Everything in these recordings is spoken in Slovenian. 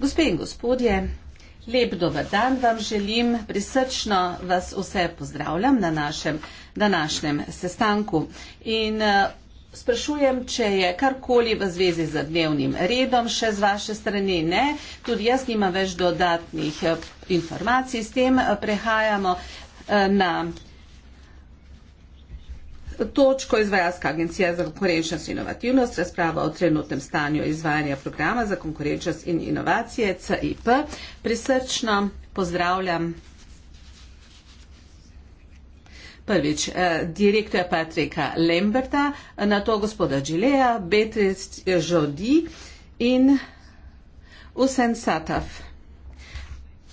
Gospe in gospodje, lep dober dan vam želim, prisrčno vas vse pozdravljam na našem današnjem sestanku. In eh, sprašujem, če je karkoli v zvezi z dnevnim redom še z vaše strani. Ne, tudi jaz nimam več dodatnih eh, informacij, s tem eh, prehajamo na točko izvajalska agencija za konkurenčnost in inovativnost, razprava o trenutnem stanju izvajanja programa za konkurenčnost in inovacije CIP. Prisrčno pozdravljam prvič eh, direktorja Patrika Lemberta, na to gospoda Gileja, Betrist Žodi in Usen Sataf.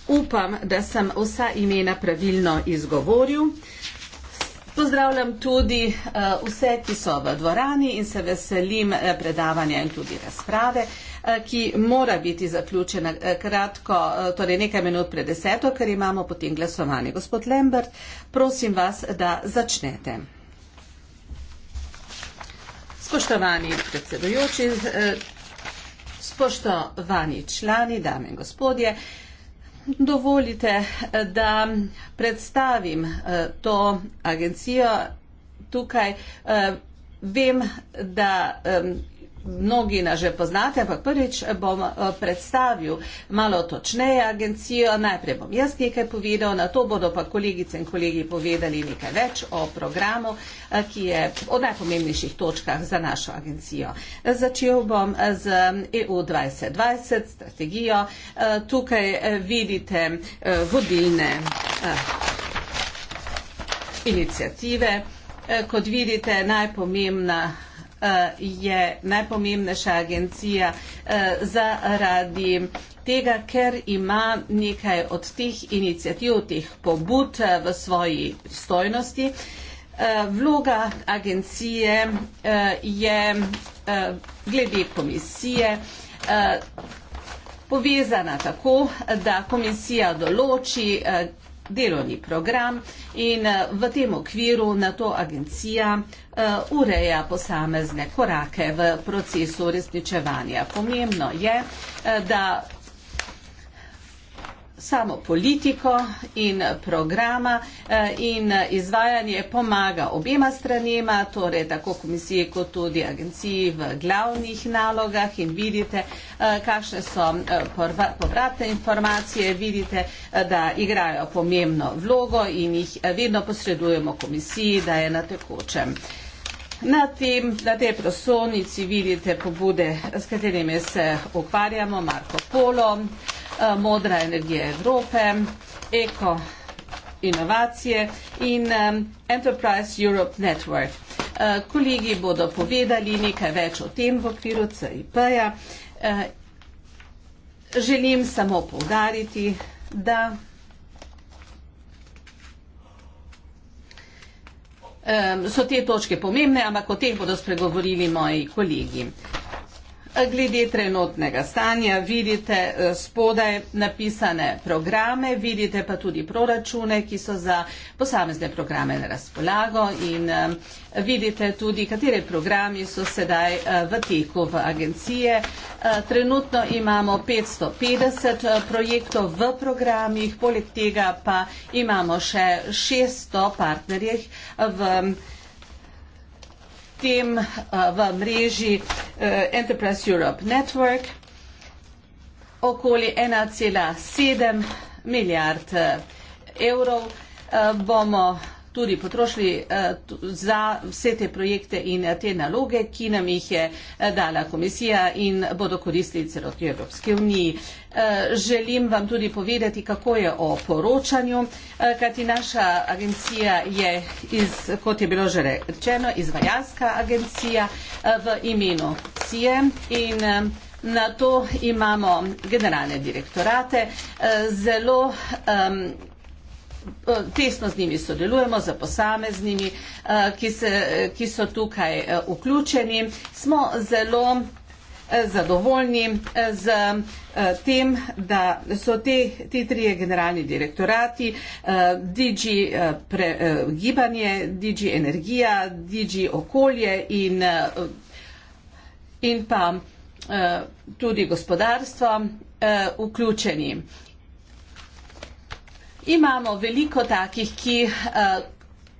Upam, da sem vsa imena pravilno izgovoril. Pozdravljam tudi uh, vse, ki so v dvorani in se veselim uh, predavanja in tudi razprave, uh, ki mora biti zaključena uh, kratko, uh, torej nekaj minut pred deseto, ker imamo potem glasovanje. Gospod Lembert, prosim vas, da začnete. Spoštovani predsedujoči, uh, spoštovani člani, dame in gospodje, uh, dovolite, da predstavim eh, to agencijo tukaj. Eh, vem, da mnogi nas že poznate, ampak prvič bom eh, predstavil malo točneje agencijo. Najprej bom jaz nekaj povedal, na to bodo pa kolegice in kolegi povedali nekaj več o programu, eh, ki je o najpomembnejših točkah za našo agencijo. Začel bom eh, z EU 2020 strategijo. Tukaj vidite vodilne inicijative. Kot vidite, najpomembna Eh, je najpomembnejša agencija eh, zaradi tega, ker ima nekaj od teh inicijativ, teh pobud eh, v svoji pristojnosti. Vloga agencije je glede komisije povezana tako, da komisija določi delovni program in eh, v tem okviru na to agencija eh, ureja posamezne korake v procesu uresničevanja. Pomembno je, eh, da samo politiko in programa eh, in izvajanje pomaga obema stranima, torej tako komisiji kot tudi agenciji v glavnih nalogah in vidite, eh, kakšne so eh, povratne informacije, vidite, da igrajo pomembno vlogo in jih vedno posredujemo komisiji, da je na tekočem. Na, tem, na tej prosonici vidite pobude, s katerimi se ukvarjamo, Marko Polo, eh, Modra energija Evrope, Eko inovacije in eh, Enterprise Europe Network. Eh, kolegi bodo povedali nekaj več o tem v okviru CIP-ja. Želim samo povdariti, da so te točke pomembne, ampak o tem bodo spregovorili moji kolegi. Glede trenutnega stanja vidite eh, spodaj napisane programe, vidite pa tudi proračune, ki so za posamezne programe na razpolago in eh, vidite tudi, katere programi so sedaj eh, v teku v agencije. Trenutno imamo 550 projektov v programih, poleg tega pa imamo še 600 partnerjev v, v mreži Eh, Enterprise Europe Network okoli 1,7 milijard eh, evrov eh, bomo tudi potrošili eh, za vse te projekte in eh, te naloge, ki nam jih je eh, dala komisija in bodo koristili celotni Evropski uniji. Želim vam tudi povedati, kako je o poročanju, kajti naša agencija je, iz, kot je bilo že rečeno, izvajalska agencija v imenu CIE in na to imamo generalne direktorate. Zelo um, Eh, tesno z njimi sodelujemo, za posameznimi, eh, ki, se, ki so tukaj eh, vključeni. Smo zelo zadovoljni z tem, da so te, te tri generalni direktorati, DG pre, gibanje, DG energija, DG okolje in, in pa tudi gospodarstvo vključeni. Imamo veliko takih, ki uh,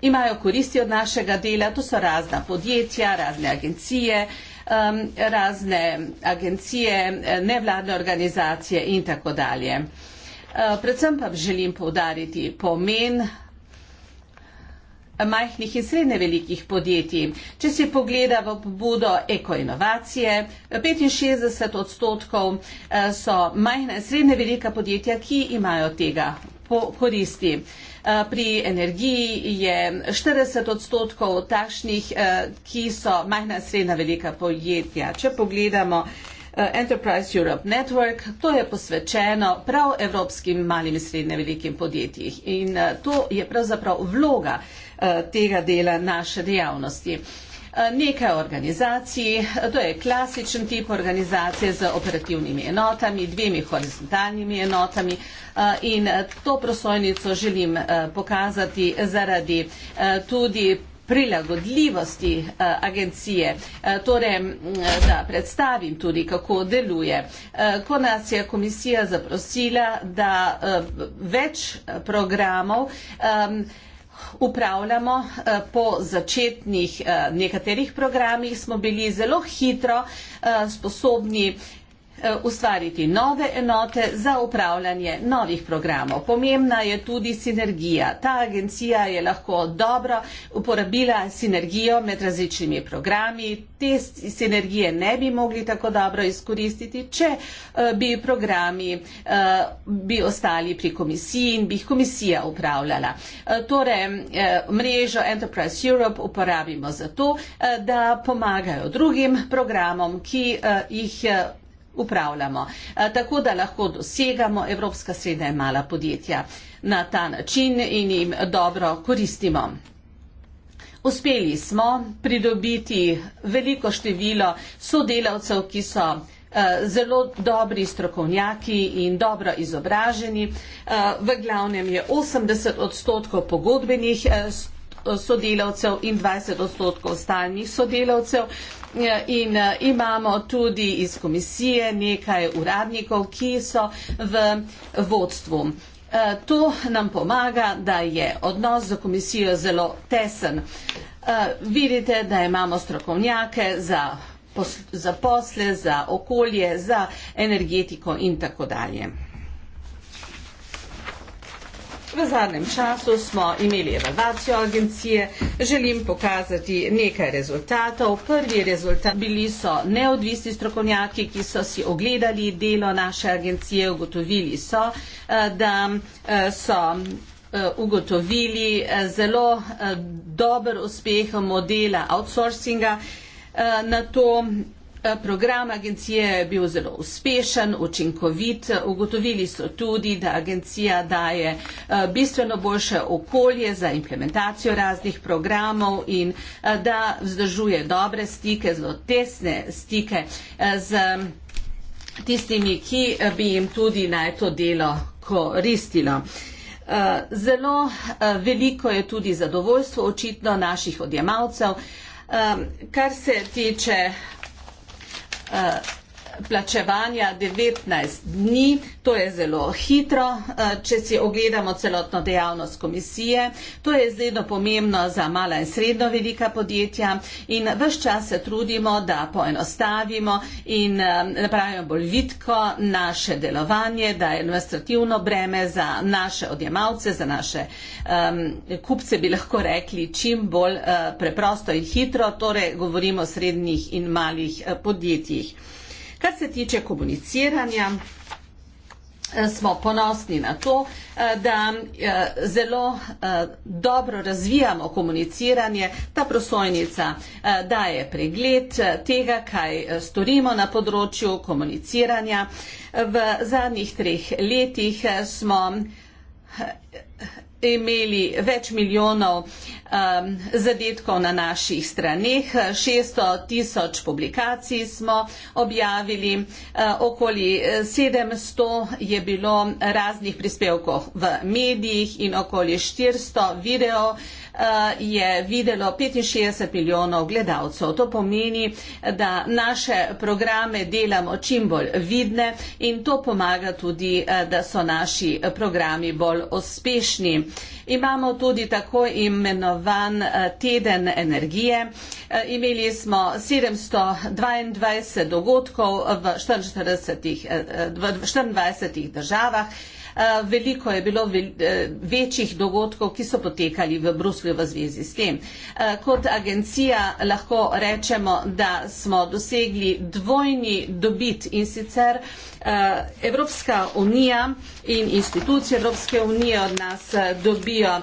imajo koristi od našega dela, to so razna podjetja, razne agencije, um, razne agencije, eh, nevladne organizacije in tako dalje. Eh, predvsem pa želim povdariti pomen majhnih in srednje velikih podjetij. Če si pogleda v pobudo ekoinovacije, 65 odstotkov so majhna in srednje velika podjetja, ki imajo tega po koristi. Eh, pri energiji je 40 odstotkov takšnih, eh, ki so majhna in srednja velika podjetja. Če pogledamo eh, Enterprise Europe Network, to je posvečeno prav evropskim malim in srednje velikim podjetjih. In to je pravzaprav vloga tega dela naše dejavnosti. Eh, nekaj organizacij, to je klasičen tip organizacije z operativnimi enotami, dvemi horizontalnimi enotami eh, in to prosojnico želim eh, pokazati zaradi tudi prilagodljivosti agencije, torej da predstavim tudi, kako deluje. Ko nas je komisija zaprosila, da več programov vsega, upravljamo eh, po začetnih eh, nekaterih programih, smo bili zelo hitro eh, sposobni Eh, ustvariti nove enote za upravljanje novih programov. Pomembna je tudi sinergija. Ta agencija je lahko dobro uporabila sinergijo med različnimi programi. Te sinergije ne bi mogli tako dobro izkoristiti, če eh, bi programi eh, bi ostali pri komisiji in bi jih komisija upravljala. Torej, mrežo Enterprise Europe uporabimo zato, da pomagajo drugim programom, ki jih upravljamo. Eh, tako da lahko dosegamo evropska sredna in mala podjetja na ta način in jim dobro koristimo. Uspeli smo pridobiti veliko število sodelavcev, ki so eh, zelo dobri strokovnjaki in dobro izobraženi. Eh, v glavnem je 80 odstotkov pogodbenih sodelavcev in 20 odstotkov stalnih sodelavcev. Eh, in eh, imamo tudi iz komisije nekaj uradnikov, ki so v vodstvu. Eh, to nam pomaga, da je odnos za komisijo zelo tesen. Vidite, da imamo strokovnjake za posle, za, posle, za okolje, za energetiko in tako dalje. V zadnjem času smo imeli evalvacijo agencije, želim pokazati nekaj rezultatov. Prvi rezultat bili so neodvisni strokovnjaki, ki so si ogledali delo naše agencije, ugotovili so, eh, da eh, so eh, ugotovili zelo dober uspeh modela outsourcinga. Na to Eh, program agencije je bil zelo uspešen, učinkovit. Ugotovili so tudi, da agencija daje eh, bistveno boljše okolje za implementacijo raznih programov in eh, da vzdržuje dobre stike, zelo tesne stike z tistimi, ki bi jim tudi naj to delo koristilo. Zelo veliko je tudi zadovoljstvo očitno naših odjemalcev, kar se tiče uh, plačevanja 19 dni, to je zelo hitro, eh, če si ogledamo celotno dejavnost komisije. To je izredno pomembno za mala in srednjo velika podjetja in vse čas se trudimo, da poenostavimo in eh, napravimo bolj vitko naše delovanje, da je administrativno breme za naše odjemalce, za naše um, kupce, bi lahko rekli, čim bolj uh, preprosto in hitro, torej govorimo o srednjih in malih uh, podjetjih. Kar se tiče komuniciranja, eh, smo ponosni na to, eh, da eh, zelo dobro razvijamo komuniciranje. Ta prosojnica daje pregled tega, kaj storimo na področju komuniciranja. V zadnjih treh letih smo imeli več milijonov um, zadetkov na naših straneh, 600 tisoč publikacij smo objavili, uh, okoli 700 eh, je bilo raznih prispevkov v medijih in okoli 400 videov. Eh, je videlo 65 milijonov gledalcev. To pomeni, da naše programe delamo čim bolj vidne in to pomaga tudi, eh, da so naši programi bolj uspešni. Imamo tudi tako imenovan eh, teden energije. Imeli smo 722 dogodkov v 24, 24 državah. Eh, veliko je bilo eh, večjih dogodkov, ki so potekali v Bruslju v zvezi s tem. Eh, kot agencija lahko rečemo, da smo dosegli dvojni dobit in sicer Evropska unija in institucije Evropske unije od nas dobijo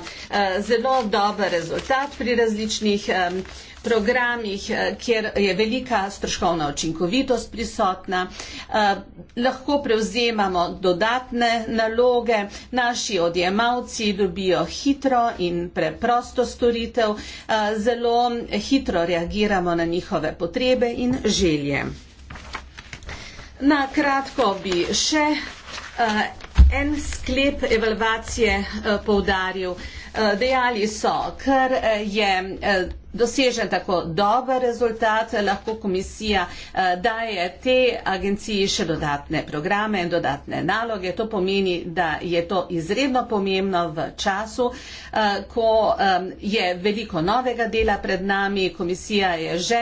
zelo dober rezultat pri različnih programih, eh, kjer je velika stroškovna učinkovitost prisotna. Eh, lahko prevzemamo dodatne naloge, naši odjemalci dobijo hitro in preprosto storitev, eh, zelo hitro reagiramo na njihove potrebe in želje. Na kratko bi še en sklep evalvacije poudaril. Eh, dejali so, ker eh, je eh, dosežen tako dober rezultat, lahko komisija daje te agenciji še dodatne programe in dodatne naloge. To pomeni, da je to izredno pomembno v času, ko je veliko novega dela pred nami. Komisija je že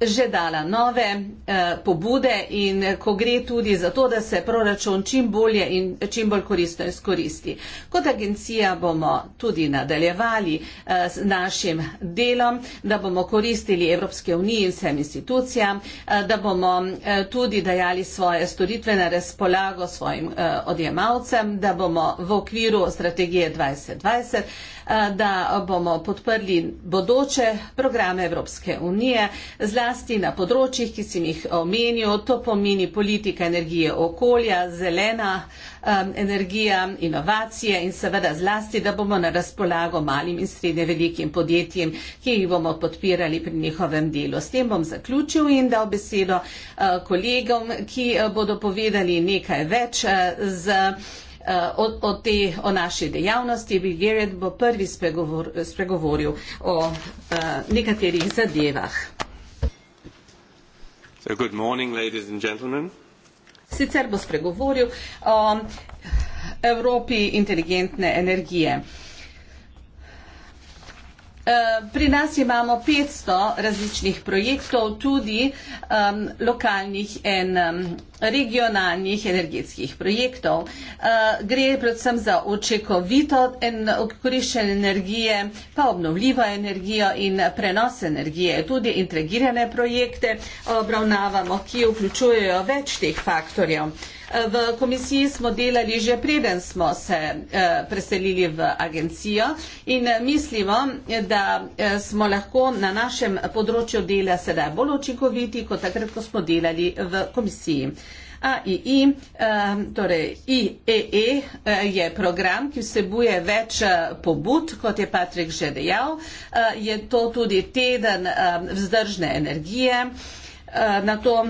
že dala nove eh, pobude in eh, ko gre tudi za to, da se proračun čim bolje in čim bolj koristno izkoristi. Kot agencija bomo tudi nadaljevali eh, s našim delom, da bomo koristili Evropske unije in vsem institucijam, eh, da bomo eh, tudi dajali svoje storitve na razpolago svojim eh, odjemalcem, da bomo v okviru strategije 2020 Eh, da bomo podprli bodoče programe Evropske unije, zlasti na področjih, ki si jih omenil, to pomeni politika energije okolja, zelena eh, energija, inovacije in seveda zlasti, da bomo na razpolago malim in srednje velikim podjetjem, ki jih bomo podpirali pri njihovem delu. S tem bom zaključil in dal besedo eh, kolegom, ki bodo povedali nekaj več z o, o, te, o naši dejavnosti. Bill Gerrit bo prvi spregovor, spregovoril o uh, nekaterih zadevah. So good morning, ladies and gentlemen. Sicer bo spregovoril o Evropi inteligentne energije. Uh, Eh, pri nas imamo 500 različnih projektov, tudi um, lokalnih in um, regionalnih energetskih projektov. Uh, gre predvsem za očekovito in koriščenje energije, pa obnovljivo energijo in prenos energije. Tudi integrirane projekte obravnavamo, ki vključujejo več teh faktorjev. Uh, V komisiji smo delali že preden smo se eh, preselili v agencijo in eh, mislimo, eh, da smo lahko na našem področju dela sedaj bolj učinkoviti, kot takrat, ko smo delali v komisiji. AII, torej IEE e, je program, ki vsebuje več pobud, kot je Patrik že dejal. Je to tudi teden vzdržne energije. Na to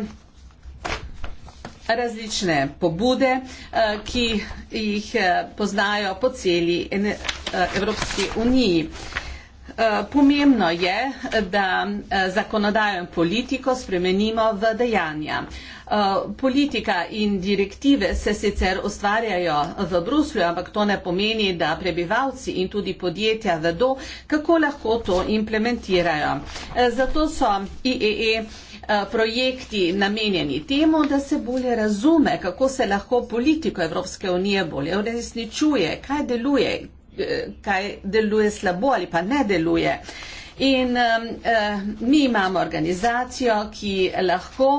različne pobude, eh, ki jih eh, poznajo po celi eh, Evropski uniji. Pomembno je, da zakonodajo in politiko spremenimo v dejanja. Politika in direktive se sicer ustvarjajo v Bruslju, ampak to ne pomeni, da prebivalci in tudi podjetja vedo, kako lahko to implementirajo. Zato so IEE e Eh, projekti namenjeni temu, da se bolje razume, kako se lahko politiko Evropske unije bolje uresničuje, kaj deluje, eh, kaj deluje slabo ali pa ne deluje. In eh, mi imamo organizacijo, ki lahko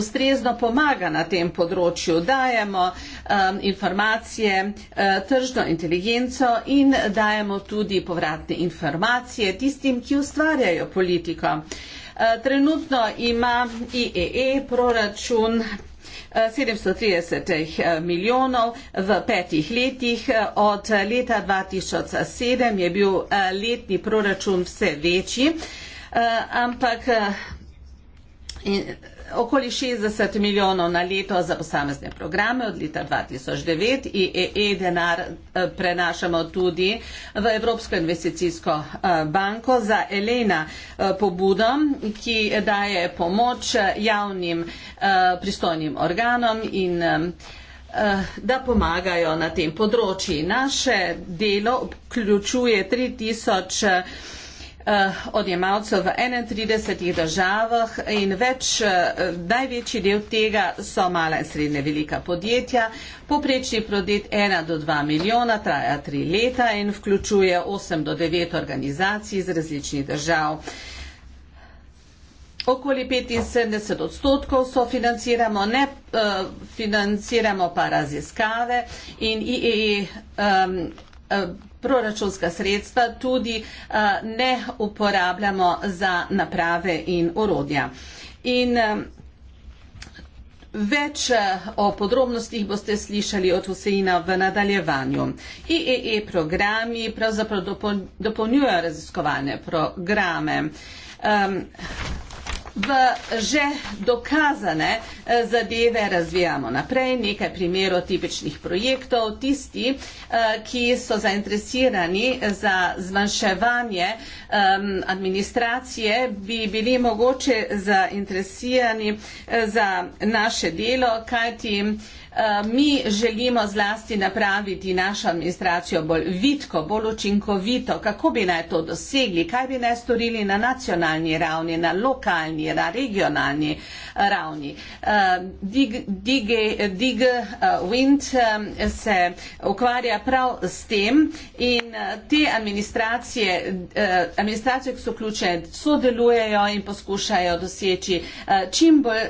ustrezno pomaga na tem področju. Dajemo eh, informacije, eh, tržno inteligenco in dajemo tudi povratne informacije tistim, ki ustvarjajo politiko. Eh, Eh, trenutno ima IEE e proračun 730 eh, eh, milijonov v petih letih. Od leta 2007 je bil letni proračun vse večji, ampak okoli 60 milijonov na leto za posamezne programe od leta 2009 in EE denar eh, prenašamo tudi v Evropsko investicijsko eh, banko za Elena eh, pobudo, ki daje pomoč javnim pristojnim organom in da pomagajo na tem področju. Naše delo vključuje 3000 Eh, odjemalcev v 31 državah in več, eh, največji del tega so mala in srednje velika podjetja. Poprečni prodet 1 do 2 milijona traja 3 leta in vključuje 8 do 9 organizacij iz različnih držav. Okoli 75 odstotkov sofinanciramo, ne eh, financiramo pa raziskave in IEE um, e, proračunska sredstva tudi eh, ne uporabljamo za naprave in orodja. In eh, Več eh, o podrobnostih boste slišali od Vseina v nadaljevanju. IEE e programi pravzaprav dopolnjujejo raziskovane programe. Um, v že dokazane eh, zadeve razvijamo naprej. Nekaj primerov tipičnih projektov. Tisti, eh, ki so zainteresirani za zmanjševanje administracije, bi bili mogoče zainteresirani eh, za naše delo, kajti Eh, mi želimo zlasti napraviti našo administracijo bolj vitko, bolj učinkovito, kako bi naj to dosegli, kaj bi naj storili na nacionalni ravni, na lokalni, na regionalni eh, ravni. Eh, dig, dig, dig Wind se ukvarja prav s tem in te administracije, administracije, ki so ključne, sodelujejo in poskušajo doseči čim bolj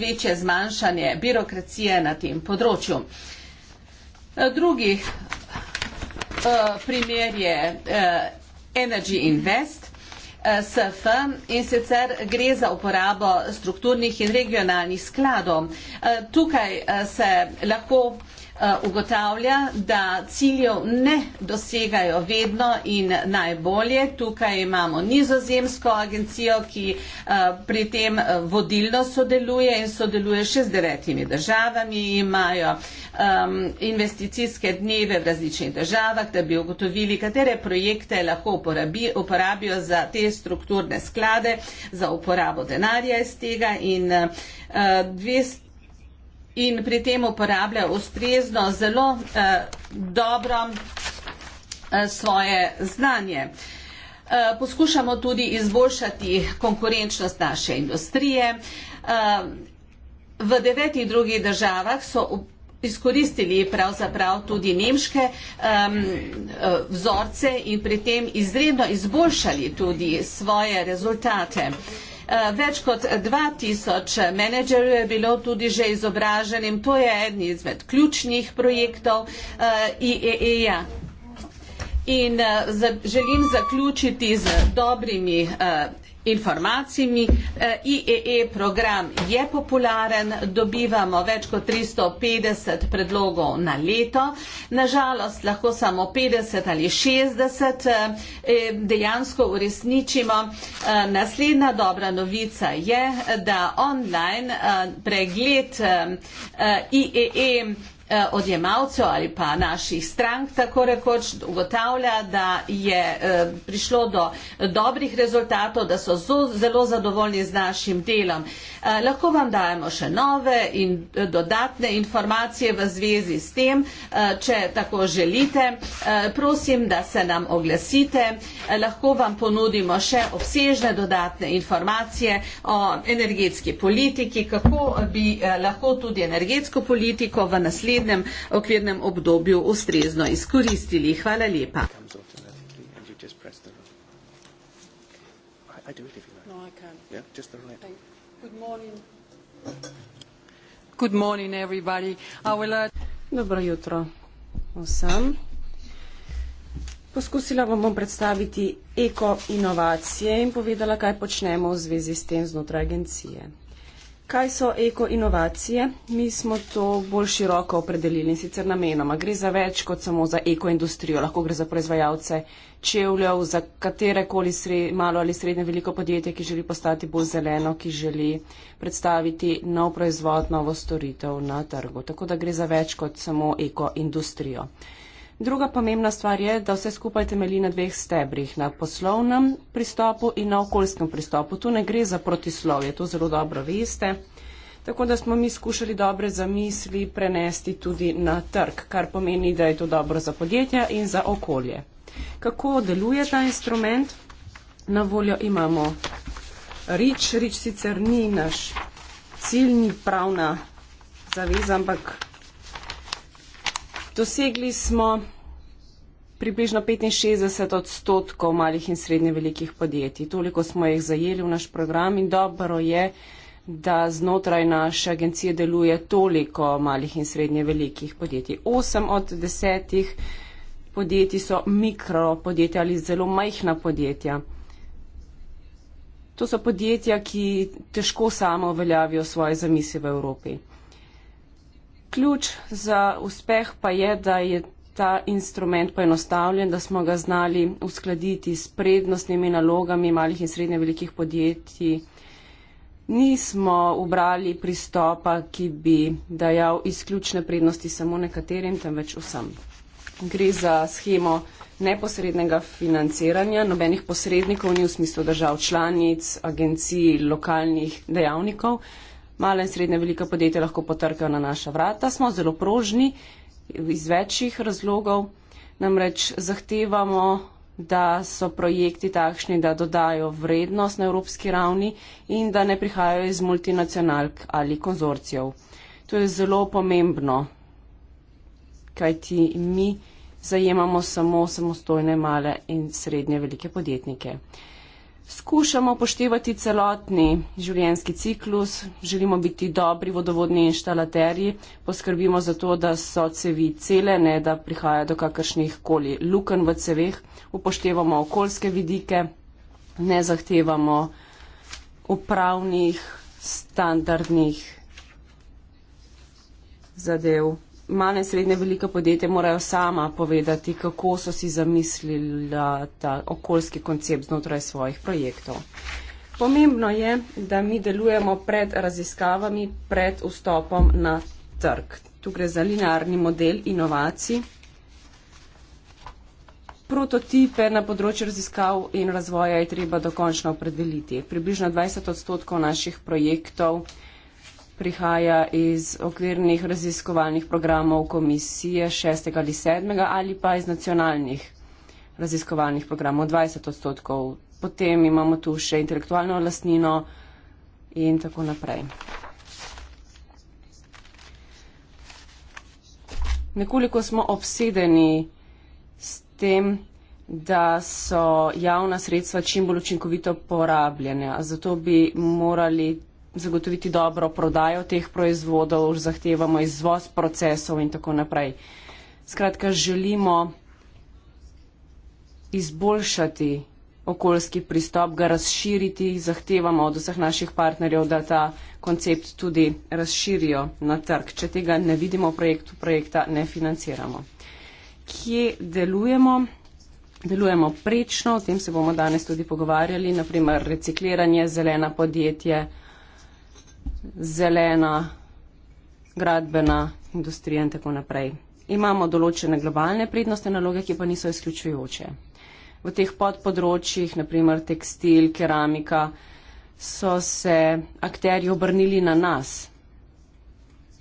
večje zmanjšanje birokracije na tem področju področju. Eh, drugi uh, primer je uh, Energy Invest. SF in sicer gre za uporabo strukturnih in regionalnih skladov. Tukaj se lahko Eh, ugotavlja, da ciljev ne dosegajo vedno in najbolje. Tukaj imamo nizozemsko agencijo, ki eh, pri tem eh, vodilno sodeluje in sodeluje še z devetimi državami. Imajo um, investicijske dneve v različnih državah, da bi ugotovili, katere projekte lahko uporabi, uporabijo za te strukturne sklade, za uporabo denarja iz tega in uh, 200 in pri tem uporablja ustrezno zelo eh, dobro eh, svoje znanje. Eh, poskušamo tudi izboljšati konkurenčnost naše industrije. Eh, v devetih drugih državah so izkoristili pravzaprav tudi nemške um, vzorce in pri tem izredno izboljšali tudi svoje rezultate. Uh, Eh, več kot 2000 menedžerjev je bilo tudi že izobraženim. To je en izmed ključnih projektov eh, IEEA. In eh, želim zaključiti z dobrimi informacijami. IEE e e program je popularen, dobivamo več kot 350 predlogov na leto. Nažalost lahko samo 50 ali 60 e, dejansko uresničimo. Naslednja dobra novica je, da online pregled IEE Eh, odjemalcev ali pa naših strank tako rekoč ugotavlja, da je eh, prišlo do dobrih rezultatov, da so zelo zadovoljni z našim delom. Eh, lahko vam dajemo še nove in dodatne informacije v zvezi s tem, če tako želite. Prosim, da se nam oglasite. Lahko vam ponudimo še obsežne dodatne informacije o energetski politiki, kako bi lahko tudi energetsko politiko v naslednjem naslednjem okvirnem obdobju ustrezno izkoristili. Hvala lepa. Dobro jutro vsem. Poskusila vam bom predstaviti eko inovacije in povedala, kaj počnemo v zvezi s tem znotraj agencije. Kaj so ekoinovacije? Mi smo to bolj široko opredelili in sicer namenoma. Gre za več kot samo za ekoindustrijo, lahko gre za proizvajalce čevljev, za katerekoli malo ali srednje veliko podjetje, ki želi postati bolj zeleno, ki želi predstaviti nov proizvod, novo storitev na trgu. Tako da gre za več kot samo ekoindustrijo. Druga pomembna stvar je, da vse skupaj temelji na dveh stebrih, na poslovnem pristopu in na okoljskem pristopu. Tu ne gre za protislovje, to zelo dobro veste. Tako da smo mi skušali dobre zamisli prenesti tudi na trg, kar pomeni, da je to dobro za podjetja in za okolje. Kako deluje ta instrument? Na voljo imamo REACH. REACH sicer ni naš ciljni pravna zaveza, ampak Dosegli smo približno 65 odstotkov malih in srednje velikih podjetij. Toliko smo jih zajeli v naš program in dobro je, da znotraj naše agencije deluje toliko malih in srednje velikih podjetij. Osem od desetih podjetij so mikropodjetja ali zelo majhna podjetja. To so podjetja, ki težko samo uveljavijo svoje zamisli v Evropi ključ za uspeh pa je, da je ta instrument poenostavljen, da smo ga znali uskladiti s prednostnimi nalogami malih in srednje velikih podjetij. Nismo ubrali pristopa, ki bi dajal izključne prednosti samo nekaterim, temveč vsem. Gre za schemo neposrednega financiranja, nobenih posrednikov ni v smislu držav članic, agencij, lokalnih dejavnikov, male in srednje velike podjetja lahko potrkajo na naša vrata. Smo zelo prožni iz večjih razlogov. Namreč zahtevamo, da so projekti takšni, da dodajo vrednost na evropski ravni in da ne prihajajo iz multinacionalk ali konzorcijev. To je zelo pomembno, kajti mi zajemamo samo samostojne male in srednje velike podjetnike skušamo poštevati celotni življenjski ciklus, želimo biti dobri vodovodni inštalaterji, poskrbimo za to, da so cevi cele, ne da prihaja do kakršnih koli luken v ceveh, upoštevamo okoljske vidike, ne zahtevamo upravnih standardnih zadev manj in srednje velike podjetje morajo sama povedati, kako so si zamislili ta okoljski koncept znotraj svojih projektov. Pomembno je, da mi delujemo pred raziskavami, pred vstopom na trg. Tu gre za linearni model inovacij. Prototipe na področju raziskav in razvoja je treba dokončno opredeliti. Približno 20 odstotkov naših projektov prihaja iz okvirnih raziskovalnih programov komisije 6. ali 7. ali pa iz nacionalnih raziskovalnih programov 20 odstotkov. Potem imamo tu še intelektualno lastnino in tako naprej. Nekoliko smo obsedeni s tem, da so javna sredstva čim bolj učinkovito porabljene. Zato bi morali zagotoviti dobro prodajo teh proizvodov, zahtevamo izvoz procesov in tako naprej. Skratka, želimo izboljšati okoljski pristop, ga razširiti, zahtevamo od vseh naših partnerjev, da ta koncept tudi razširijo na trg. Če tega ne vidimo v projektu, projekta ne financiramo. Kje delujemo? Delujemo prečno, o tem se bomo danes tudi pogovarjali, naprimer recikliranje, zelena podjetje, zelena, gradbena industrija in tako naprej. Imamo določene globalne prednostne naloge, ki pa niso izključujoče. V teh podpodročjih, naprimer tekstil, keramika, so se akterji obrnili na nas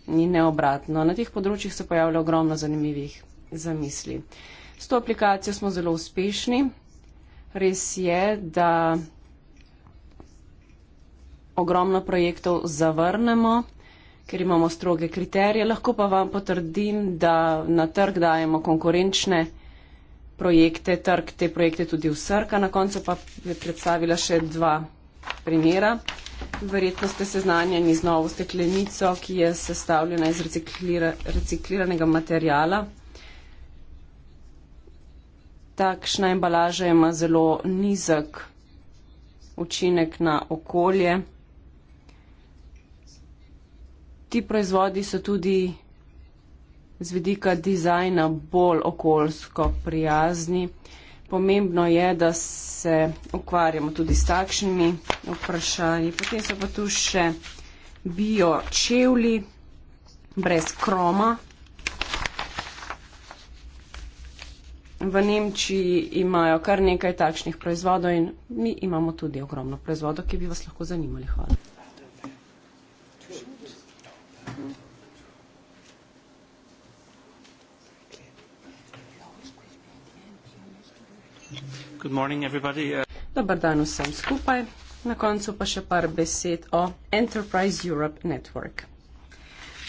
in ne obratno. Na teh področjih se pojavlja ogromno zanimivih zamisli. S to aplikacijo smo zelo uspešni. Res je, da ogromno projektov zavrnemo, ker imamo stroge kriterije, lahko pa vam potrdim, da na trg dajemo konkurenčne projekte, trg te projekte tudi usrka. Na koncu pa bi predstavila še dva primera. Verjetno ste seznanjeni z novo steklenico, ki je sestavljena iz reciklira, recikliranega materijala. Takšna embalaža ima zelo nizek učinek na okolje ti proizvodi so tudi z vidika dizajna bolj okoljsko prijazni. Pomembno je, da se ukvarjamo tudi s takšnimi vprašanji. Potem so pa tu še bio čevli brez kroma. V Nemčiji imajo kar nekaj takšnih proizvodov in mi imamo tudi ogromno proizvodov, ki bi vas lahko zanimali. Hvala. Dobar dan vsem skupaj. Na koncu pa še par besed o Enterprise Europe Network.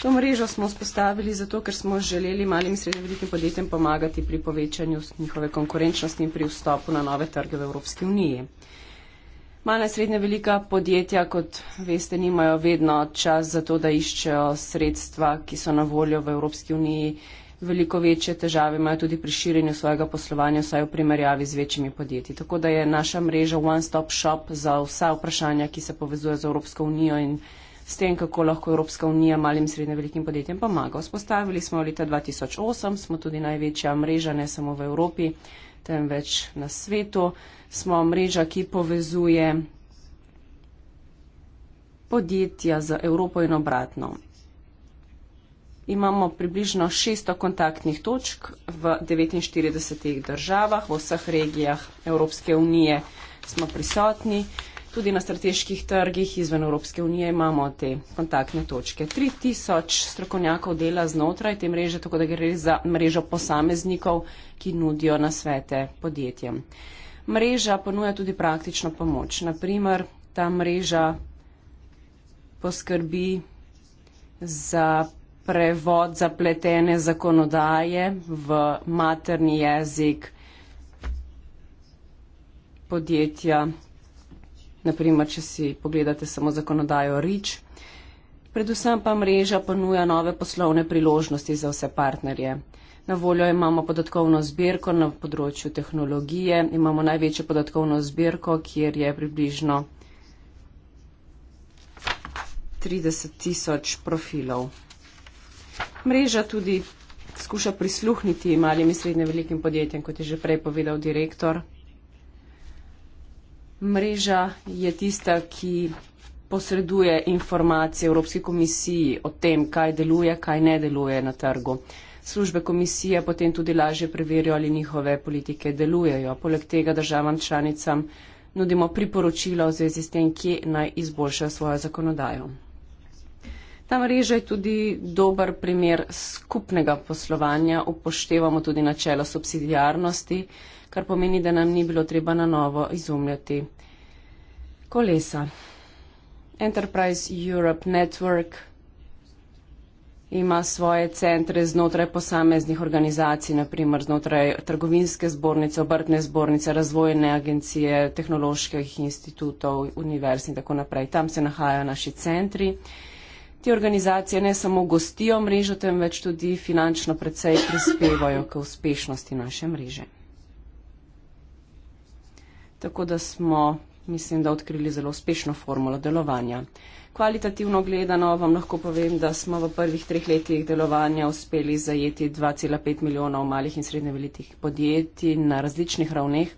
To mrežo smo spostavili zato, ker smo želeli malim in srednjim velikim podjetjem pomagati pri povečanju njihove konkurenčnosti in pri vstopu na nove trge v Evropski uniji. Mala in srednja velika podjetja, kot veste, nimajo vedno čas za to, da iščejo sredstva, ki so na voljo v Evropski uniji veliko večje težave imajo tudi pri širjenju svojega poslovanja, vsaj v primerjavi z večjimi podjetji. Tako da je naša mreža one-stop-shop za vsa vprašanja, ki se povezuje z Evropsko unijo in s tem, kako lahko Evropska unija malim in srednje velikim podjetjem pomaga. Vzpostavili smo leta 2008, smo tudi največja mreža, ne samo v Evropi, temveč na svetu. Smo mreža, ki povezuje podjetja za Evropo in obratno imamo približno 600 kontaktnih točk v 49 državah, v vseh regijah Evropske unije smo prisotni. Tudi na strateških trgih izven Evropske unije imamo te kontaktne točke. 3000 strokovnjakov dela znotraj te mreže, tako da gre za mrežo posameznikov, ki nudijo nasvete podjetjem. Mreža ponuja tudi praktično pomoč. Naprimer, ta mreža poskrbi za prevod zapletene zakonodaje v materni jezik podjetja, naprimer, če si pogledate samo zakonodajo REACH. Predvsem pa mreža ponuja nove poslovne priložnosti za vse partnerje. Na voljo imamo podatkovno zbirko na področju tehnologije, imamo največjo podatkovno zbirko, kjer je približno 30 tisoč profilov mreža tudi skuša prisluhniti malim in srednje velikim podjetjem, kot je že prej povedal direktor. Mreža je tista, ki posreduje informacije Evropski komisiji o tem, kaj deluje, kaj ne deluje na trgu. Službe komisije potem tudi lažje preverijo, ali njihove politike delujejo. Poleg tega državam članicam nudimo priporočila v zvezi s tem, kje naj izboljšajo svojo zakonodajo. Ta mreža je tudi dober primer skupnega poslovanja, upoštevamo tudi načelo subsidijarnosti, kar pomeni, da nam ni bilo treba na novo izumljati kolesa. Enterprise Europe Network ima svoje centre znotraj posameznih organizacij, naprimer znotraj trgovinske zbornice, obrtne zbornice, razvojne agencije, tehnoloških institutov, univerz in tako naprej. Tam se nahajajo naši centri. Uh, te organizacije ne samo gostijo mrežo, temveč tudi finančno precej prispevajo k uspešnosti naše mreže. Tako da smo, mislim, da odkrili zelo uspešno formulo delovanja. Kvalitativno gledano vam lahko povem, da smo v prvih treh letih delovanja uspeli zajeti 2,5 milijonov malih in srednje velikih podjetij na različnih ravneh.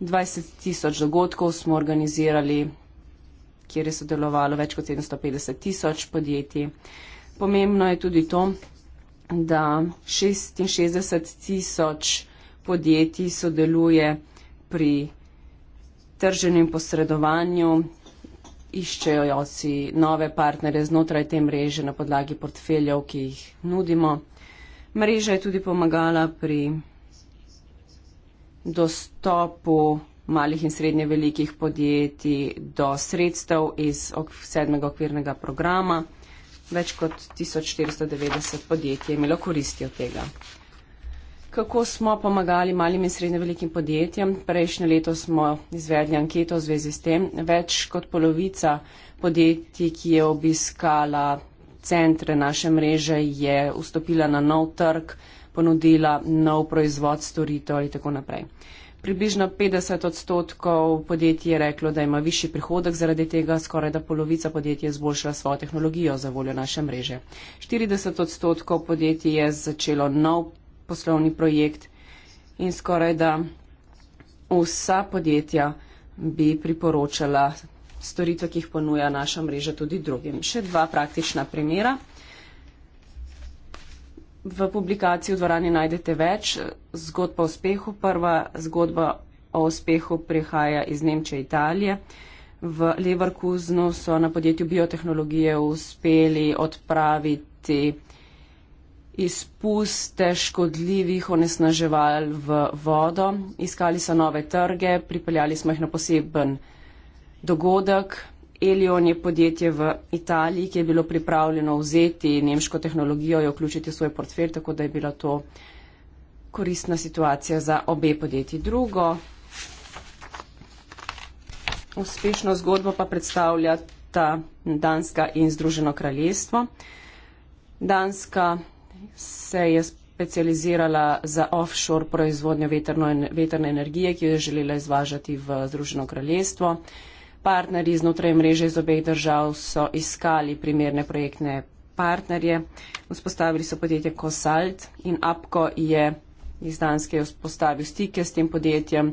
20 tisoč dogodkov smo organizirali kjer je sodelovalo več kot 750 tisoč podjetij. Pomembno je tudi to, da 66 tisoč podjetij sodeluje pri trženju in posredovanju, iščejo oci nove partnere znotraj te mreže na podlagi portfeljev, ki jih nudimo. Mreža je tudi pomagala pri dostopu malih in srednje velikih podjetij do sredstev iz sedmega okvirnega programa. Več kot 1490 podjetij je imelo koristi od tega. Kako smo pomagali malim in srednje velikim podjetjem? Prejšnje leto smo izvedli anketo v zvezi s tem. Več kot polovica podjetij, ki je obiskala centre naše mreže, je vstopila na nov trg, ponudila nov proizvod, storitev ali tako naprej približno 50 odstotkov podjetij je reklo, da ima višji prihodek, zaradi tega skoraj da polovica podjetij je zboljšala svojo tehnologijo za voljo naše mreže. 40 odstotkov podjetij je začelo nov poslovni projekt in skoraj da vsa podjetja bi priporočala storitve, ki jih ponuja naša mreža tudi drugim. Še dva praktična primera. V publikaciji v dvorani najdete več zgodb o uspehu. Prva zgodba o uspehu prihaja iz Nemčije in Italije. V Leverkusenu so na podjetju biotehnologije uspeli odpraviti izpuste škodljivih onesnaževal v vodo. Iskali so nove trge, pripeljali smo jih na poseben dogodek, Elion je podjetje v Italiji, ki je bilo pripravljeno vzeti nemško tehnologijo in vključiti v svoj portfelj, tako da je bila to koristna situacija za obe podjetji. Drugo uspešno zgodbo pa predstavlja ta Danska in Združeno kraljestvo. Danska se je specializirala za offshore proizvodnjo veterne energije, ki jo je želela izvažati v Združeno kraljestvo partnerji znotraj mreže iz obeh držav so iskali primerne projektne partnerje. Vzpostavili so podjetje Kosalt in APCO je iz Danske vzpostavil stike s tem podjetjem.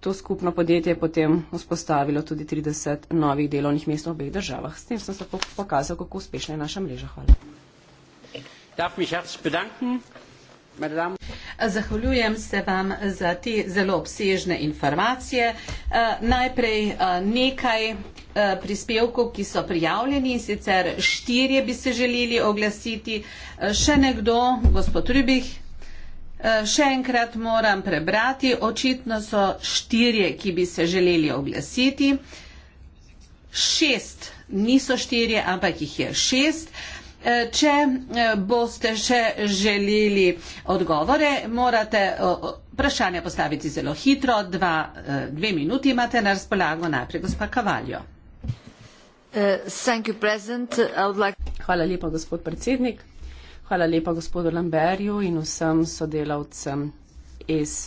To skupno podjetje je potem vzpostavilo tudi 30 novih delovnih mest v obeh državah. S tem sem se pokazal, kako uspešna je naša mreža. Hvala. Darf mich herzlich bedanken, meine Damen und Herren. Zahvaljujem se vam za te zelo obsežne informacije. Eh, najprej eh, nekaj eh, prispevkov, ki so prijavljeni, sicer štirje bi se želeli oglasiti. Še nekdo, gospod Rubih, še enkrat moram prebrati, očitno so štirje, ki bi se želeli oglasiti. Šest, niso štirje, ampak jih je šest. Če eh, boste še želeli odgovore, morate vprašanja postaviti zelo hitro. Dva, eh, dve minuti imate na razpolago. Najprej gospa Kavaljo. Eh, Hvala lepa, gospod predsednik. Hvala lepa, gospodu Lamberju in vsem sodelavcem iz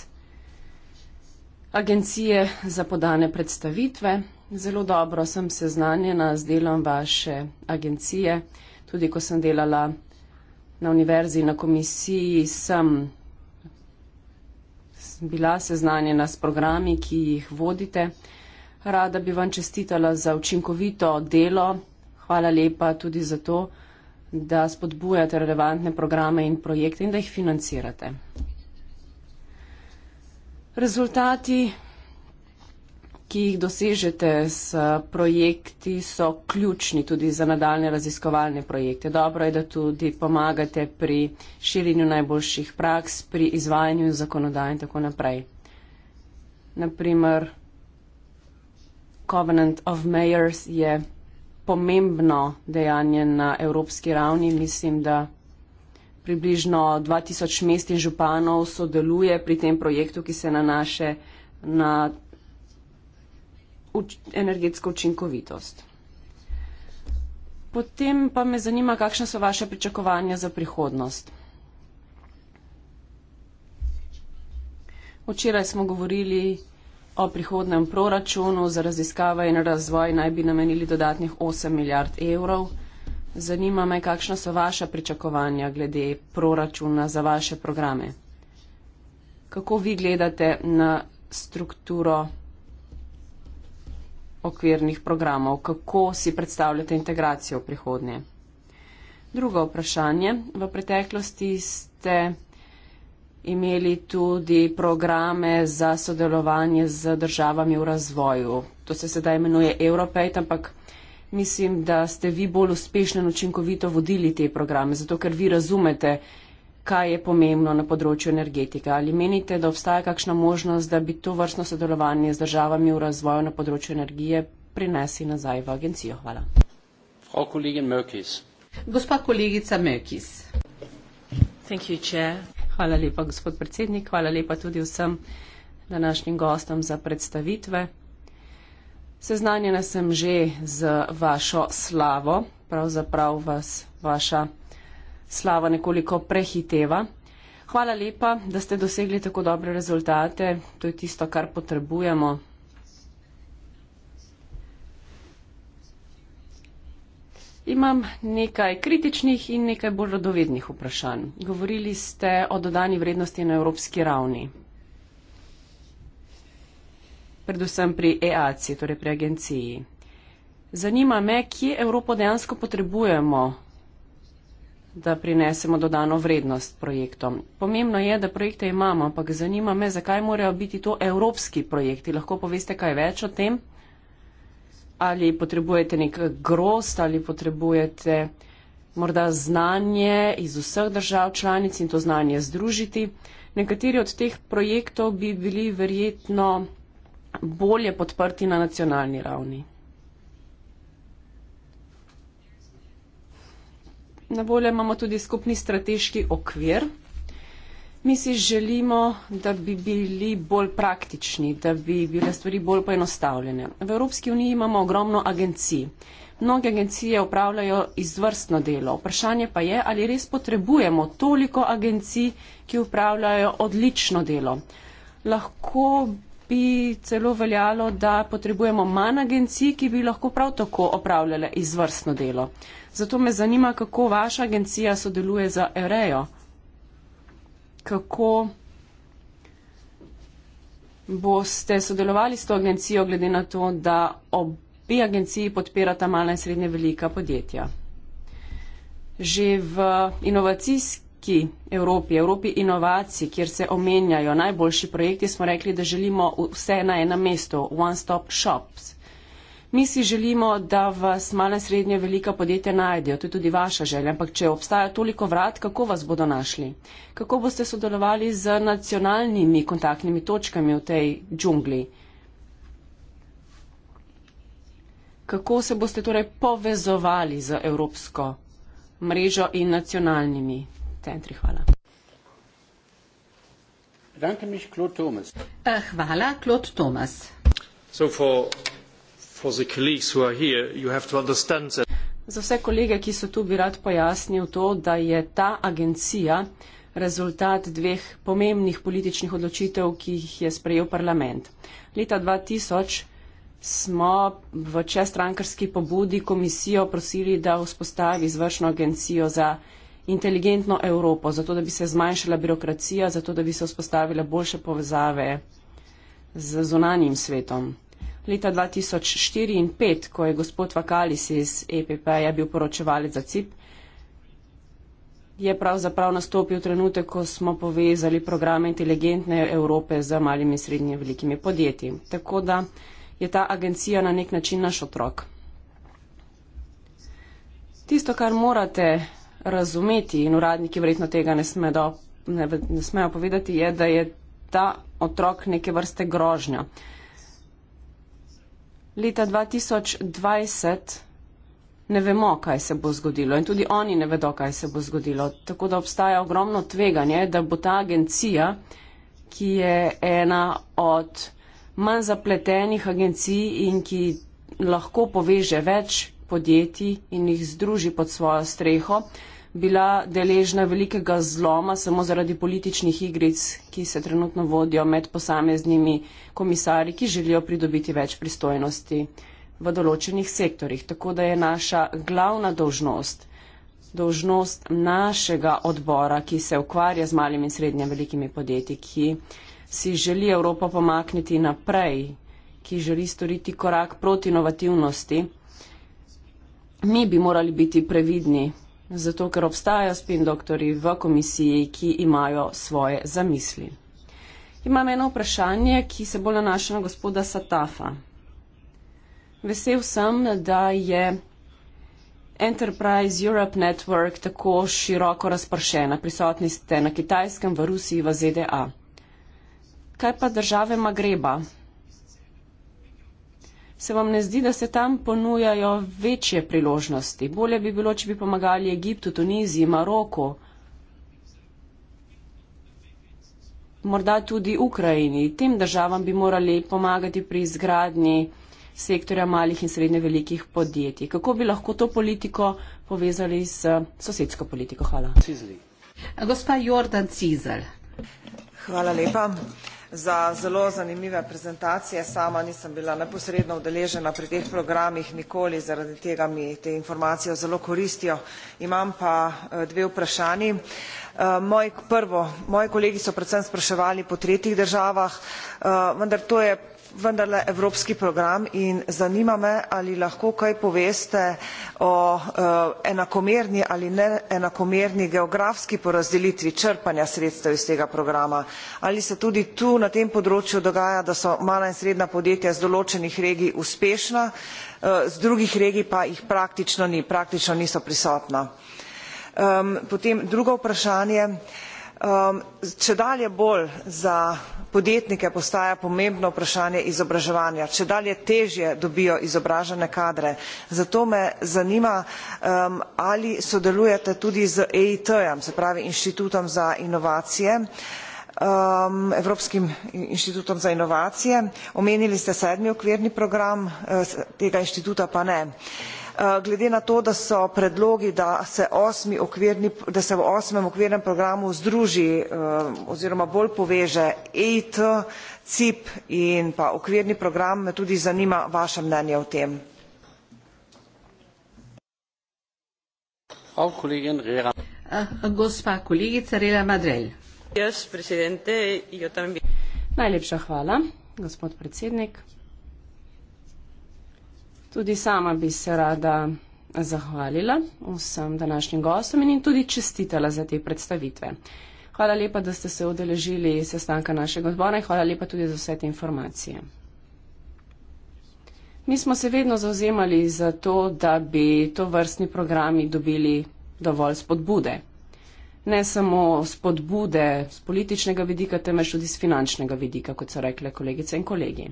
Agencije za podane predstavitve. Zelo dobro sem seznanjena z delom vaše agencije tudi ko sem delala na univerzi, na komisiji, sem bila seznanjena s programi, ki jih vodite. Rada bi vam čestitala za učinkovito delo. Hvala lepa tudi za to, da spodbujate relevantne programe in projekte in da jih financirate. Rezultati ki jih dosežete s projekti, so ključni tudi za nadaljne raziskovalne projekte. Dobro je, da tudi pomagate pri širjenju najboljših praks, pri izvajanju zakonodaje in tako naprej. Naprimer, Covenant of Mayors je pomembno dejanje na evropski ravni. Mislim, da približno 2000 mest in županov sodeluje pri tem projektu, ki se nanaše na uč energetsko učinkovitost. Potem pa me zanima, kakšne so vaše pričakovanja za prihodnost. Včeraj smo govorili o prihodnem proračunu za raziskave in razvoj, naj bi namenili dodatnih 8 milijard evrov. Zanima me, kakšna so vaša pričakovanja glede proračuna za vaše programe. Kako vi gledate na strukturo okvirnih programov. Kako si predstavljate integracijo v prihodnje? Drugo vprašanje. V preteklosti ste imeli tudi programe za sodelovanje z državami v razvoju. To se sedaj imenuje Europejt, ampak mislim, da ste vi bolj uspešno in učinkovito vodili te programe, zato ker vi razumete, kaj je pomembno na področju energetike. Ali menite, da obstaja kakšna možnost, da bi to vrstno sodelovanje z državami v razvoju na področju energije prinesli nazaj v agencijo? Hvala. Gospa kolegica Mökis. Hvala lepa, gospod predsednik. Hvala lepa tudi vsem današnjim gostom za predstavitve. Seznanjena sem že z vašo slavo, pravzaprav vas vaša slava nekoliko prehiteva. Hvala lepa, da ste dosegli tako dobre rezultate. To je tisto, kar potrebujemo. Imam nekaj kritičnih in nekaj bolj radovednih vprašanj. Govorili ste o dodani vrednosti na evropski ravni, predvsem pri EAC, torej pri agenciji. Zanima me, kje Evropo dejansko potrebujemo da prinesemo dodano vrednost projektom. Pomembno je, da projekte imamo, ampak zanima me, zakaj morajo biti to evropski projekti. Lahko poveste kaj več o tem? Ali potrebujete nek grost, ali potrebujete morda znanje iz vseh držav članic in to znanje združiti. Nekateri od teh projektov bi bili verjetno bolje podprti na nacionalni ravni. na voljo imamo tudi skupni strateški okvir. Mi si želimo, da bi bili bolj praktični, da bi bile stvari bolj poenostavljene. V Evropski uniji imamo ogromno agencij. Mnoge agencije upravljajo izvrstno delo. Vprašanje pa je, ali res potrebujemo toliko agencij, ki upravljajo odlično delo. Lahko bi celo veljalo, da potrebujemo manj agencij, ki bi lahko prav tako opravljale izvrstno delo. Zato me zanima, kako vaša agencija sodeluje za EREJO. Kako boste sodelovali s to agencijo, glede na to, da obi agenciji podpirata mala in srednje velika podjetja. Že v inovacijski ki Evropi, Evropi inovacij, kjer se omenjajo najboljši projekti, smo rekli, da želimo vse na enem mestu, one stop shops. Mi si želimo, da vas male, srednje, velika podjetja najdejo, to je tudi vaša želja, ampak če obstaja toliko vrat, kako vas bodo našli? Kako boste sodelovali z nacionalnimi kontaktnimi točkami v tej džungli? Kako se boste torej povezovali z evropsko mrežo in nacionalnimi? centri. Hvala. Eh, hvala, Claude Thomas. So for, for the colleagues who are here, you have to understand that. Za vse kolege, ki so tu, bi rad pojasnil to, da je ta agencija rezultat dveh pomembnih političnih odločitev, ki jih je sprejel parlament. Leta 2000 smo v čestrankarski pobudi komisijo prosili, da vzpostavi izvršno agencijo za inteligentno Evropo, zato da bi se zmanjšala birokracija, zato da bi se vzpostavile boljše povezave z zunanjim svetom. Leta 2004 in 2005, ko je gospod Vakalis iz EPP-ja bil poročevalec za CIP, je pravzaprav nastopil trenutek, ko smo povezali programe inteligentne Evrope z malimi in srednjimi velikimi podjetji. Tako da je ta agencija na nek način naš otrok. Tisto, kar morate razumeti in uradniki verjetno tega ne, sme do, ne, ne smejo povedati, je, da je ta otrok neke vrste grožnja. Leta 2020 ne vemo, kaj se bo zgodilo in tudi oni ne vedo, kaj se bo zgodilo. Tako da obstaja ogromno tveganje, da bo ta agencija, ki je ena od manj zapletenih agencij in ki lahko poveže več podjetij in jih združi pod svojo streho, bila deležna velikega zloma samo zaradi političnih igric, ki se trenutno vodijo med posameznimi komisarji, ki želijo pridobiti več pristojnosti v določenih sektorjih. Tako da je naša glavna dolžnost, dolžnost našega odbora, ki se ukvarja z malimi in srednje velikimi podjetji, ki si želi Evropo pomakniti naprej, ki želi storiti korak proti inovativnosti, mi bi morali biti previdni Zato, ker obstajajo spin doktori v komisiji, ki imajo svoje zamisli. Imam eno vprašanje, ki se bolj nanaša na gospoda Satafa. Vesel sem, da je Enterprise Europe Network tako široko razpršena. Prisotni ste na Kitajskem, v Rusiji, v ZDA. Kaj pa države Magreba, Se vam ne zdi, da se tam ponujajo večje priložnosti? Bolje bi bilo, če bi pomagali Egiptu, Tuniziji, Maroku, morda tudi Ukrajini. Tem državam bi morali pomagati pri izgradnji sektorja malih in srednje velikih podjetij. Kako bi lahko to politiko povezali s sosedsko politiko? Hvala. Gospa Jordan Cizel. Hvala lepa za zelo zanimive prezentacije. Sama nisem bila neposredno udeležena pri teh programih nikoli, zaradi tega mi te informacije zelo koristijo. Imam pa eh, dve vprašanji. Eh, moj, prvo, moji kolegi so predvsem spraševali po tretjih državah, eh, vendar to je vendarle evropski program in zanima me, ali lahko kaj poveste o eh, enakomerni ali neenakomerni geografski porazdelitvi črpanja sredstev iz tega programa. Ali se tudi tu na tem področju dogaja, da so mala in srednja podjetja z določenih regij uspešna, eh, z drugih regij pa jih praktično ni, praktično niso prisotna. Ehm, potem drugo vprašanje. Um, čedalje bolj za podjetnike postaja pomembno vprašanje izobraževanja čedalje težje dobijo izobražene kadre zato me zanima um, ali sodelujete tudi z EIT jem se pravi inštitutom za inovacije um, evropskim inštitutom za inovacije omenili ste sedmi okvirni program eh, tega inštituta pa ne. Eh, glede na to da so predlogi da se, osmi okvirni, da se v osmem okvirnem programu združi eh, oziroma bolj poveže EIT, CIP in pa okvirni program, me tudi zanima vaše mnenje o tem. Eh, gospa kolegica Rela Madrelj. Najlepša hvala, gospod predsednik. Tudi sama bi se rada zahvalila vsem današnjim gostom in tudi čestitala za te predstavitve. Hvala lepa, da ste se odeležili sestanka našega odbora in hvala lepa tudi za vse te informacije. Mi smo se vedno zauzemali za to, da bi to vrstni programi dobili dovolj spodbude. Ne samo spodbude z političnega vidika, temveč tudi z finančnega vidika, kot so rekle kolegice in kolegi.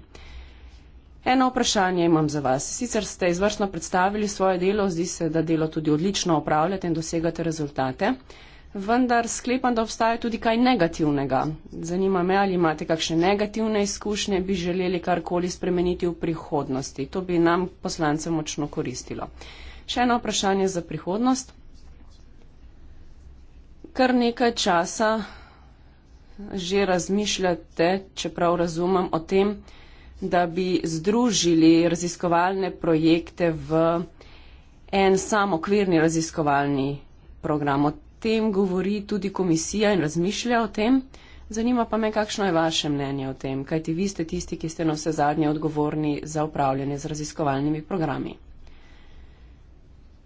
Eno vprašanje imam za vas. Sicer ste izvršno predstavili svoje delo, zdi se, da delo tudi odlično upravljate in dosegate rezultate, vendar sklepam, da obstaja tudi kaj negativnega. Zanima me, ali imate kakšne negativne izkušnje, bi želeli karkoli spremeniti v prihodnosti. To bi nam poslance močno koristilo. Še eno vprašanje za prihodnost. Kar nekaj časa že razmišljate, čeprav razumem o tem, da bi združili raziskovalne projekte v en sam okvirni raziskovalni program. O tem govori tudi komisija in razmišlja o tem. Zanima pa me, kakšno je vaše mnenje o tem, kajti vi ste tisti, ki ste na vse zadnje odgovorni za upravljanje z raziskovalnimi programi.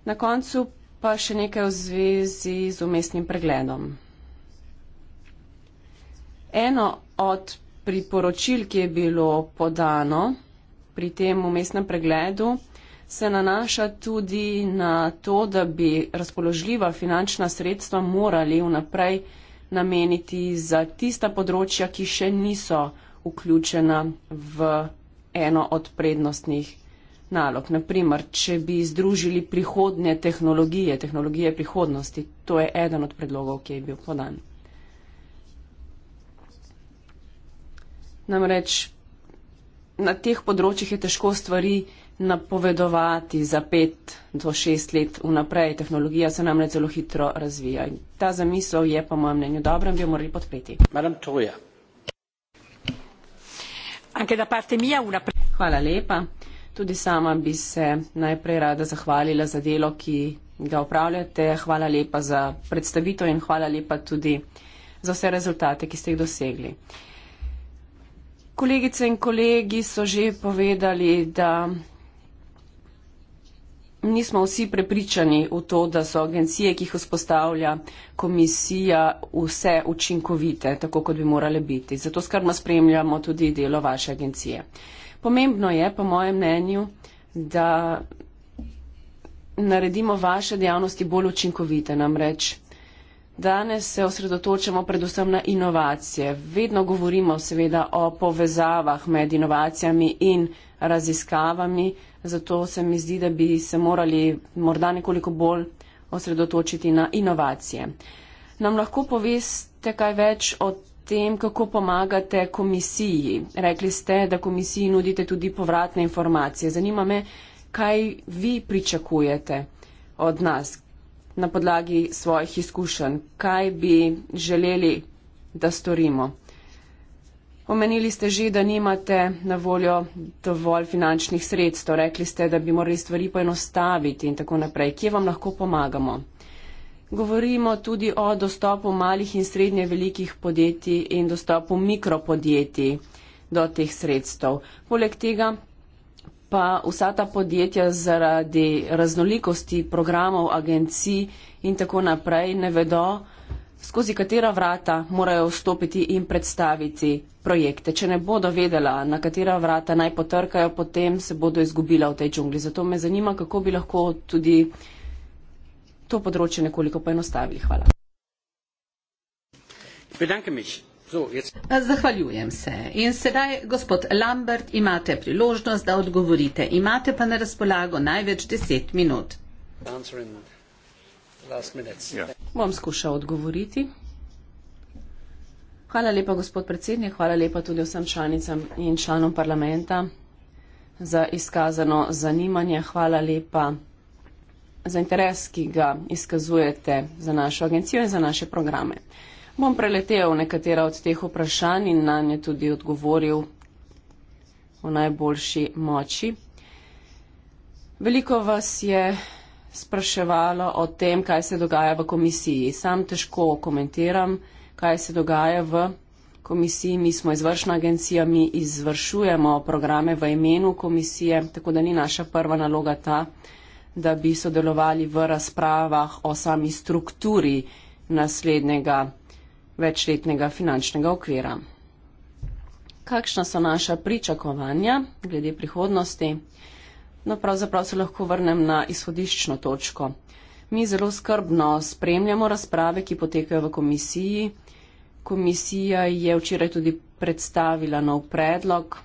Na koncu pa še nekaj v zvezi z umestnim pregledom. Eno od priporočil, ki je bilo podano pri tem umestnem pregledu, se nanaša tudi na to, da bi razpoložljiva finančna sredstva morali vnaprej nameniti za tista področja, ki še niso vključena v eno od prednostnih nalog. Naprimer, če bi združili prihodne tehnologije, tehnologije prihodnosti, to je eden od predlogov, ki je bil podan. Namreč na teh področjih je težko stvari napovedovati za pet do šest let vnaprej. Tehnologija se namreč zelo hitro razvija. Ta zamisel je, po mojem mnenju, dobra in bi jo morali podpreti. Hvala lepa. Tudi sama bi se najprej rada zahvalila za delo, ki ga upravljate. Hvala lepa za predstavitev in hvala lepa tudi za vse rezultate, ki ste jih dosegli. Kolegice in kolegi so že povedali, da nismo vsi prepričani v to, da so agencije, ki jih vzpostavlja komisija, vse učinkovite, tako kot bi morale biti. Zato skrbno spremljamo tudi delo vaše agencije. Pomembno je, po mojem mnenju, da naredimo vaše dejavnosti bolj učinkovite. Namreč Danes se osredotočamo predvsem na inovacije. Vedno govorimo seveda o povezavah med inovacijami in raziskavami, zato se mi zdi, da bi se morali morda nekoliko bolj osredotočiti na inovacije. Nam lahko poveste kaj več o tem, kako pomagate komisiji. Rekli ste, da komisiji nudite tudi povratne informacije. Zanima me, kaj vi pričakujete od nas, na podlagi svojih izkušenj, kaj bi želeli, da storimo. Omenili ste že, da nimate na voljo dovolj finančnih sredstev, rekli ste, da bi morali stvari poenostaviti in tako naprej. Kje vam lahko pomagamo? Govorimo tudi o dostopu malih in srednje velikih podjetij in dostopu mikropodjetij do teh sredstev. Poleg tega pa vsa ta podjetja zaradi raznolikosti programov, agencij in tako naprej ne vedo, skozi katera vrata morajo vstopiti in predstaviti projekte. Če ne bodo vedela, na katera vrata naj potrkajo, potem se bodo izgubila v tej džungli. Zato me zanima, kako bi lahko tudi to področje nekoliko poenostavili. Hvala. Ich bedanke mich. Zahvaljujem se. In sedaj, gospod Lambert, imate priložnost, da odgovorite. Imate pa na razpolago največ deset minut. Yeah. Ja. Bom skušal odgovoriti. Hvala lepa, gospod predsednik, hvala lepa tudi vsem članicam in članom parlamenta za izkazano zanimanje. Hvala lepa za interes, ki ga izkazujete za našo agencijo in za naše programe. Bom preletel nekatera od teh vprašanj in na nje tudi odgovoril v najboljši moči. Veliko vas je spraševalo o tem, kaj se dogaja v komisiji. Sam težko komentiram, kaj se dogaja v komisiji. Mi smo izvršna agencija, mi izvršujemo programe v imenu komisije, tako da ni naša prva naloga ta, da bi sodelovali v razpravah o sami strukturi naslednjega večletnega finančnega okvira. Kakšna so naša pričakovanja glede prihodnosti? No, pravzaprav se lahko vrnem na izhodiščno točko. Mi zelo skrbno spremljamo razprave, ki potekajo v komisiji. Komisija je včeraj tudi predstavila nov predlog.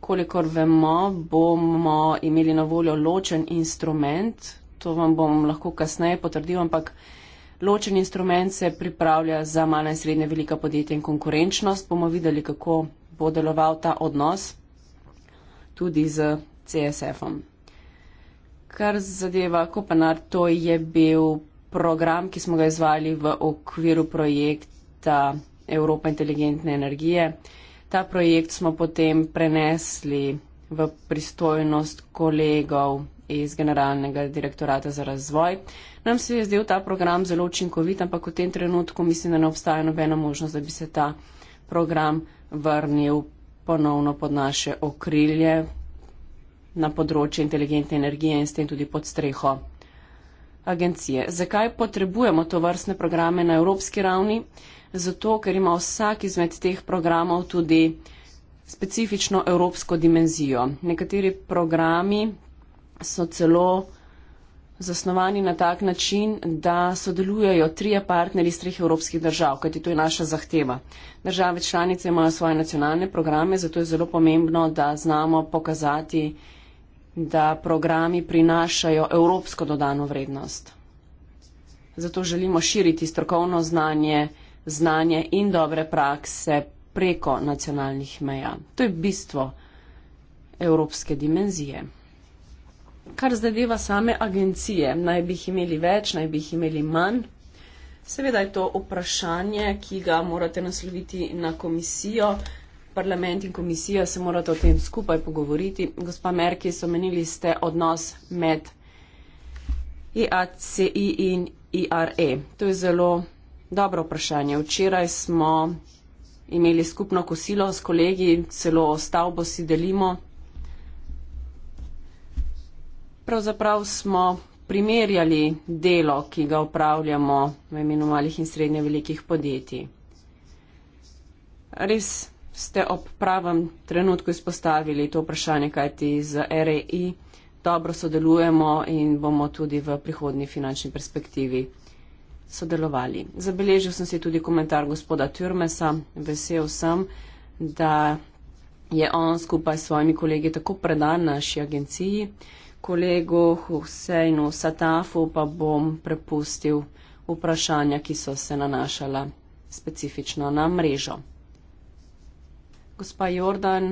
Kolikor vemo, bomo imeli na voljo ločen instrument, to vam bom lahko kasneje potrdil, ampak Ločen instrument se pripravlja za mala in srednja velika podjetja in konkurenčnost. Bomo videli, kako bo deloval ta odnos tudi z CSF-om. Kar zadeva Kopenar, to je bil program, ki smo ga izvali v okviru projekta Evropa inteligentne energije. Ta projekt smo potem prenesli v pristojnost kolegov iz Generalnega direktorata za razvoj, Nam se je zdel ta program zelo učinkovit, ampak v tem trenutku mislim, da ne obstaja nobena možnost, da bi se ta program vrnil ponovno pod naše okrilje na področje inteligentne energije in s tem tudi pod streho agencije. Zakaj potrebujemo to vrstne programe na evropski ravni? Zato, ker ima vsak izmed teh programov tudi specifično evropsko dimenzijo. Nekateri programi so celo zasnovani na tak način, da sodelujejo trije partnerji iz treh evropskih držav, kajti to je naša zahteva. Države članice imajo svoje nacionalne programe, zato je zelo pomembno, da znamo pokazati, da programi prinašajo evropsko dodano vrednost. Zato želimo širiti strokovno znanje, znanje in dobre prakse preko nacionalnih meja. To je bistvo evropske dimenzije. Kar zadeva same agencije, naj bi jih imeli več, naj bi jih imeli manj, seveda je to vprašanje, ki ga morate nasloviti na komisijo. Parlament in komisija se morata o tem skupaj pogovoriti. Gospa Merki, so menili ste odnos med IACI e in IRE. To je zelo dobro vprašanje. Včeraj smo imeli skupno kosilo s kolegi, celo stavbo si delimo pravzaprav smo primerjali delo, ki ga upravljamo v imenu malih in srednje velikih podjetij. Res ste ob pravem trenutku izpostavili to vprašanje, kajti z REI dobro sodelujemo in bomo tudi v prihodnji finančni perspektivi sodelovali. Zabeležil sem si tudi komentar gospoda Türmesa. Vesel sem, da je on skupaj s svojimi kolegi tako predan naši agenciji kolegu Huseinu Satafu pa bom prepustil vprašanja, ki so se nanašala specifično na mrežo. Gospa Jordan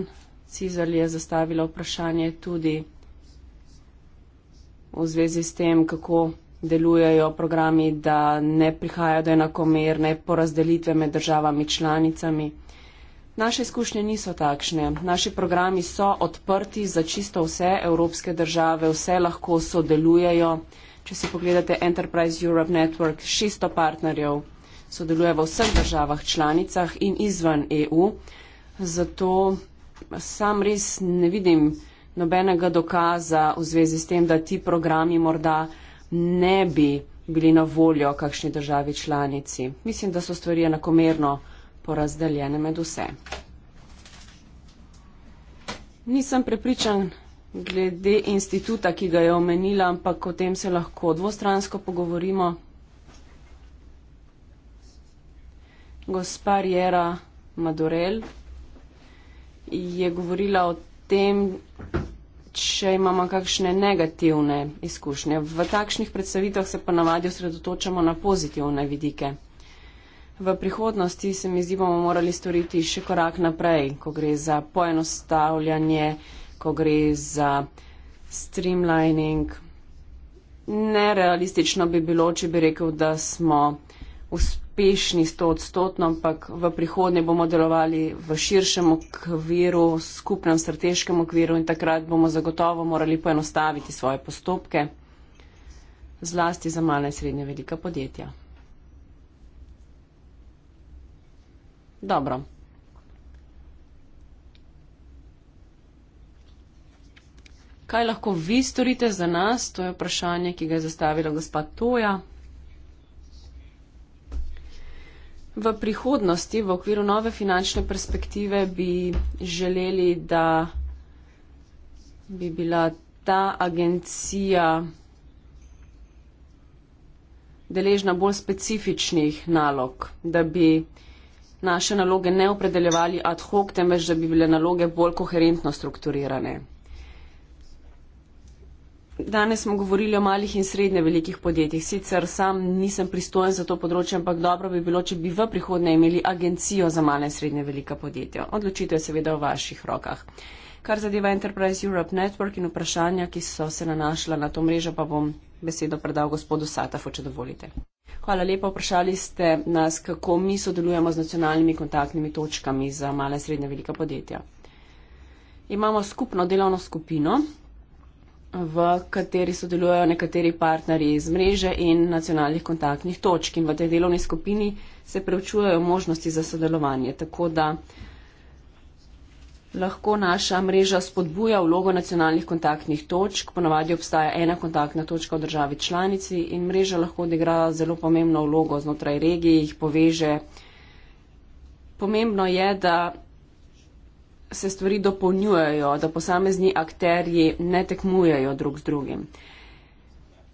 Cizel je zastavila vprašanje tudi v zvezi s tem, kako delujejo programi, da ne prihajajo do enakomerne porazdelitve med državami članicami. Naše izkušnje niso takšne. Naši programi so odprti za čisto vse evropske države, vse lahko sodelujejo. Če si pogledate Enterprise Europe Network, 600 partnerjev sodeluje v vseh državah članicah in izven EU. Zato sam res ne vidim nobenega dokaza v zvezi s tem, da ti programi morda ne bi bili na voljo kakšni državi članici. Mislim, da so stvari enakomerno porazdeljene med vse. Nisem prepričan glede instituta, ki ga je omenila, ampak o tem se lahko dvostransko pogovorimo. Gospa Jera Madurel je govorila o tem, če imamo kakšne negativne izkušnje. V takšnih predstavitvah se pa navadi osredotočamo na pozitivne vidike. V prihodnosti se mi zdi, bomo morali storiti še korak naprej, ko gre za poenostavljanje, ko gre za streamlining. Nerealistično bi bilo, če bi rekel, da smo uspešni sto odstotno, ampak v prihodnje bomo delovali v širšem okviru, skupnem strateškem okviru in takrat bomo zagotovo morali poenostaviti svoje postopke, zlasti za male in srednje velika podjetja. Dobro. Kaj lahko vi storite za nas? To je vprašanje, ki ga je zastavila gospa Toja. V prihodnosti, v okviru nove finančne perspektive, bi želeli, da bi bila ta agencija deležna bolj specifičnih nalog, da bi naše naloge ne opredeljevali ad hoc, temveč da bi bile naloge bolj koherentno strukturirane. Danes smo govorili o malih in srednje velikih podjetjih. Sicer sam nisem pristojen za to področje, ampak dobro bi bilo, če bi v prihodnje imeli agencijo za male in srednje velika podjetja. Odločitev je seveda v vaših rokah kar zadeva Enterprise Europe Network in vprašanja, ki so se nanašala na to mrežo, pa bom besedo predal gospodu Satafu, če dovolite. Hvala lepa, vprašali ste nas, kako mi sodelujemo z nacionalnimi kontaktnimi točkami za male in srednje velika podjetja. Imamo skupno delovno skupino, v kateri sodelujejo nekateri partnerji iz mreže in nacionalnih kontaktnih točk in v tej delovni skupini se preučujejo možnosti za sodelovanje. Tako da uh, lahko naša mreža spodbuja vlogo nacionalnih kontaktnih točk. Ponavadi obstaja ena kontaktna točka v državi članici in mreža lahko odigra zelo pomembno vlogo znotraj regije, jih poveže. Pomembno je, da se stvari dopolnjujejo, da posamezni akterji ne tekmujejo drug z drugim.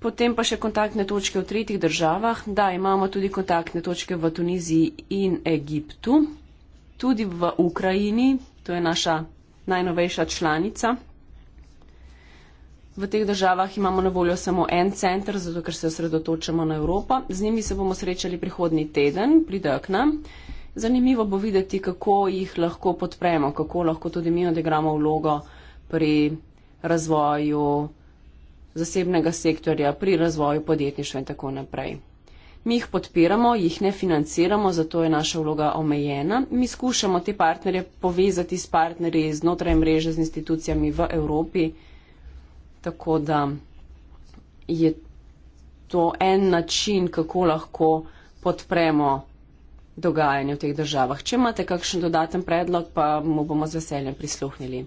Potem pa še kontaktne točke v tretjih državah. Da, imamo tudi kontaktne točke v Tuniziji in Egiptu, tudi v Ukrajini, to je naša najnovejša članica. V teh državah imamo na voljo samo en center, zato ker se osredotočamo na Evropo. Z njimi se bomo srečali prihodnji teden, pridejo k nam. Zanimivo bo videti, kako jih lahko podpremo, kako lahko tudi mi odigramo vlogo pri razvoju zasebnega sektorja, pri razvoju podjetništva in tako naprej. Mi jih podpiramo, jih ne financiramo, zato je naša vloga omejena. Mi skušamo te partnerje povezati s partnerji znotraj mreže, z institucijami v Evropi, tako da je to en način, kako lahko podpremo dogajanje v teh državah. Če imate kakšen dodaten predlog, pa mu bomo z veseljem prisluhnili.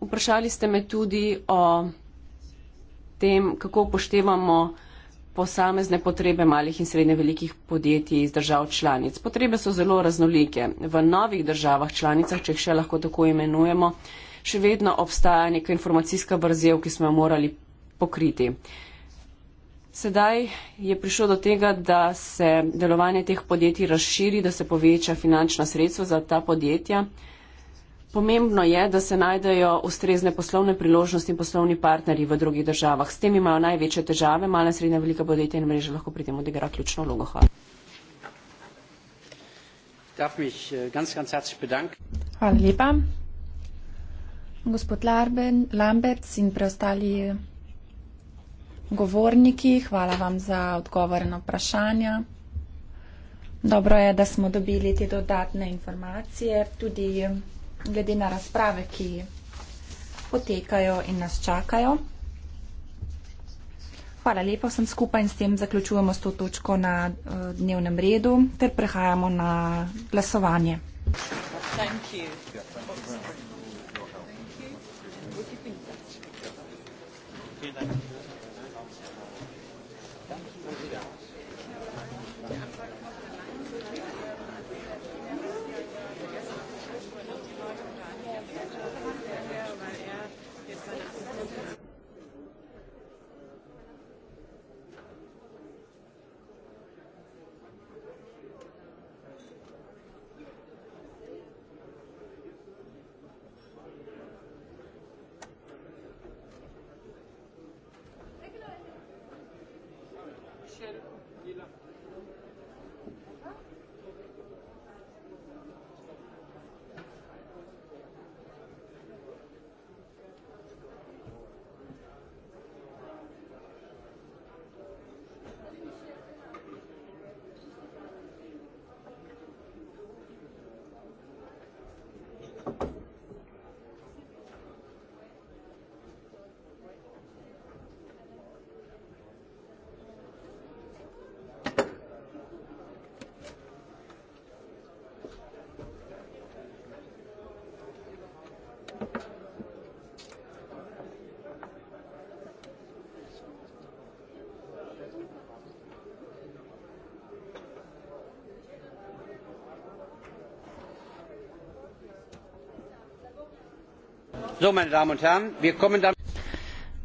Vprašali ste me tudi o tem, kako poštevamo posamezne potrebe malih in srednje velikih podjetij iz držav članic. Potrebe so zelo raznolike. V novih državah članicah, če jih še lahko tako imenujemo, še vedno obstaja neka informacijska vrzel, ki smo jo morali pokriti. Sedaj je prišlo do tega, da se delovanje teh podjetij razširi, da se poveča finančna sredstva za ta podjetja. Pomembno je, da se najdejo ustrezne poslovne priložnosti in poslovni partnerji v drugih državah. S tem imajo največje težave, mala in srednja velika podjetja in mreže lahko pri tem odigra ključno vlogo. Hvala. Äh, hvala lepa. Gospod Larben, Lamberts in preostali govorniki, hvala vam za odgovore na vprašanja. Dobro je, da smo dobili te dodatne informacije. Tudi glede na razprave, ki potekajo in nas čakajo. Hvala lepa vsem skupaj in s tem zaključujemo s to točko na eh, dnevnem redu ter prehajamo na glasovanje. Thank you. Yeah, thank you.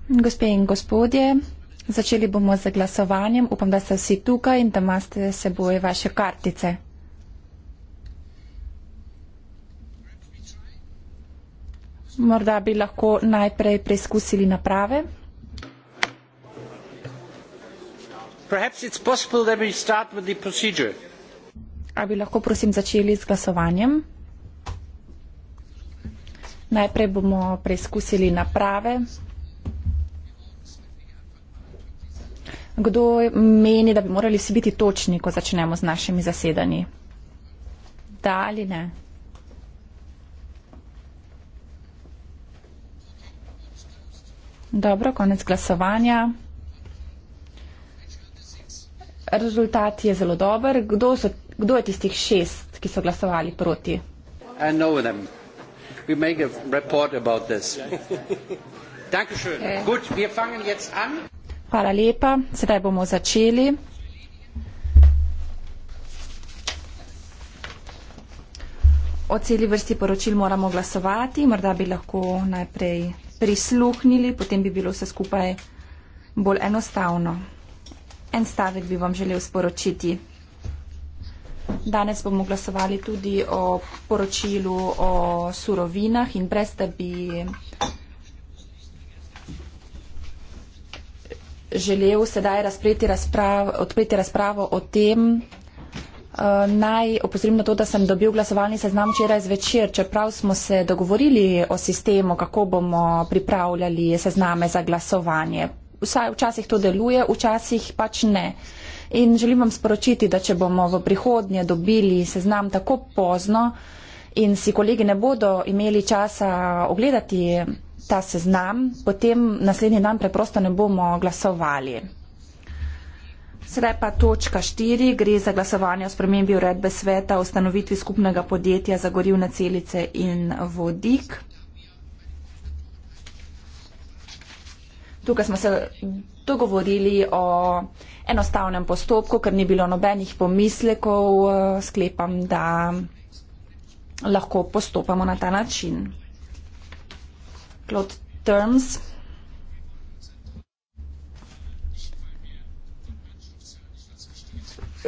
Gospe in gospodje, začeli bomo z glasovanjem. Upam, da ste vsi tukaj in da imate seboj vaše kartice. Morda bi lahko najprej preizkusili naprave. A bi lahko prosim začeli z glasovanjem? Najprej bomo preizkusili naprave. Kdo meni, da bi morali vsi biti točni, ko začnemo z našimi zasedanji? Da ali ne? Dobro, konec glasovanja. Rezultat je zelo dober. Kdo, so, kdo je tistih šest, ki so glasovali proti? I know them we make a report about this. Gut, wir fangen jetzt an. Hvala lepa, sedaj bomo začeli. O celi vrsti poročil moramo glasovati, morda bi lahko najprej prisluhnili, potem bi bilo vse skupaj bolj enostavno. En stavek bi vam želel sporočiti. Danes bomo glasovali tudi o poročilu o surovinah in brez da bi želel sedaj razprav, odpreti razpravo o tem, eh, Naj opozorim na to, da sem dobil glasovalni seznam včeraj zvečer, čeprav smo se dogovorili o sistemu, kako bomo pripravljali sezname za glasovanje. Vsaj včasih to deluje, včasih pač ne in želim vam sporočiti, da če bomo v prihodnje dobili seznam tako pozno in si kolegi ne bodo imeli časa ogledati ta seznam, potem naslednji dan preprosto ne bomo glasovali. Sedaj pa točka 4 gre za glasovanje o spremembi uredbe sveta o ustanovitvi skupnega podjetja za gorivne celice in vodik. Tukaj smo se dogovorili o enostavnem postopku, ker ni bilo nobenih pomislekov, eh, sklepam, da lahko postopamo na ta način. Cloud terms.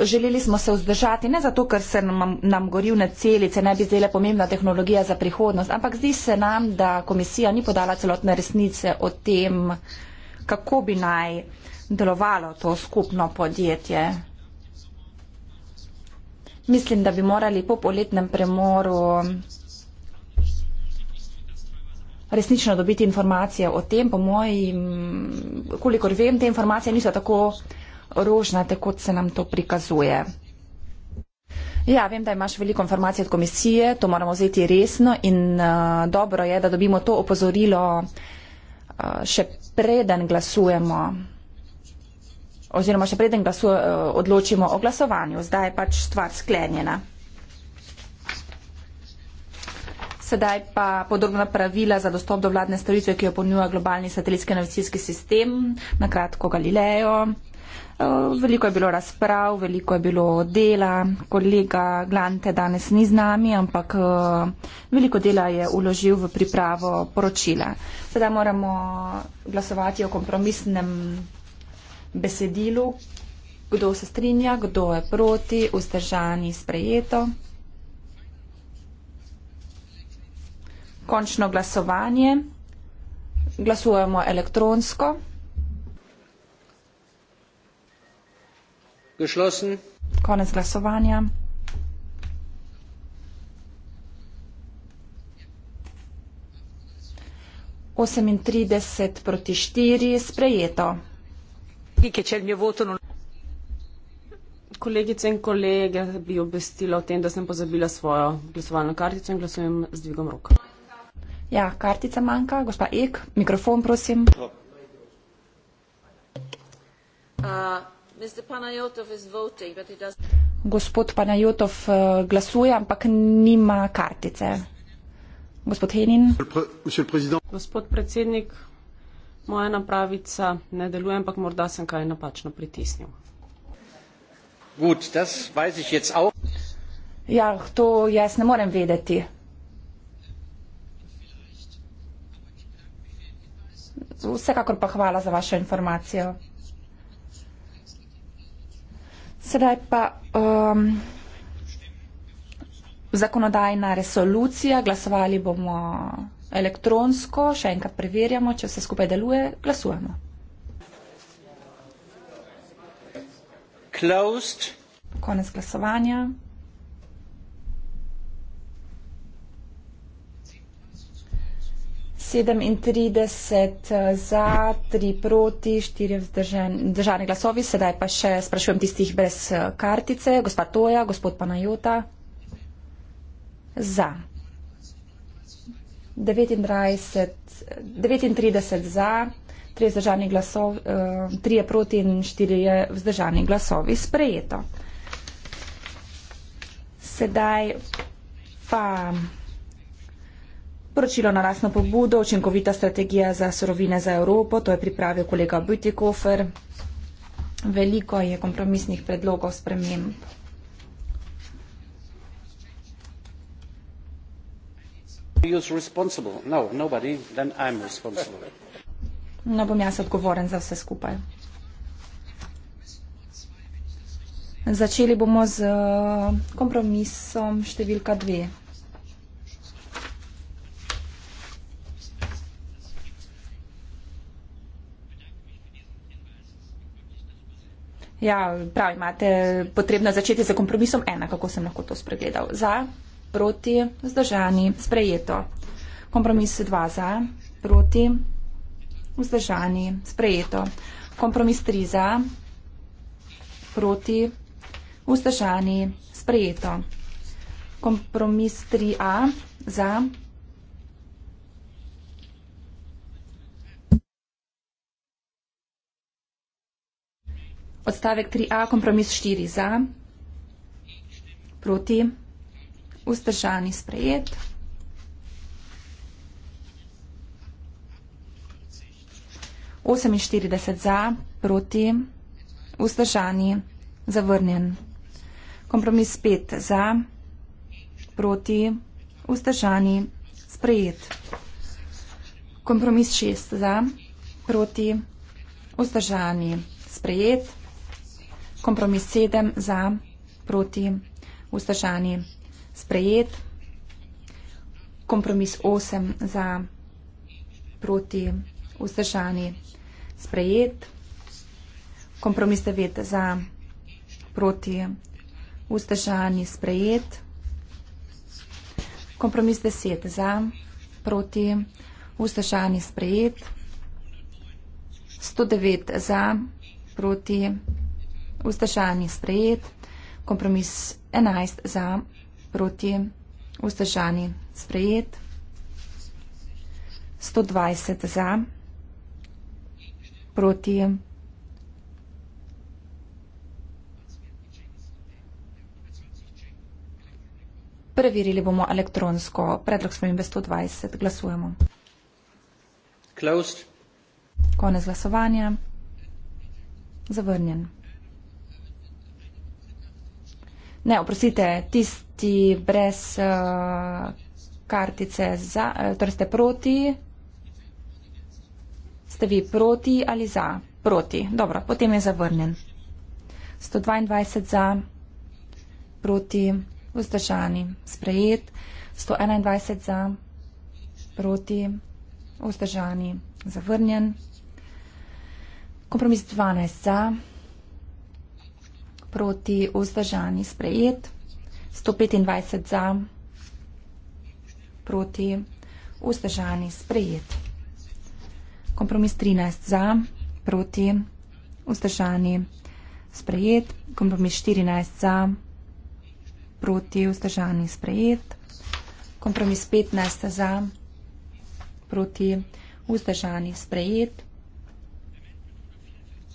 Želeli smo se vzdržati, ne zato, ker se nam, nam gorivne celice ne bi zdele pomembna tehnologija za prihodnost, ampak zdi se nam, da komisija ni podala celotne resnice o tem, kaj kako bi naj delovalo to skupno podjetje. Mislim, da bi morali po poletnem premoru resnično dobiti informacije o tem, po mojim, kolikor vem, te informacije niso tako rožnate, kot se nam to prikazuje. Ja, vem, da imaš veliko informacij od komisije, to moramo vzeti resno in uh, dobro je, da dobimo to opozorilo uh, še preden glasujemo oziroma še preden glasuje, odločimo o glasovanju. Zdaj je pač stvar sklenjena. Sedaj pa podobna pravila za dostop do vladne storitve, ki jo ponuja globalni satelitski navigacijski sistem, na kratko Galileo veliko je bilo razprav, veliko je bilo dela. Kolega Glante danes ni z nami, ampak eh, veliko dela je uložil v pripravo poročila. Sedaj moramo glasovati o kompromisnem besedilu. Kdo se strinja, kdo je proti, vzdržani sprejeto. Končno glasovanje. Glasujemo elektronsko. geschlossen. Konec glasovanja. proti 4 sprejeto. Kolegice in kolege bi obvestila o tem, da sem pozabila svojo glasovalno kartico in glasujem z dvigom rok. Ja, kartica manjka. Gospa Ek, mikrofon prosim. Uh. Gospod Panajotov eh, glasuje, ampak nima kartice. Gospod Henin. Gospod predsednik, moja napravica ne deluje, ampak morda sem kaj napačno pritisnil. Gut, das weiß ich jetzt auch. Ja, to jaz ne morem vedeti. Vsekakor pa hvala za vašo informacijo. Sedaj pa um, zakonodajna resolucija. Glasovali bomo elektronsko. Še enkrat preverjamo, če vse skupaj deluje. Glasujemo. Closed. Konec glasovanja. 37 eh, za, 3 proti, 4 vzdržani glasovi. Sedaj pa še sprašujem tistih brez eh, kartice. Gospa Toja, gospod Panajota. Za. 29, 39 za, 3 vzdržani glasovi, 3 eh, proti in 4 vzdržani glasovi. Sprejeto. Sedaj pa poročilo narasno pobudo, učinkovita strategija za sorovine za Evropo, to je pripravil kolega Bütikofer. Veliko je kompromisnih predlogov sprememb. No, no, bom jaz odgovoren za vse skupaj. Začeli bomo z eh, kompromisom številka dve. Ja, prav imate, potrebno začeti z kompromisom ena, kako sem lahko to spregledal. Za, proti, vzdržani, sprejeto. Kompromis dva za, proti, vzdržani, sprejeto. Kompromis tri za, proti, vzdržani, sprejeto. Kompromis 3a za, Odstavek 3a, kompromis 4 za, proti, vzdržani sprejet. Oseminštirideset za, proti, vzdržani, zavrnjen. Kompromis pet za, proti, vzdržani, sprejet. Kompromis šest za, proti, vzdržani, sprejet kompromis sedem za proti vzdržani sprejet, kompromis osem za proti vzdržani sprejet, kompromis devet za proti vzdržani sprejet, kompromis deset za proti vzdržani sprejet, sto devet za proti vzdržani sprejet vzdržani sprejet, kompromis 11 za, proti vzdržani sprejet, 120 za, proti Preverili bomo elektronsko. Predlog smo imbe 120. Glasujemo. Closed. Konec glasovanja. Zavrnjen. Ne, oprostite, tisti brez uh, kartice za, uh, torej ste proti, ste vi proti ali za? Proti. Dobro, potem je zavrnjen. 122 za, proti, vzdržani, sprejet. 121 za, proti, vzdržani, zavrnjen. Kompromis 12 za proti vzdržani sprejet, 125 za proti vzdržani sprejet. Kompromis 13 za proti vzdržani sprejet, kompromis 14 za proti vzdržani sprejet, kompromis 15 za proti vzdržani sprejet,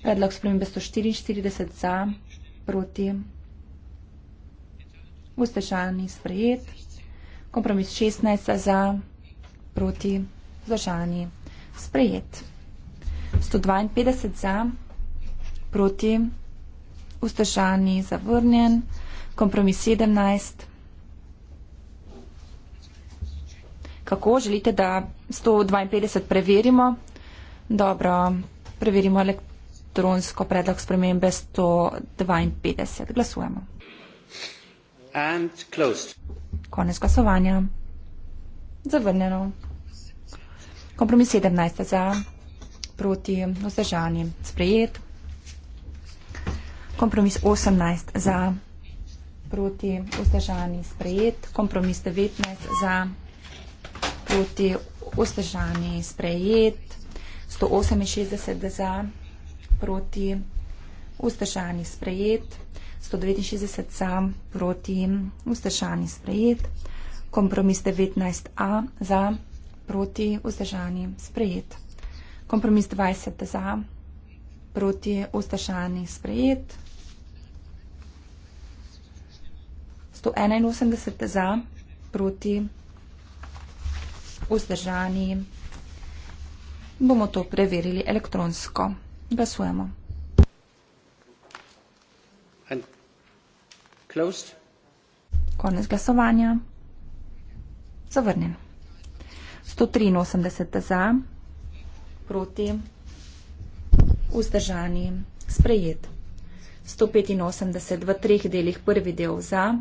predlog spremembe 144 za proti vzdržani sprejet proti. Vzdržani sprejet. Kompromis 16 za proti. Vzdržani sprejet. 152 za proti. Vzdržani zavrnjen. Kompromis 17. Kako želite, da 152 preverimo? Dobro, preverimo elektronično elektronsko predlog spremembe 152. Glasujemo. Konec glasovanja. Zavrnjeno. Kompromis 17 za, proti vzdržani. Sprejet. Kompromis 18 za, proti vzdržani. Sprejet. Kompromis 19 za, proti vzdržani. Sprejet. 168 za proti ustašani sprejet, 169 za proti ustašani sprejet, kompromis 19a za proti ustašani sprejet, kompromis 20 za proti ustašani sprejet, 181 za proti ustašani. Bomo to preverili elektronsko glasujemo konec glasovanja zavrnjen 183 za proti vzdržani sprejet 185 v treh delih prvi del za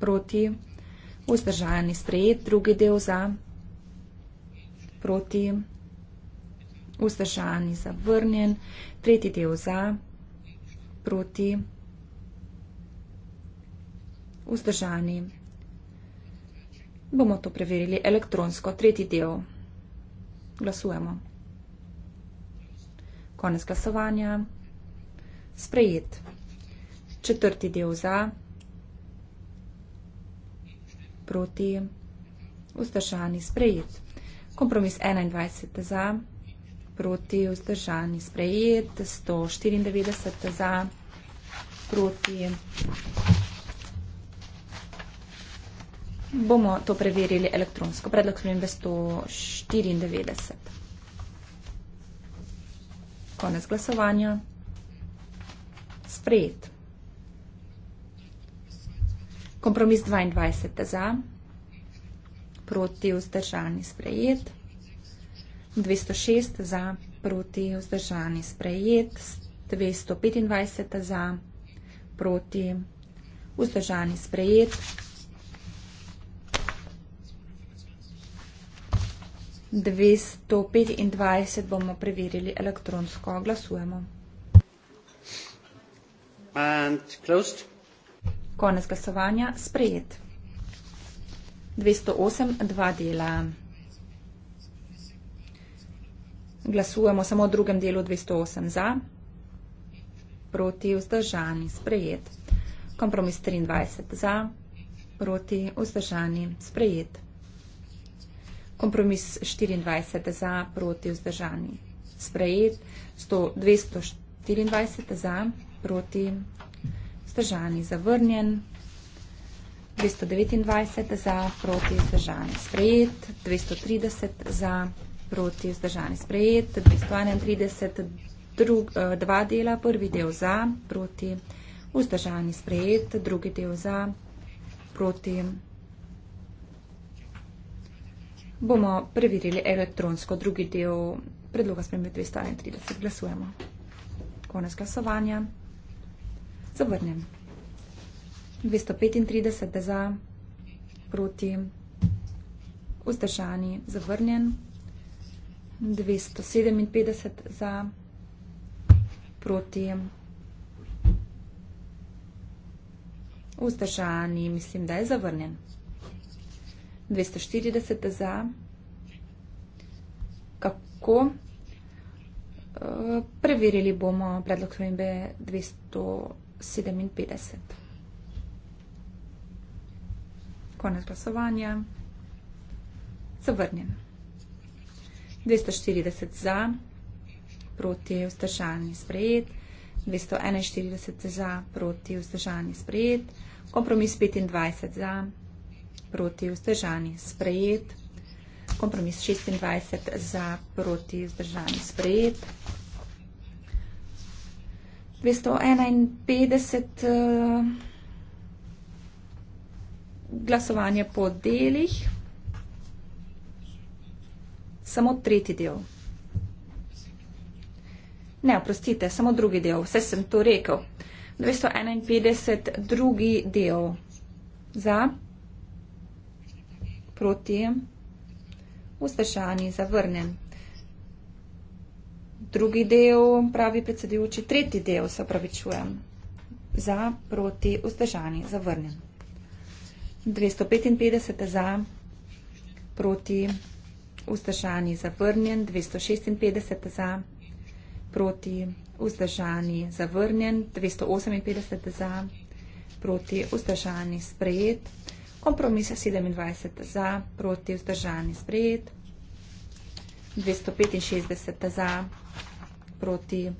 proti vzdržani sprejet drugi del za proti vzdržani zavrnjen, tretji del za, proti, vzdržani. Bomo to preverili elektronsko, tretji del. Glasujemo. Konec glasovanja. Sprejet. Četrti del za, proti, vzdržani, sprejet. Kompromis 21 za proti vzdržani sprejet, 194 za proti. Bomo to preverili elektronsko. Predlog spremembe 194. Konec glasovanja. Sprejet. Kompromis 22 za, proti vzdržani sprejet. 206 za, proti, vzdržani, sprejet, 225 za, proti, vzdržani, sprejet. Dvesto petindvajset bomo preverili elektronsko. Glasujemo. Konec glasovanja. Sprejet. Dvesto osem. Dva dela. Glasujemo samo o drugem delu 208 za, proti vzdržani sprejet. Kompromis 23 za, proti vzdržani sprejet. Kompromis 24 za, proti vzdržani sprejet. 224 za, proti vzdržani zavrnjen. 229 za, proti vzdržani sprejet. 230 za, proti vzdržani sprejet proti vzdržani sprejet, 231, drug, eh, dva dela, prvi del za, proti vzdržani sprejet, drugi del za, proti. Bomo preverili elektronsko drugi del predloga spremembe 231. Glasujemo. Konec glasovanja. Zavrnem. 235 za, proti, vzdržani, zavrnjen. 257 za proti. Vzdržani, mislim, da je zavrnjen. 240 za. Kako? Eh, preverili bomo predlog slovenbe 257. Konec glasovanja. Zavrnjen. 240 za, proti vzdržanje sprejet, 241 za, proti vzdržanje sprejet, kompromis 25 za, proti vzdržanje sprejet, kompromis 26 za, proti vzdržanje sprejet. 251 eh, glasovanje po delih. Samo tretji del. Ne, oprostite, samo drugi del. Vse sem to rekel. 251 drugi del za, proti, vzdržani, zavrnen. Drugi del, pravi predsedujoči, tretji del, se opravičujem. Za, proti, vzdržani, zavrnen. 255 za, proti, vzdržani vzdržani zavrnjen, 256 za, proti vzdržani zavrnjen, 258 za, proti vzdržani sprejet, kompromis 27 za, proti vzdržani sprejet, 265 za, proti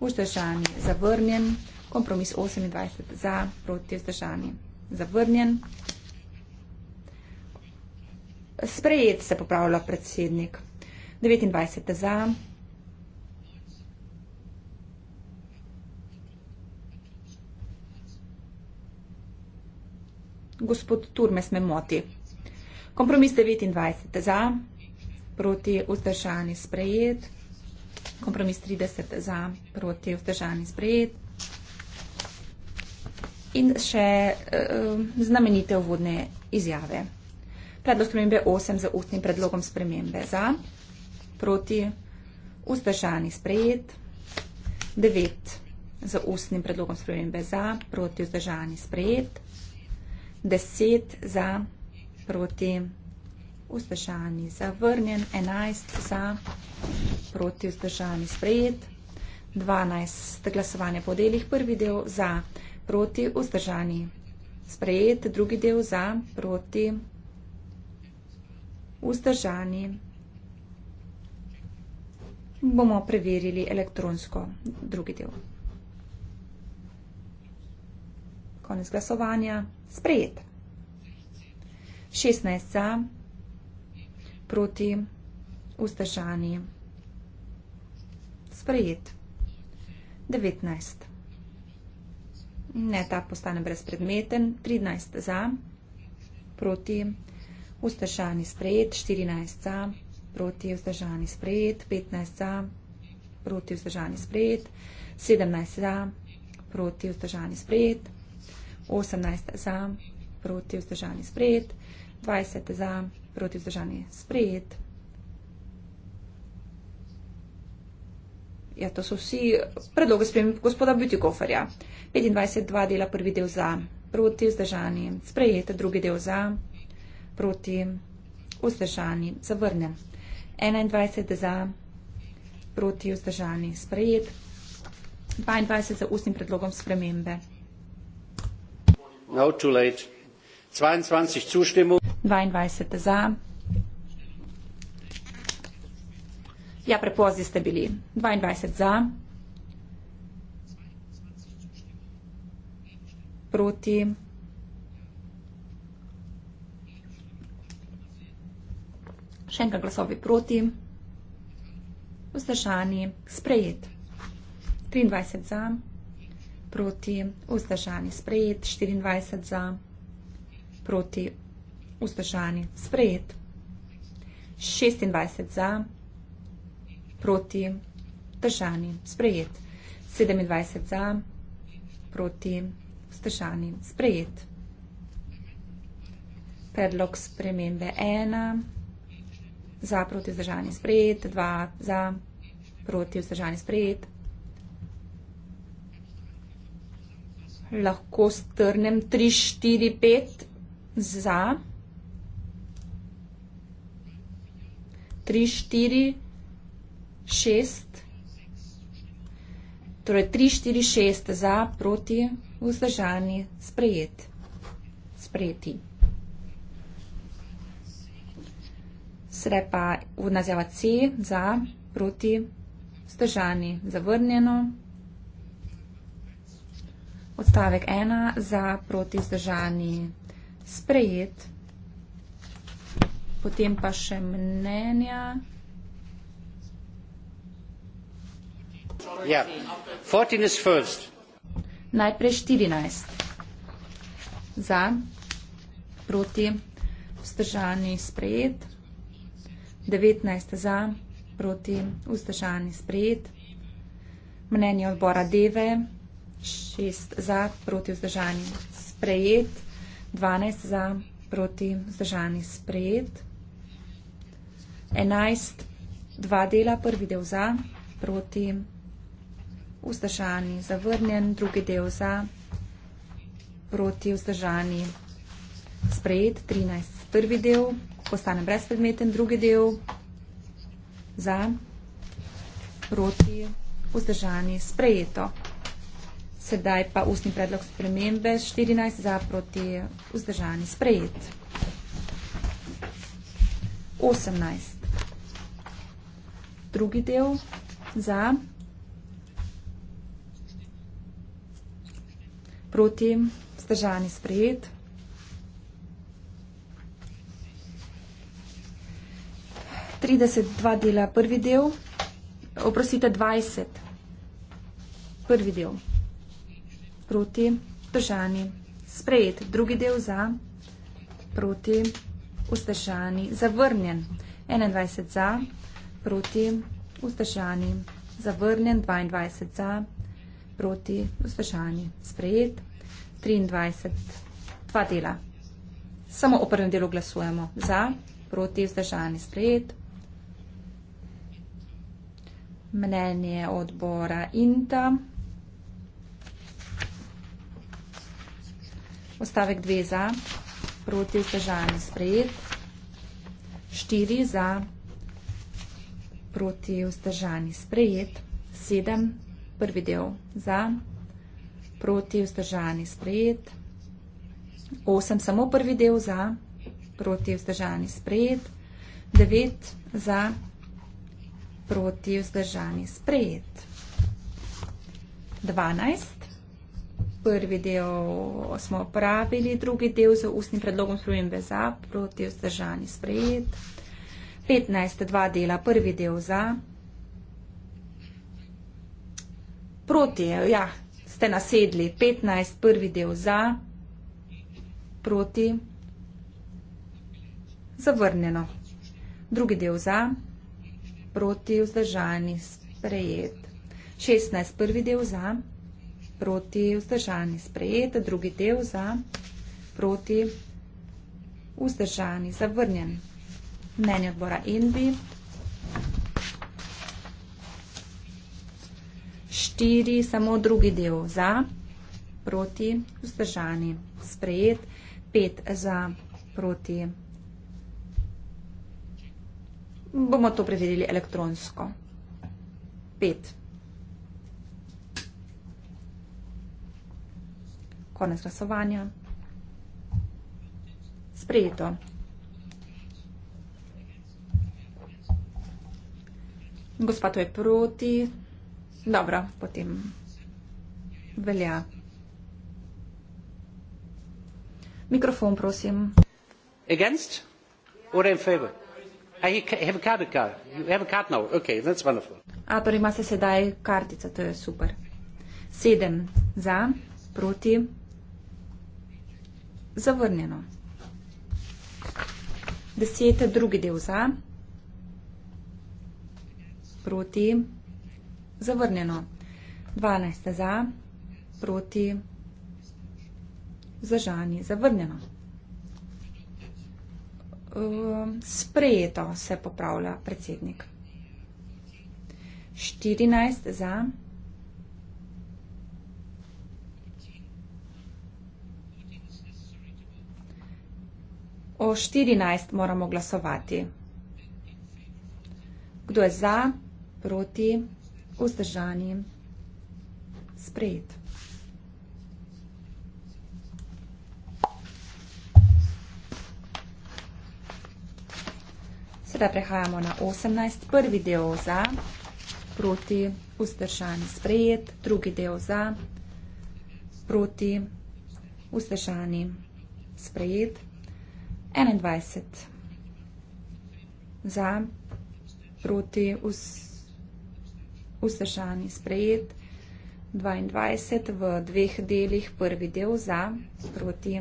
vzdržani zavrnjen, kompromis 28 za, proti vzdržani zavrnjen. Sprejet se popravlja predsednik. 29 za. Gospod Turmes me moti. Kompromis 29 za, proti vzdržani sprejet. Kompromis 30 za, proti vzdržani sprejet. In še uh, znamenite uvodne izjave. Predlog spremembe 8 z ustnim predlogom spremembe za, proti, vzdržani sprejet. 9 z ustnim predlogom spremembe za, proti, vzdržani sprejet. 10 za, proti, vzdržani zavrnjen. 11 za, proti, vzdržani sprejet. 12 glasovanje po delih, prvi del za, proti, vzdržani sprejet, drugi del za, proti, vzdržani sprejet vzdržani. Bomo preverili elektronsko drugi del. Konec glasovanja. Sprejet. 16 za proti vzdržani. Sprejet. 19. Ne, ta postane brezpredmeten. 13 za proti vzdržani vzdržani sprejet, 14 za, proti vzdržani sprejet, 15 za, proti vzdržani sprejet, 17 za, proti vzdržani sprejet, 18 za, proti vzdržani sprejet, 20 za, proti vzdržani sprejet. Ja, to so vsi predloge spremljiv gospoda Butikoferja. 25.2 dela prvi del za, proti vzdržani, sprejet drugi del za, proti vzdržani zavrnem. 21 za proti vzdržani sprejet, 22 za ustnim predlogom spremembe. No, 22, 22 za. Ja, prepozni ste bili. 22 za. Proti še enkrat glasovi proti, vzdržani, sprejet. 23 za, proti, vzdržani, sprejet. 24 za, proti, vzdržani, sprejet. 26 za, proti, vzdržani, sprejet. 27 za, proti, vzdržani, sprejet. Predlog spremembe ena za proti vzdržanje sprejet, dva za proti vzdržanje sprejet. Lahko strnem 3, 4, 5 za. 3, 4, 6. Torej 3, 4, 6 za proti vzdržanje sprejet. Sprejeti. sre pa vodna zjava C za, proti, vzdržani, zavrnjeno. Odstavek 1 za, proti, vzdržani, sprejet. Potem pa še mnenja. Ja, 14 je first. Najprej 14. Za, proti, vzdržani, sprejet. 19 za, proti vzdržani sprejet. Mnenje odbora Deve, 6 za, proti vzdržani sprejet. 12 za, proti vzdržani sprejet. 11, dva dela, prvi del za, proti vzdržani zavrnjen, drugi del za, proti vzdržani sprejet. 13, prvi del postane brezpredmeten drugi del za proti vzdržani sprejeto. Sedaj pa ustni predlog spremembe 14 za proti vzdržani sprejet. 18. Drugi del za proti vzdržani sprejet. 19. 30, dva dela, prvi del, oprostite, 20, prvi del, proti, držani, sprejet, drugi del za, proti, vzdržani, zavrnjen, 21 za, proti, vzdržani, zavrnjen, 22 za, proti, vzdržani, sprejet, 23, dva dela, samo o prvem delu glasujemo, za, proti, vzdržani, sprejet, mnenje odbora INTA. Ostavek 2 za, proti vzdržanje sprejet. 4 za, proti vzdržanje sprejet. 7, prvi del za, proti vzdržanje sprejet. 8, samo prvi del za, proti vzdržanje sprejet. 9 za, proti, vzdržani, sprejet. 12. Prvi del smo opravili, drugi del z ustnim predlogom spremembe za, proti, vzdržani, sprejet. 15. Dva dela, prvi del za, proti, ja, ste nasedli. 15. Prvi del za, proti, zavrnjeno. Drugi del za proti vzdržani sprejet. 16. Prvi del za, proti vzdržani sprejet, drugi del za, proti vzdržani zavrnjen. Mnenje odbora Envi. 4. Samo drugi del za, proti vzdržani sprejet, 5 za, proti vzdržani sprejet bomo to preverili elektronsko. Pet. Konec glasovanja. Sprejeto. Gospa to je proti. Dobro, potem velja. Mikrofon, prosim. Against or in favor? Ah, you have a card, card. You have a card now. Okay, that's wonderful. A, torej ima se sedaj kartica, to je super. Sedem za, proti, zavrnjeno. Deset, drugi del za, proti, zavrnjeno. Dvanajst za, proti, zažani, zavrnjeno. Ehm, sprejeto se popravlja predsednik. 14 za. O 14 moramo glasovati. Kdo je za, proti, vzdržani, sprejeti. Seveda prehajamo na 18. Prvi del za, proti, vzdržan, sprejet, drugi del za, proti, vzdržan, sprejet, 21. Za, proti, vzdržan, sprejet, 22 v dveh delih, prvi del za, proti,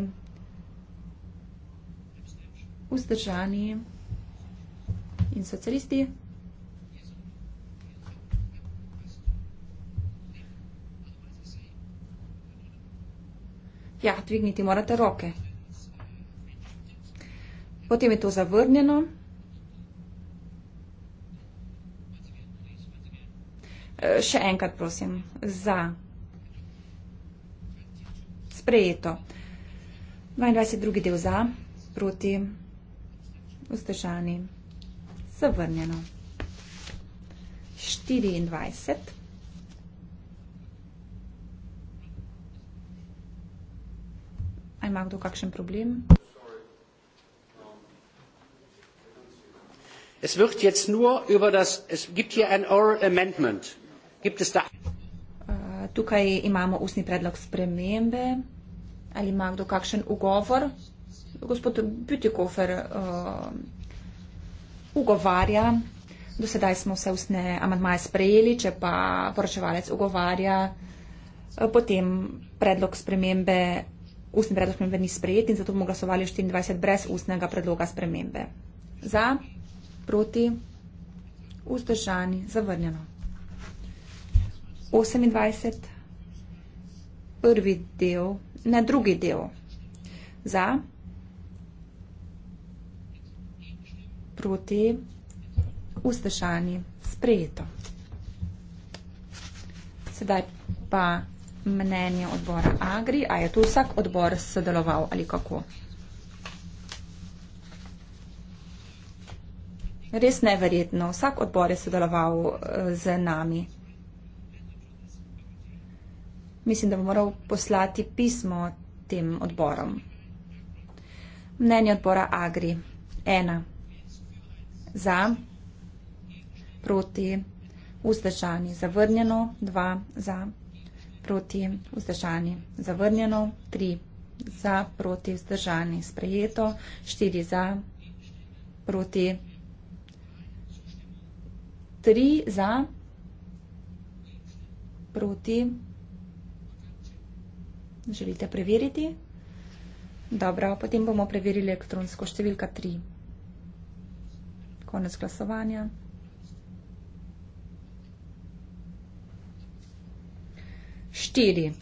vzdržan, sprejet in socialisti. Ja, dvigniti morate roke. Potem je to zavrnjeno. E, še enkrat prosim, za sprejeto. 22. drugi del za, proti, vzdržani zavrnjeno. 24. Ali ima kdo kakšen problem? Es wird jetzt nur über das, es gibt hier ein oral amendment. Gibt es da? Uh, tukaj imamo usni predlog spremembe. Ali ima kdo kakšen ugovor? Gospod Bütikofer, uh, ugovarja. Do sedaj smo vse ustne amantmaje sprejeli, če pa poročevalec ugovarja, eh, potem predlog spremembe, ustni predlog spremembe ni sprejet in zato bomo glasovali 24 brez ustnega predloga spremembe. Za, proti, vzdržani, zavrnjeno. 28. Prvi del, ne drugi del. Za, proti ustešani sprejeto. Sedaj pa mnenje odbora Agri, a je tu vsak odbor sodeloval ali kako? Res neverjetno, vsak odbor je sodeloval eh, z nami. Mislim, da bo moral poslati pismo tem odborom. Mnenje odbora Agri. 1 za, proti, vzdržani, zavrnjeno, dva za, proti, vzdržani, zavrnjeno, tri za, proti, vzdržani, sprejeto, štiri za, proti, tri za, proti, želite preveriti? Dobro, potem bomo preverili elektronsko številka 3. Konec glasovanja. Štiri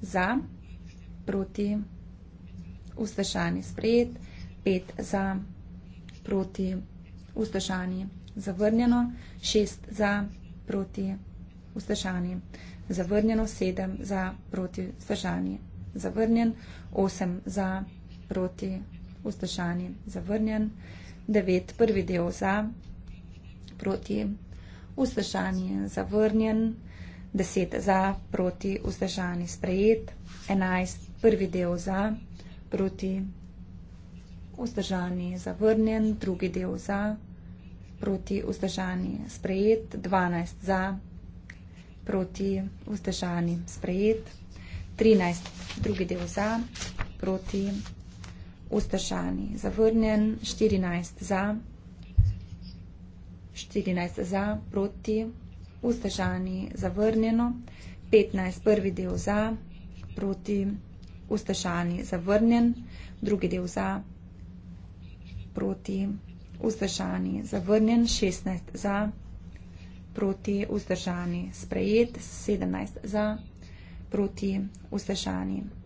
za, proti, vzdržani sprejet, pet za, proti, vzdržani zavrnjeno, šest za, proti, vzdržani zavrnjeno, sedem za, proti, vzdržani zavrnjen, osem za, proti, vzdržani zavrnjen. 9, prvi del za, proti vzdržanje zavrnjen, 10 za, proti vzdržanje sprejet, 11, prvi del za, proti vzdržanje zavrnjen, drugi del za, proti vzdržanje sprejet, 12 za, proti vzdržanje sprejet, 13, drugi del za, proti vzdržanje sprejet vzdržani. Zavrnjen 14 za, 14 za, proti, vzdržani, zavrnjeno, 15 prvi del za, proti, vzdržani, zavrnjen, drugi del za, proti, vzdržani, zavrnjen, 16 za, proti, vzdržani, sprejet, 17 za, proti, vzdržani, zavrnjen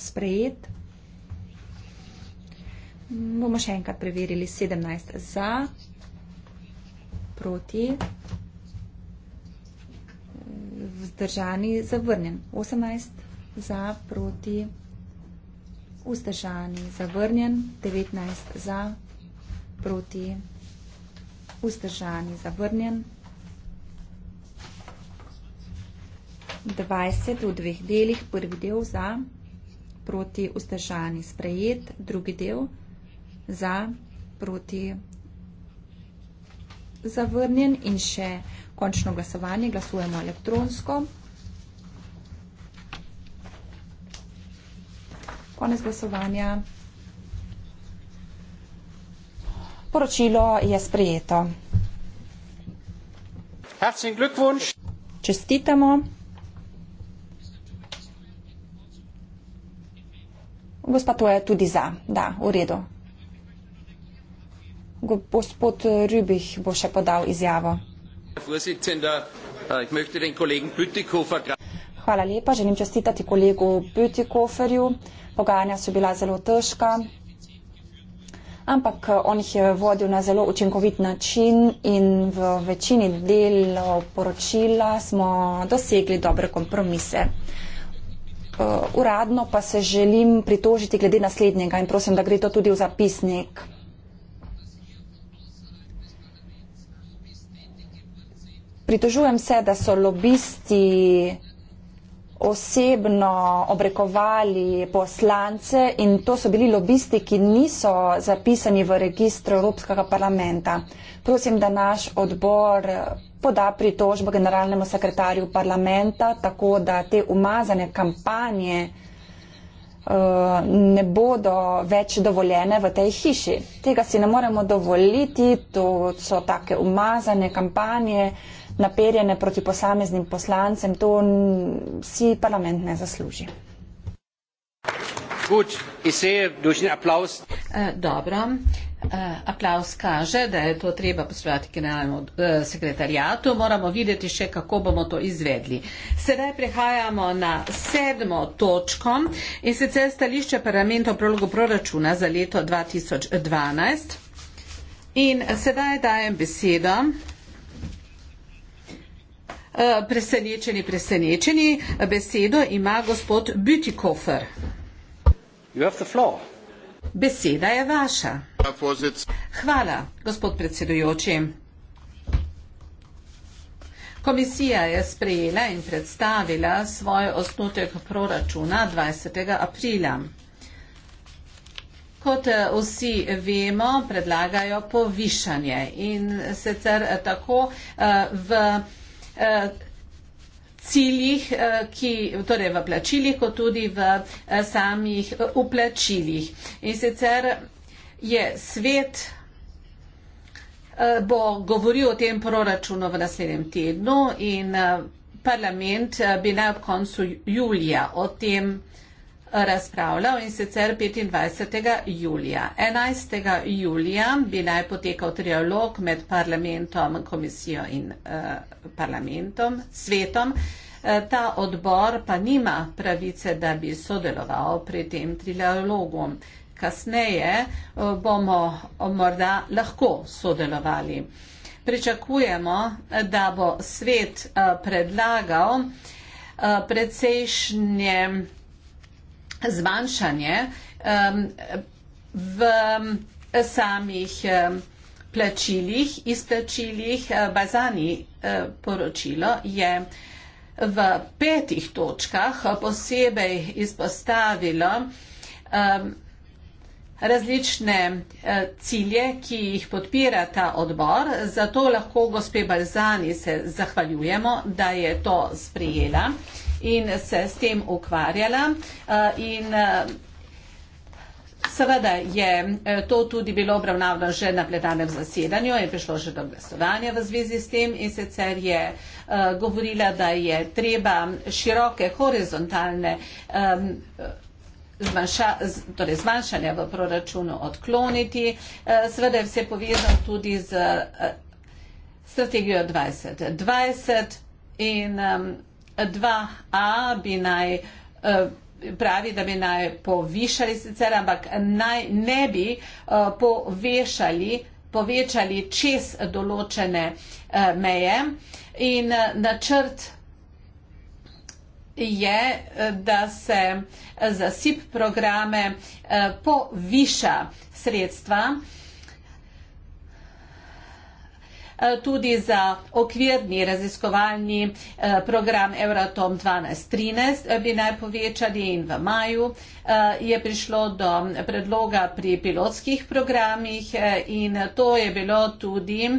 sprejet. Bomo še enkrat preverili 17 za, proti, vzdržani, zavrnjen. 18 za, proti, vzdržani, zavrnjen. 19 za, proti, vzdržani, zavrnjen. 20 v dveh delih, prvi del za, proti proti vztešani. Sprejet, drugi del, za, proti zavrnjen in še končno glasovanje. Glasujemo elektronsko. Konec glasovanja. Poročilo je sprejeto. Čestitamo. Gospa to je tudi za. Da, v redu. Gospod Rübih bo še podal izjavo. Äh, Hvala lepa, želim čestitati kolegu Bütikoferju. Pogajanja so bila zelo težka, ampak äh, on jih je vodil na zelo učinkovit način in v večini delov poročila smo dosegli dobre kompromise. Eh, uradno pa se želim pritožiti glede naslednjega in prosim, da gre to tudi v zapisnik. Pritožujem se, da so lobisti osebno obrekovali poslance in to so bili lobisti, ki niso zapisani v registru Evropskega parlamenta. Prosim, da naš odbor poda pritožbo generalnemu sekretarju parlamenta, tako da te umazane kampanje uh, ne bodo več dovoljene v tej hiši. Tega si ne moremo dovoliti, to so take umazane kampanje, naperjene proti posameznim poslancem, to si parlament ne zasluži. Gut, ich sehe durch den Applaus. Äh, dobro, Uh, eh, aplaus kaže, da je to treba poslati generalnemu uh, eh, sekretarijatu. Moramo videti še, kako bomo to izvedli. Sedaj prehajamo na sedmo točko in sicer stališče parlamenta o prologu proračuna za leto 2012. In sedaj dajem besedo. Uh, presenečeni, presenečeni, besedo ima gospod Bütikofer. You have the floor. Beseda je vaša. Hvala, gospod predsedujoči. Komisija je sprejela in predstavila svoj osnutek proračuna 20. aprila. Kot vsi vemo, predlagajo povišanje in sicer tako eh, v eh, ciljih, eh, ki, torej v plačilih, kot tudi v eh, samih uplačilih. Eh, in sicer je svet bo govoril o tem proračunu v naslednjem tednu in parlament bi naj ob koncu julija o tem razpravljal in sicer 25. julija. 11. julija bi naj potekal trialog med parlamentom, komisijo in uh, parlamentom, svetom. Eh, ta odbor pa nima pravice, da bi sodeloval pri tem trialogu. Kasneje eh, bomo morda lahko sodelovali. Pričakujemo, da bo svet predlagal precejšnje zmanjšanje um, v samih um, plačilih, izplačilih eh, Bazani eh, poročilo je v petih točkah posebej izpostavilo um, različne eh, cilje, ki jih podpira ta odbor. Zato lahko gospe Balzani se zahvaljujemo, da je to sprijela. Uh -huh in se s tem ukvarjala. Eh, in eh, seveda je eh, to tudi bilo obravnavno že na plenarnem zasedanju, je prišlo že do glasovanja v zvezi s tem in sicer je govorila, da je treba široke horizontalne. Zmanjša, torej zmanjšanja v proračunu odkloniti. Sveda je vse povezano tudi z strategijo 2020 in 2A bi naj eh, pravi, da bi naj povišali sicer, ampak naj ne bi eh, povešali, povečali čez določene eh, meje. In načrt je, da se za SIP programe poviša sredstva Eh, tudi za okvirni raziskovalni eh, program Euratom 1213 eh, bi naj povečali in v maju je prišlo do predloga pri pilotskih programih in to je bilo tudi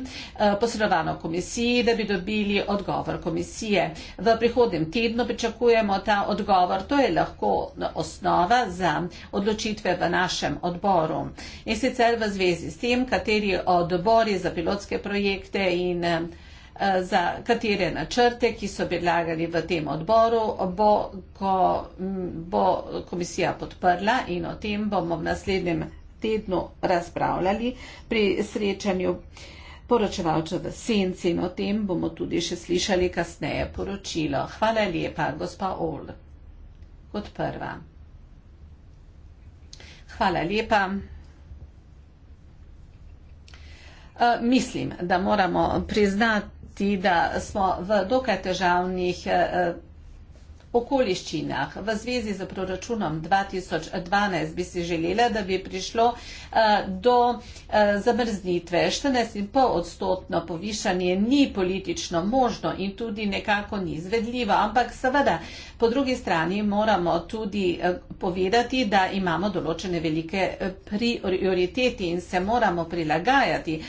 posredovano komisiji, da bi dobili odgovor komisije. V prihodnem tednu pričakujemo ta odgovor, to je lahko osnova za odločitve v našem odboru. In sicer v zvezi s tem, kateri odbori za pilotske projekte projekte in e, za katere načrte, ki so predlagani v tem odboru, bo, ko, bo komisija podprla in o tem bomo v naslednjem tednu razpravljali pri srečanju poročevalča v senci in o tem bomo tudi še slišali kasneje poročilo. Hvala lepa, gospa Ol, kot prva. Hvala lepa. Eh, mislim, da moramo priznati, da smo v dokaj težavnih eh, okoliščinah. V zvezi z proračunom 2012 bi si želela, da bi prišlo eh, do eh, zamrznitve. 14,5 odstotno povišanje ni politično možno in tudi nekako ni izvedljivo, ampak seveda po drugi strani moramo tudi eh, povedati, da imamo določene velike prioriteti in se moramo prilagajati,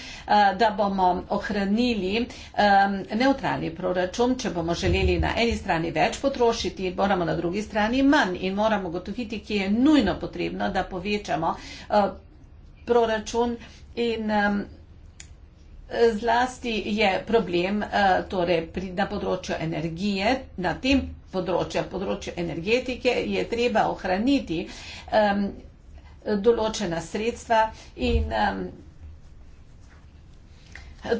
da bomo ohranili neutralni proračun, če bomo želeli na eni strani več potrošiti, povečati, moramo na drugi strani manj in moramo gotoviti, ki je nujno potrebno, da povečamo eh, proračun in zlasti je problem eh, torej, na področju energije, na tem področju, področju energetike je treba ohraniti določena sredstva in um,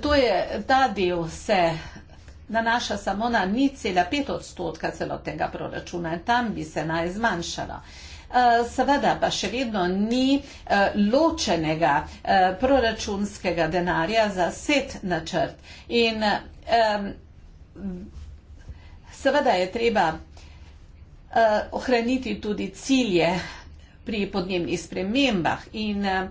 to je, ta del se uh, nanaša samo na 0,5 odstotka celotnega proračuna in tam bi se naj zmanjšala. Eh, seveda pa še vedno ni eh, ločenega eh, proračunskega denarja za set načrt. In seveda je treba ohraniti tudi cilje pri podnebnih spremembah. In eh,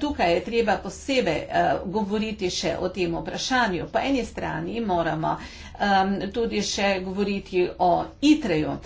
tukaj je treba posebej eh, govoriti še o tem vprašanju. Po eni strani moramo ehm, tudi še govoriti o ITREju.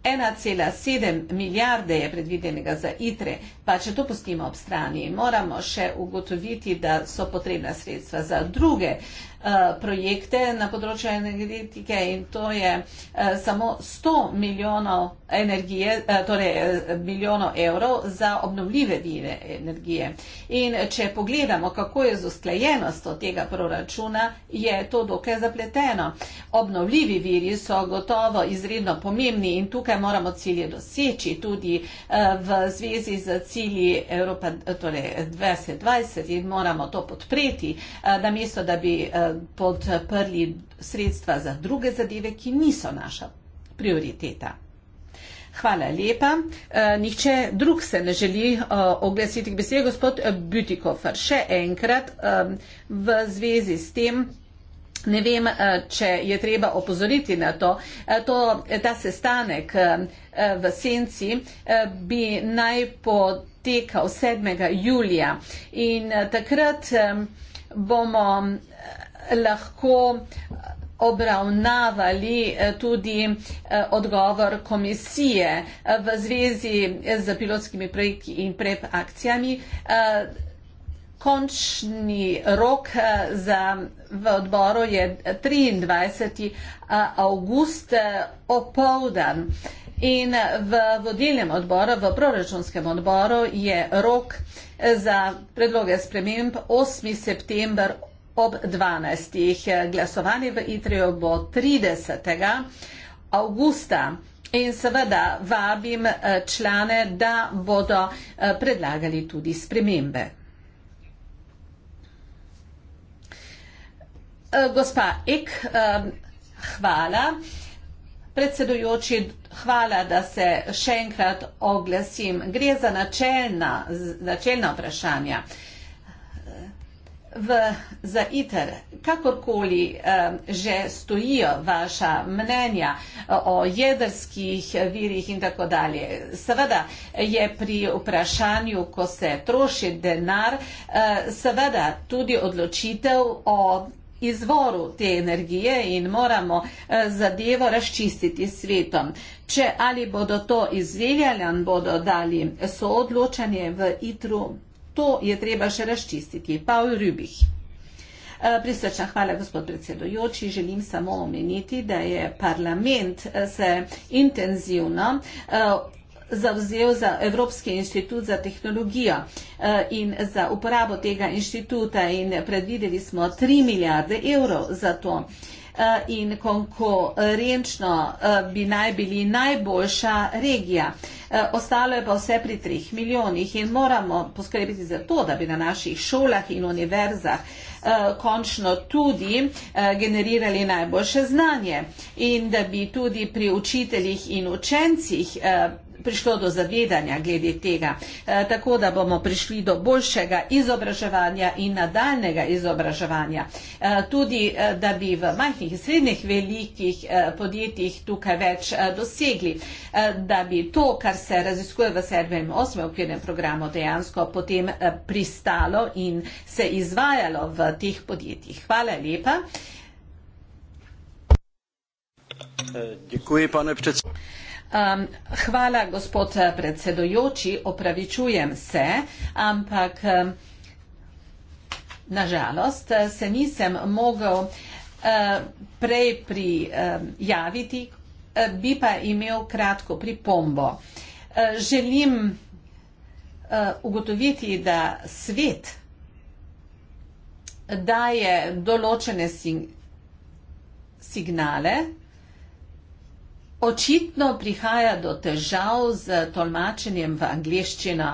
1,7 milijarde je predvidenega za ITRE, pa če to pustimo ob strani, moramo še ugotoviti, da so potrebna sredstva za druge uh, Eh, projekte na področju energetike in to je eh, samo 100 milijonov energije, eh, torej milijonov evrov za obnovljive vire energije. In če pogledamo, kako je z usklajenostjo tega proračuna, je to dokaj zapleteno. Obnovljivi viri so gotovo izredno pomembni in tukaj moramo cilje doseči tudi v zvezi z cilji Evropa, torej 2020 in moramo to podpreti, namesto da bi podprli eh, sredstva za druge zadeve, ki niso naša prioriteta. Hvala lepa. Eh, nihče drug se ne želi eh, oglasiti k besedi. Gospod Butikofer, še enkrat v zvezi s tem. Ne vem, če je treba opozoriti na to. to. Ta sestanek v Senci bi naj potekal 7. julija in takrat bomo lahko obravnavali eh, tudi eh, odgovor komisije eh, v zvezi z pilotskimi projekti in prep akcijami. Končni rok za, v odboru je 23. avgust opoldan in v vodilnem odboru, v proračunskem odboru je rok za predloge sprememb 8. september ob 12. Glasovanje v Itriju bo 30. augusta. In seveda vabim eh, člane, da bodo eh, predlagali tudi spremembe. Eh, gospa Ek, hvala. Predsedujoči, hvala, da se še enkrat oglasim. Gre za načelna, načelna vprašanja v, za ITER, kakorkoli eh, že stojijo vaša mnenja e, o jedrskih virih in tako dalje. Seveda je pri vprašanju, ko se troši denar, eh, seveda tudi odločitev o izvoru te energije in moramo eh, zadevo razčistiti s svetom. Če ali bodo to izveljali, bodo dali soodločanje v ITRU to je treba še razčistiti. Paul Rübih. Eh, prisrčna hvala, gospod predsedojoči. Želim samo omeniti, da je parlament eh, se intenzivno eh, zavzel za Evropski inštitut za tehnologijo in za uporabo tega inštituta in predvideli smo 3 milijarde evrov za to. Eh, in konkurenčno eh, bi naj bili najboljša regija. Eh, ostalo je pa vse pri treh milijonih in moramo poskrbiti za to, da bi na naših šolah in univerzah končno tudi generirali najboljše znanje in da bi tudi pri učiteljih in učencih prišlo do zavedanja glede tega, e, tako da bomo prišli do boljšega izobraževanja in nadaljnega izobraževanja. E, tudi, e, da bi v majhnih in srednjih velikih podjetjih tukaj več dosegli, da bi to, kar se raziskuje v 7. in 8. okvirnem programu, dejansko potem pristalo in se izvajalo v teh podjetjih. Hvala lepa. Děkuji, pane předsedo. Um, hvala, gospod eh, predsedojoči, opravičujem se, ampak um, nažalost eh, se nisem mogel uh, prej prijaviti, uh, bi pa imel kratko pripombo. Uh, želim uh, ugotoviti, da svet daje določene sing signale, Očitno prihaja do težav z tolmačenjem v angliščino.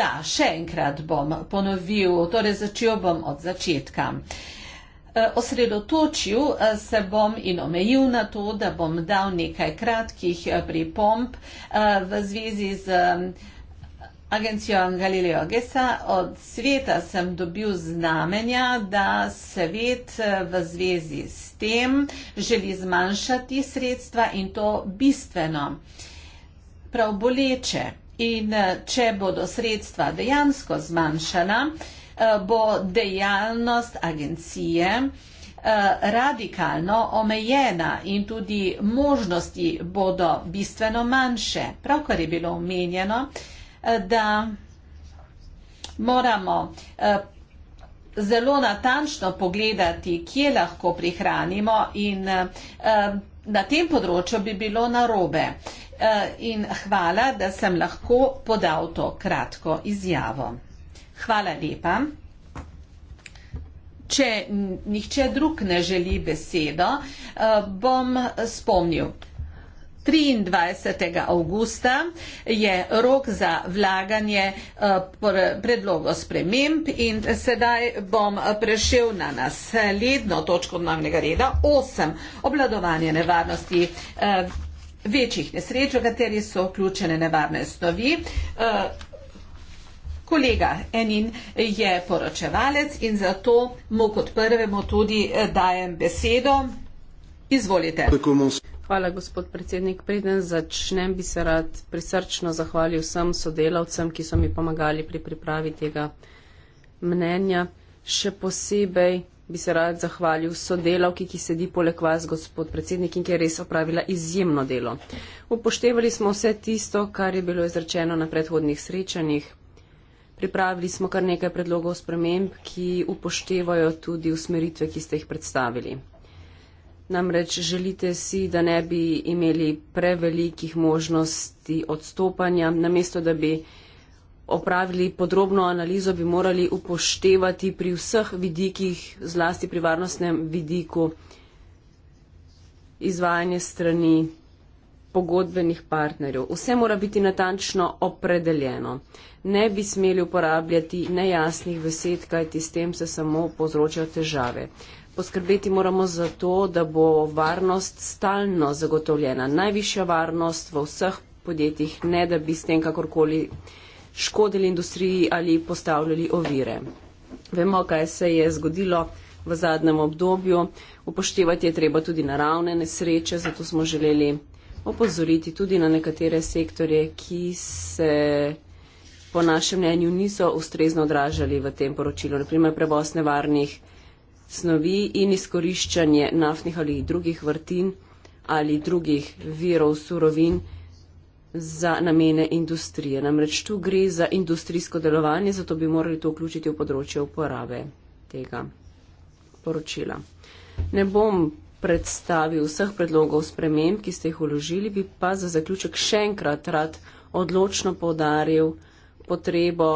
Da, še enkrat bom ponovil, torej začel bom od začetka. E, osredotočil e, se bom in omejil na to, da bom dal nekaj kratkih e, pripomp v zvezi z agencijo Galileo Gesa, od sveta sem dobil znamenja, da svet eh, v zvezi s tem želi zmanjšati sredstva in to bistveno. Prav boleče. In eh, če bodo sredstva dejansko zmanjšana, eh, bo dejavnost agencije radikalno omejena in tudi možnosti bodo bistveno manjše. Pravkar je bilo omenjeno, Eh, da moramo eh, zelo natančno pogledati, kje lahko prihranimo in eh, na tem področju bi bilo narobe. In hvala, da sem lahko podal to kratko izjavo. Hvala lepa. Če nihče drug ne želi besedo, bom spomnil. 23. avgusta je rok za vlaganje eh, predlogo sprememb in sedaj bom eh, prešel na naslednjo točko dnevnega reda 8. Obladovanje nevarnosti eh, večjih nesreč, v kateri so vključene nevarne snovi. Kolega Enin je poročevalec in zato mu kot prvemu tudi dajem besedo. Izvolite. Tako, Hvala, gospod predsednik. Preden začnem, bi se rad prisrčno zahvalil vsem sodelavcem, ki so mi pomagali pri pripravi tega mnenja. Še posebej bi se rad zahvalil sodelavki, ki sedi poleg vas, gospod predsednik, in ki je res opravila izjemno delo. Upoštevali smo vse tisto, kar je bilo izrečeno na predhodnih srečanjih. Pripravili smo kar nekaj predlogov sprememb, ki upoštevajo tudi usmeritve, ki ste jih predstavili. Namreč želite si, da ne bi imeli prevelikih možnosti odstopanja, namesto da bi opravili podrobno analizo, bi morali upoštevati pri vseh vidikih, zlasti pri varnostnem vidiku, izvajanje strani pogodbenih partnerjev. Vse mora biti natančno opredeljeno. Ne bi smeli uporabljati nejasnih besed, kajti s tem se samo povzročajo težave. Poskrbeti moramo za to, da bo varnost stalno zagotovljena, najvišja varnost v vseh podjetjih, ne da bi s tem kakorkoli škodili industriji ali postavljali ovire. Vemo, kaj se je zgodilo v zadnjem obdobju. Upoštevati je treba tudi naravne nesreče, zato smo želeli opozoriti tudi na nekatere sektorje, ki se po našem mnenju niso ustrezno odražali v tem poročilu, naprimer prevoz nevarnih snovi in izkoriščanje naftnih ali drugih vrtin ali drugih virov surovin za namene industrije. Namreč tu gre za industrijsko delovanje, zato bi morali to vključiti v področje uporabe tega poročila. Ne bom predstavil vseh predlogov sprememb, ki ste jih uložili, bi pa za zaključek še enkrat rad odločno podaril potrebo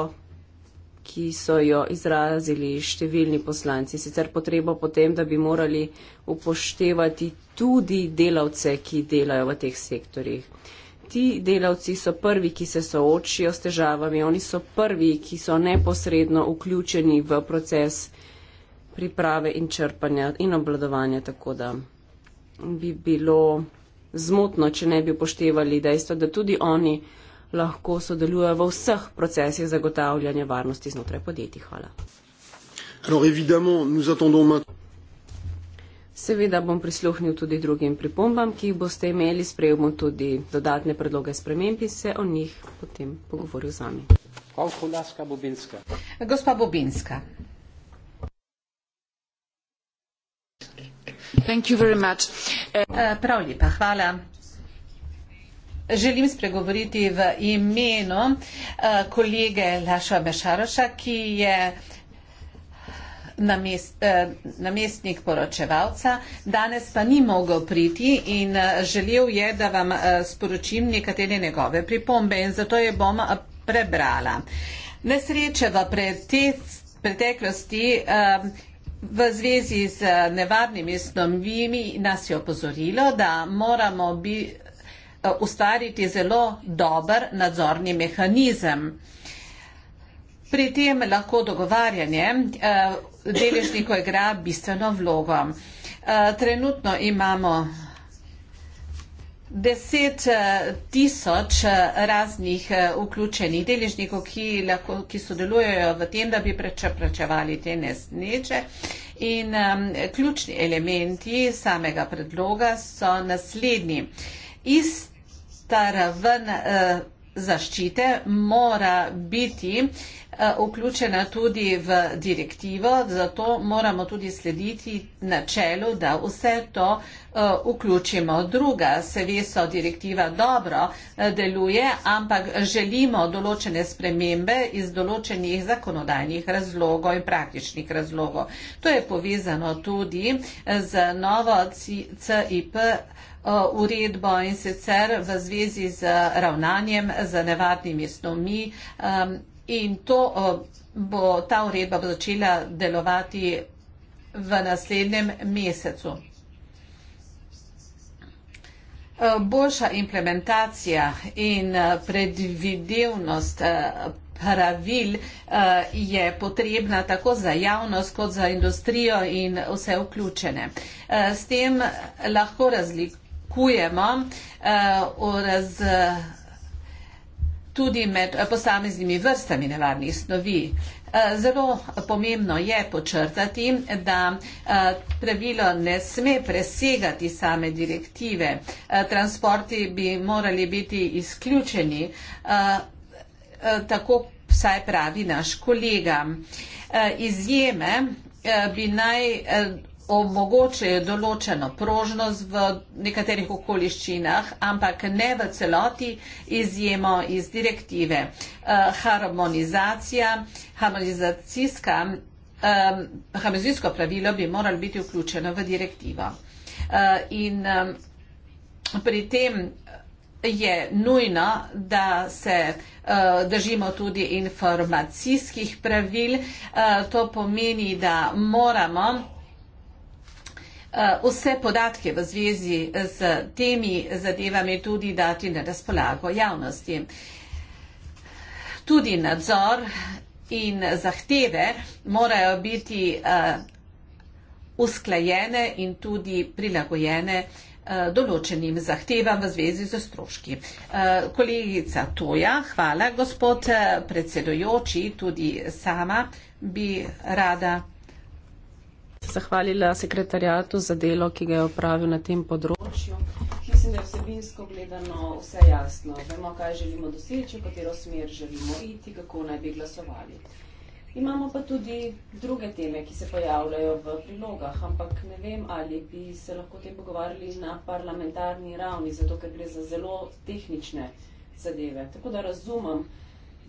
ki so jo izrazili številni poslanci. Sicer potrebo potem, da bi morali upoštevati tudi delavce, ki delajo v teh sektorjih. Ti delavci so prvi, ki se soočijo s težavami, oni so prvi, ki so neposredno vključeni v proces priprave in črpanja in obladovanja, tako da bi bilo zmotno, če ne bi upoštevali dejstva, da tudi oni lahko sodelujejo v vseh procesih zagotavljanja varnosti znotraj podjetij. Hvala. Seveda bom prisluhnil tudi drugim pripombam, ki jih boste imeli. Sprejemo tudi dodatne predloge sprememb in se o njih potem pogovoril z vami. Gospa Bobinska. Eh, prav lepa, hvala. Želim spregovoriti v imenu eh, kolege Laša Bešaroša, ki je eh, namestnik poročevalca. Danes pa ni mogel priti in eh, želel je, da vam sporočim nekatere njegove pripombe in zato je bom prebrala. Nesreče v preteklosti v zvezi z nevarnimi snovimi nas je opozorilo, da moramo biti Eh, ustvariti zelo dober nadzorni mehanizem. Pri tem lahko dogovarjanje eh, deležnikov igra bistveno vlogo. Eh, trenutno imamo deset tisoč raznih vključenih deležnikov, ki, lahko, ki sodelujejo v tem, da bi prečevali te nesneče. In um, ključni elementi samega predloga so naslednji. Iz ta raven eh, zaščite mora biti eh, vključena tudi v direktivo, zato moramo tudi slediti načelu, da vse to eh, vključimo. Druga, seveso direktiva dobro deluje, ampak želimo določene spremembe iz določenih zakonodajnih razlogov in praktičnih razlogov. To je povezano tudi z novo CIP Eh, uredbo in sicer v zvezi z ravnanjem z nevarnimi snovmi in to eh, bo ta uredba bo začela delovati v naslednjem mesecu. Eh, boljša implementacija in predvidevnost pravil je potrebna tako za javnost kot za industrijo in vse vključene. S tem lahko razlikujemo razlikujemo uh, eh, raz, uh, tudi med uh, posameznimi vrstami nevarnih snovi. Eh, zelo pomembno je počrtati, da eh, pravilo ne sme presegati same direktive. Transporti bi morali biti izključeni, tako vsaj pravi naš kolega. Izjeme bi naj omogočajo določeno prožnost v nekaterih okoliščinah, ampak ne v celoti izjemo iz direktive. Uh, harmonizacija, harmonizacijska, um, eh, harmonizacijsko pravilo bi moralo biti vključeno v direktivo. Uh, in um, pri tem je nujno, da se uh, držimo tudi informacijskih pravil. Uh, to pomeni, da moramo Eh, vse podatke v zvezi z eh, temi zadevami tudi dati na razpolago javnosti. Tudi nadzor in zahteve morajo biti eh, usklajene in tudi prilagojene določenim zahtevam v zvezi z stroški. Kolegica Toja, hvala, gospod predsedojoči, tudi sama bi rada zahvalila sekretarjatu za delo, ki ga je opravil na tem področju. Mislim, da je vsebinsko gledano vse jasno. Vemo, kaj želimo doseči, v katero smer želimo iti, kako naj bi glasovali. Imamo pa tudi druge teme, ki se pojavljajo v prilogah, ampak ne vem, ali bi se lahko te pogovarjali na parlamentarni ravni, zato ker gre za zelo tehnične zadeve. Tako da razumem,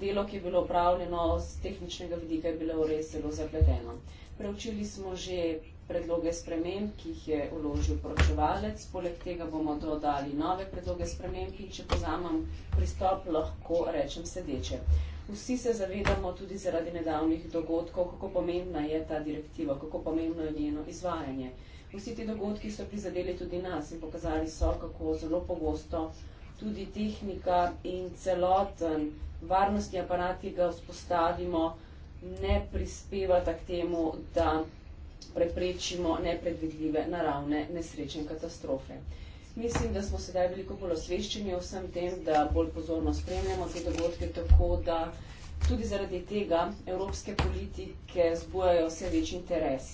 delo, ki je bilo upravljeno z tehničnega vidika, je bilo res zelo zapleteno. Preučili smo že predloge sprememb, ki jih je uložil poročevalec. Poleg tega bomo dodali nove predloge sprememb in če pozamem pristop, lahko rečem sedeče. Vsi se zavedamo tudi zaradi nedavnih dogodkov, kako pomembna je ta direktiva, kako pomembno je njeno izvajanje. Vsi ti dogodki so prizadeli tudi nas in pokazali so, kako zelo pogosto tudi tehnika in celoten varnostni aparat, ki ga vzpostavimo, ne prispevata k temu, da preprečimo nepredvidljive naravne nesrečne katastrofe. Mislim, da smo sedaj veliko bolj osveščeni o vsem tem, da bolj pozorno spremljamo te dogodke, tako da tudi zaradi tega evropske politike zbujajo vse večji interes.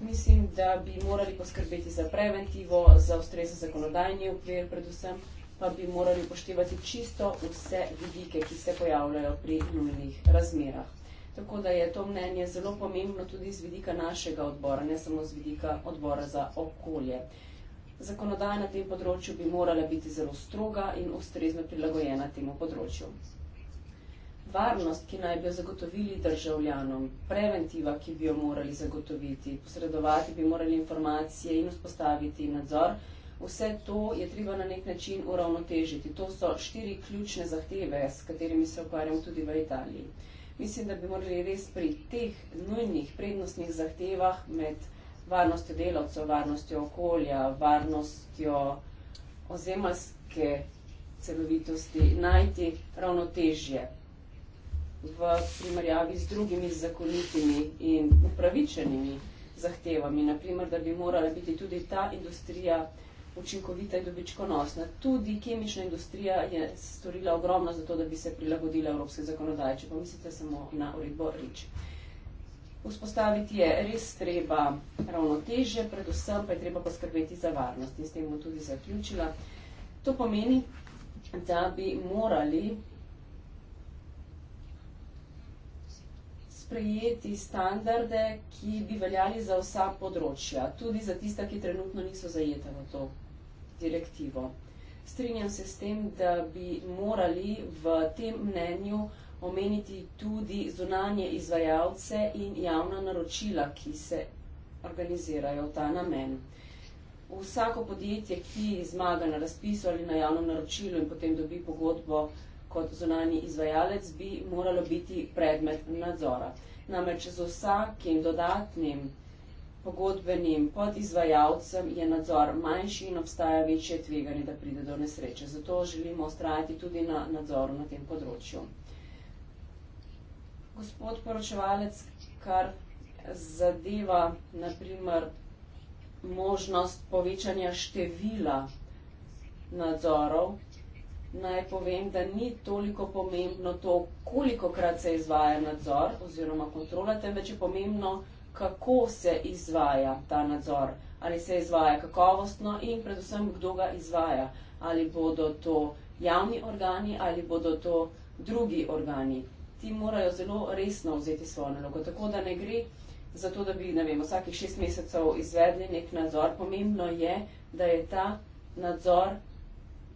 Mislim, da bi morali poskrbeti za preventivo, za ustrezen zakonodajni okvir, predvsem pa bi morali upoštevati čisto vse vidike, ki se pojavljajo pri nujnih razmerah. Tako da je to mnenje zelo pomembno tudi z vidika našega odbora, ne samo z vidika odbora za okolje. Zakonodaja na tem področju bi morala biti zelo stroga in ustrezno prilagojena temu področju. Varnost, ki naj bi jo zagotovili državljanom, preventiva, ki bi jo morali zagotoviti, posredovati bi morali informacije in vzpostaviti nadzor, vse to je treba na nek način uravnotežiti. To so štiri ključne zahteve, s katerimi se ukvarjamo tudi v Italiji mislim, da bi morali res pri teh nujnih prednostnih zahtevah med varnostjo delavcev, varnostjo okolja, varnostjo ozemalske celovitosti najti ravnotežje v primerjavi z drugimi zakonitimi in upravičenimi zahtevami. Naprimer, da bi morala biti tudi ta industrija učinkovita in dobičkonosna. Tudi kemična industrija je storila ogromno za to, da bi se prilagodila evropske zakonodaje, če pomislite samo na uredbo REACH. Vzpostaviti je res treba ravnotežje, predvsem pa je treba poskrbeti za varnost in s tem bom tudi zaključila. To pomeni, da bi morali sprejeti standarde, ki bi veljali za vsa področja, tudi za tista, ki trenutno niso zajeta v to direktivo. Strinjam se s tem, da bi morali v tem mnenju omeniti tudi zunanje izvajalce in javna naročila, ki se organizirajo v ta namen. Vsako podjetje, ki zmaga na razpisu ali na javno naročilo in potem dobi pogodbo kot zunani izvajalec, bi moralo biti predmet nadzora. Namreč z vsakim dodatnim pogodbenim podizvajalcem je nadzor manjši in obstaja večje tveganje, da pride do nesreče. Zato želimo ustrajati tudi na nadzoru na tem področju. Gospod poročevalec, kar zadeva naprimer možnost povečanja števila nadzorov, naj povem, da ni toliko pomembno to, koliko krat se izvaja nadzor oziroma kontrola, temveč je pomembno, kako se izvaja ta nadzor, ali se izvaja kakovostno in predvsem, kdo ga izvaja, ali bodo to javni organi ali bodo to drugi organi. Ti morajo zelo resno vzeti svojo nalogo, tako da ne gre za to, da bi vem, vsakih šest mesecev izvedli nek nadzor. Pomembno je, da je ta nadzor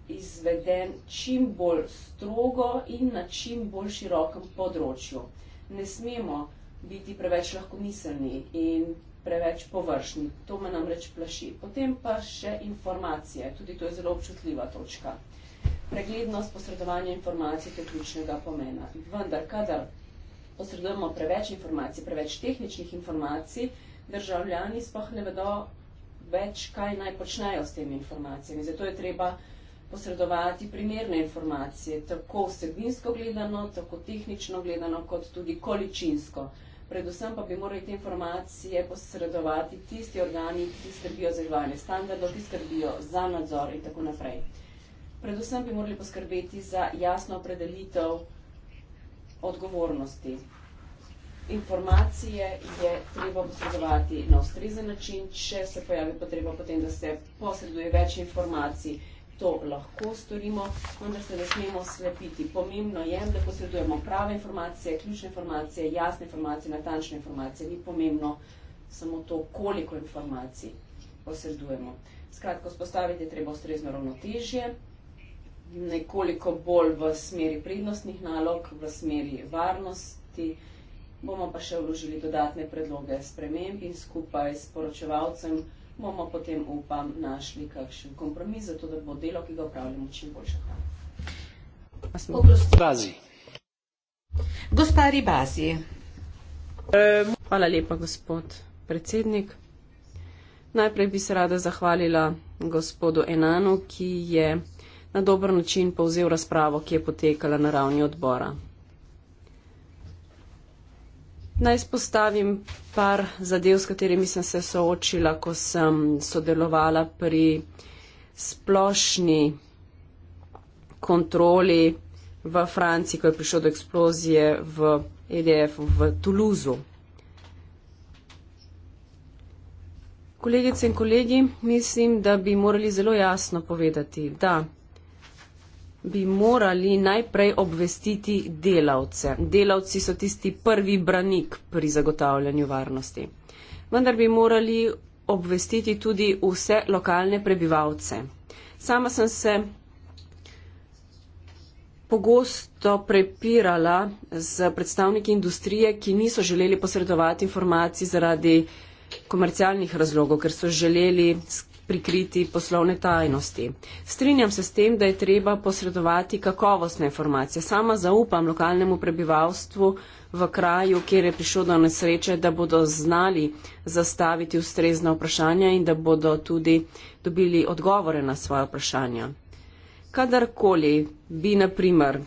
izveden čim bolj strogo in na čim bolj širokem področju. Ne smemo biti preveč lahkomiselni in preveč površni. To me namreč plaši. Potem pa še informacije, tudi to je zelo občutljiva točka. Preglednost posredovanja informacij je ključnega pomena. Vendar, kadar posredujemo preveč informacij, preveč tehničnih informacij, državljani sploh ne vedo več, kaj naj počnejo s temi informacijami. Zato je treba posredovati primerne informacije, tako vsebinsko gledano, tako tehnično gledano, kot tudi količinsko predvsem pa bi morali te informacije posredovati tisti organi, ki skrbijo za izvajanje standardov, ki skrbijo za nadzor in tako naprej. Predvsem bi morali poskrbeti za jasno opredelitev odgovornosti. Informacije je treba posredovati na ustrezen način, če se pojavi potreba potem, da se posreduje več informacij, to lahko storimo, vendar se ne smemo slepiti. Pomembno je, da posredujemo prave informacije, ključne informacije, jasne informacije, natančne informacije. Ni pomembno samo to, koliko informacij posredujemo. Skratko, spostaviti treba ustrezno ravnotežje, nekoliko bolj v smeri prednostnih nalog, v smeri varnosti. Bomo pa še vložili dodatne predloge sprememb in skupaj s poročevalcem bomo potem, upam, našli kakšen kompromis, zato da bo delo, ki ga upravljamo, čim boljše. Hvala. Gospa Ribazi. E, Hvala lepa, gospod predsednik. Najprej bi se rada zahvalila gospodu Enanu, ki je na dober način povzel razpravo, ki je potekala na ravni odbora. Naj spostavim par zadev, s katerimi sem se soočila, ko sem sodelovala pri splošni kontroli v Franciji, ko je prišlo do eksplozije v EDF v Toulouse. Kolegice in kolegi, mislim, da bi morali zelo jasno povedati, da bi morali najprej obvestiti delavce. Delavci so tisti prvi branik pri zagotavljanju varnosti. Vendar bi morali obvestiti tudi vse lokalne prebivalce. Sama sem se pogosto prepirala z predstavniki industrije, ki niso želeli posredovati informacij zaradi komercialnih razlogov, ker so želeli skrbeti prikriti poslovne tajnosti. Strinjam se s tem, da je treba posredovati kakovostne informacije. Sama zaupam lokalnemu prebivalstvu v kraju, kjer je prišlo do nesreče, da bodo znali zastaviti ustrezna vprašanja in da bodo tudi dobili odgovore na svoje vprašanja. Kadarkoli bi, na primer,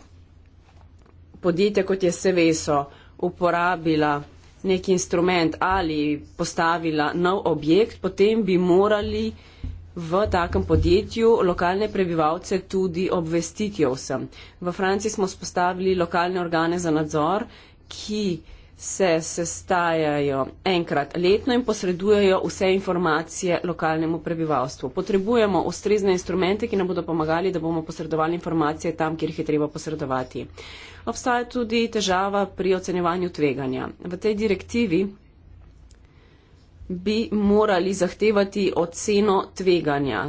podjetje kot je Seveso uporabila nek instrument ali postavila nov objekt, potem bi morali v takem podjetju lokalne prebivalce tudi obvestiti o vsem. V Franciji smo spostavili lokalne organe za nadzor, ki se sestajajo enkrat letno in posredujejo vse informacije lokalnemu prebivalstvu. Potrebujemo ustrezne instrumente, ki nam bodo pomagali, da bomo posredovali informacije tam, kjer jih je treba posredovati. Obstaja tudi težava pri ocenjevanju tveganja. V tej direktivi bi morali zahtevati oceno tveganja,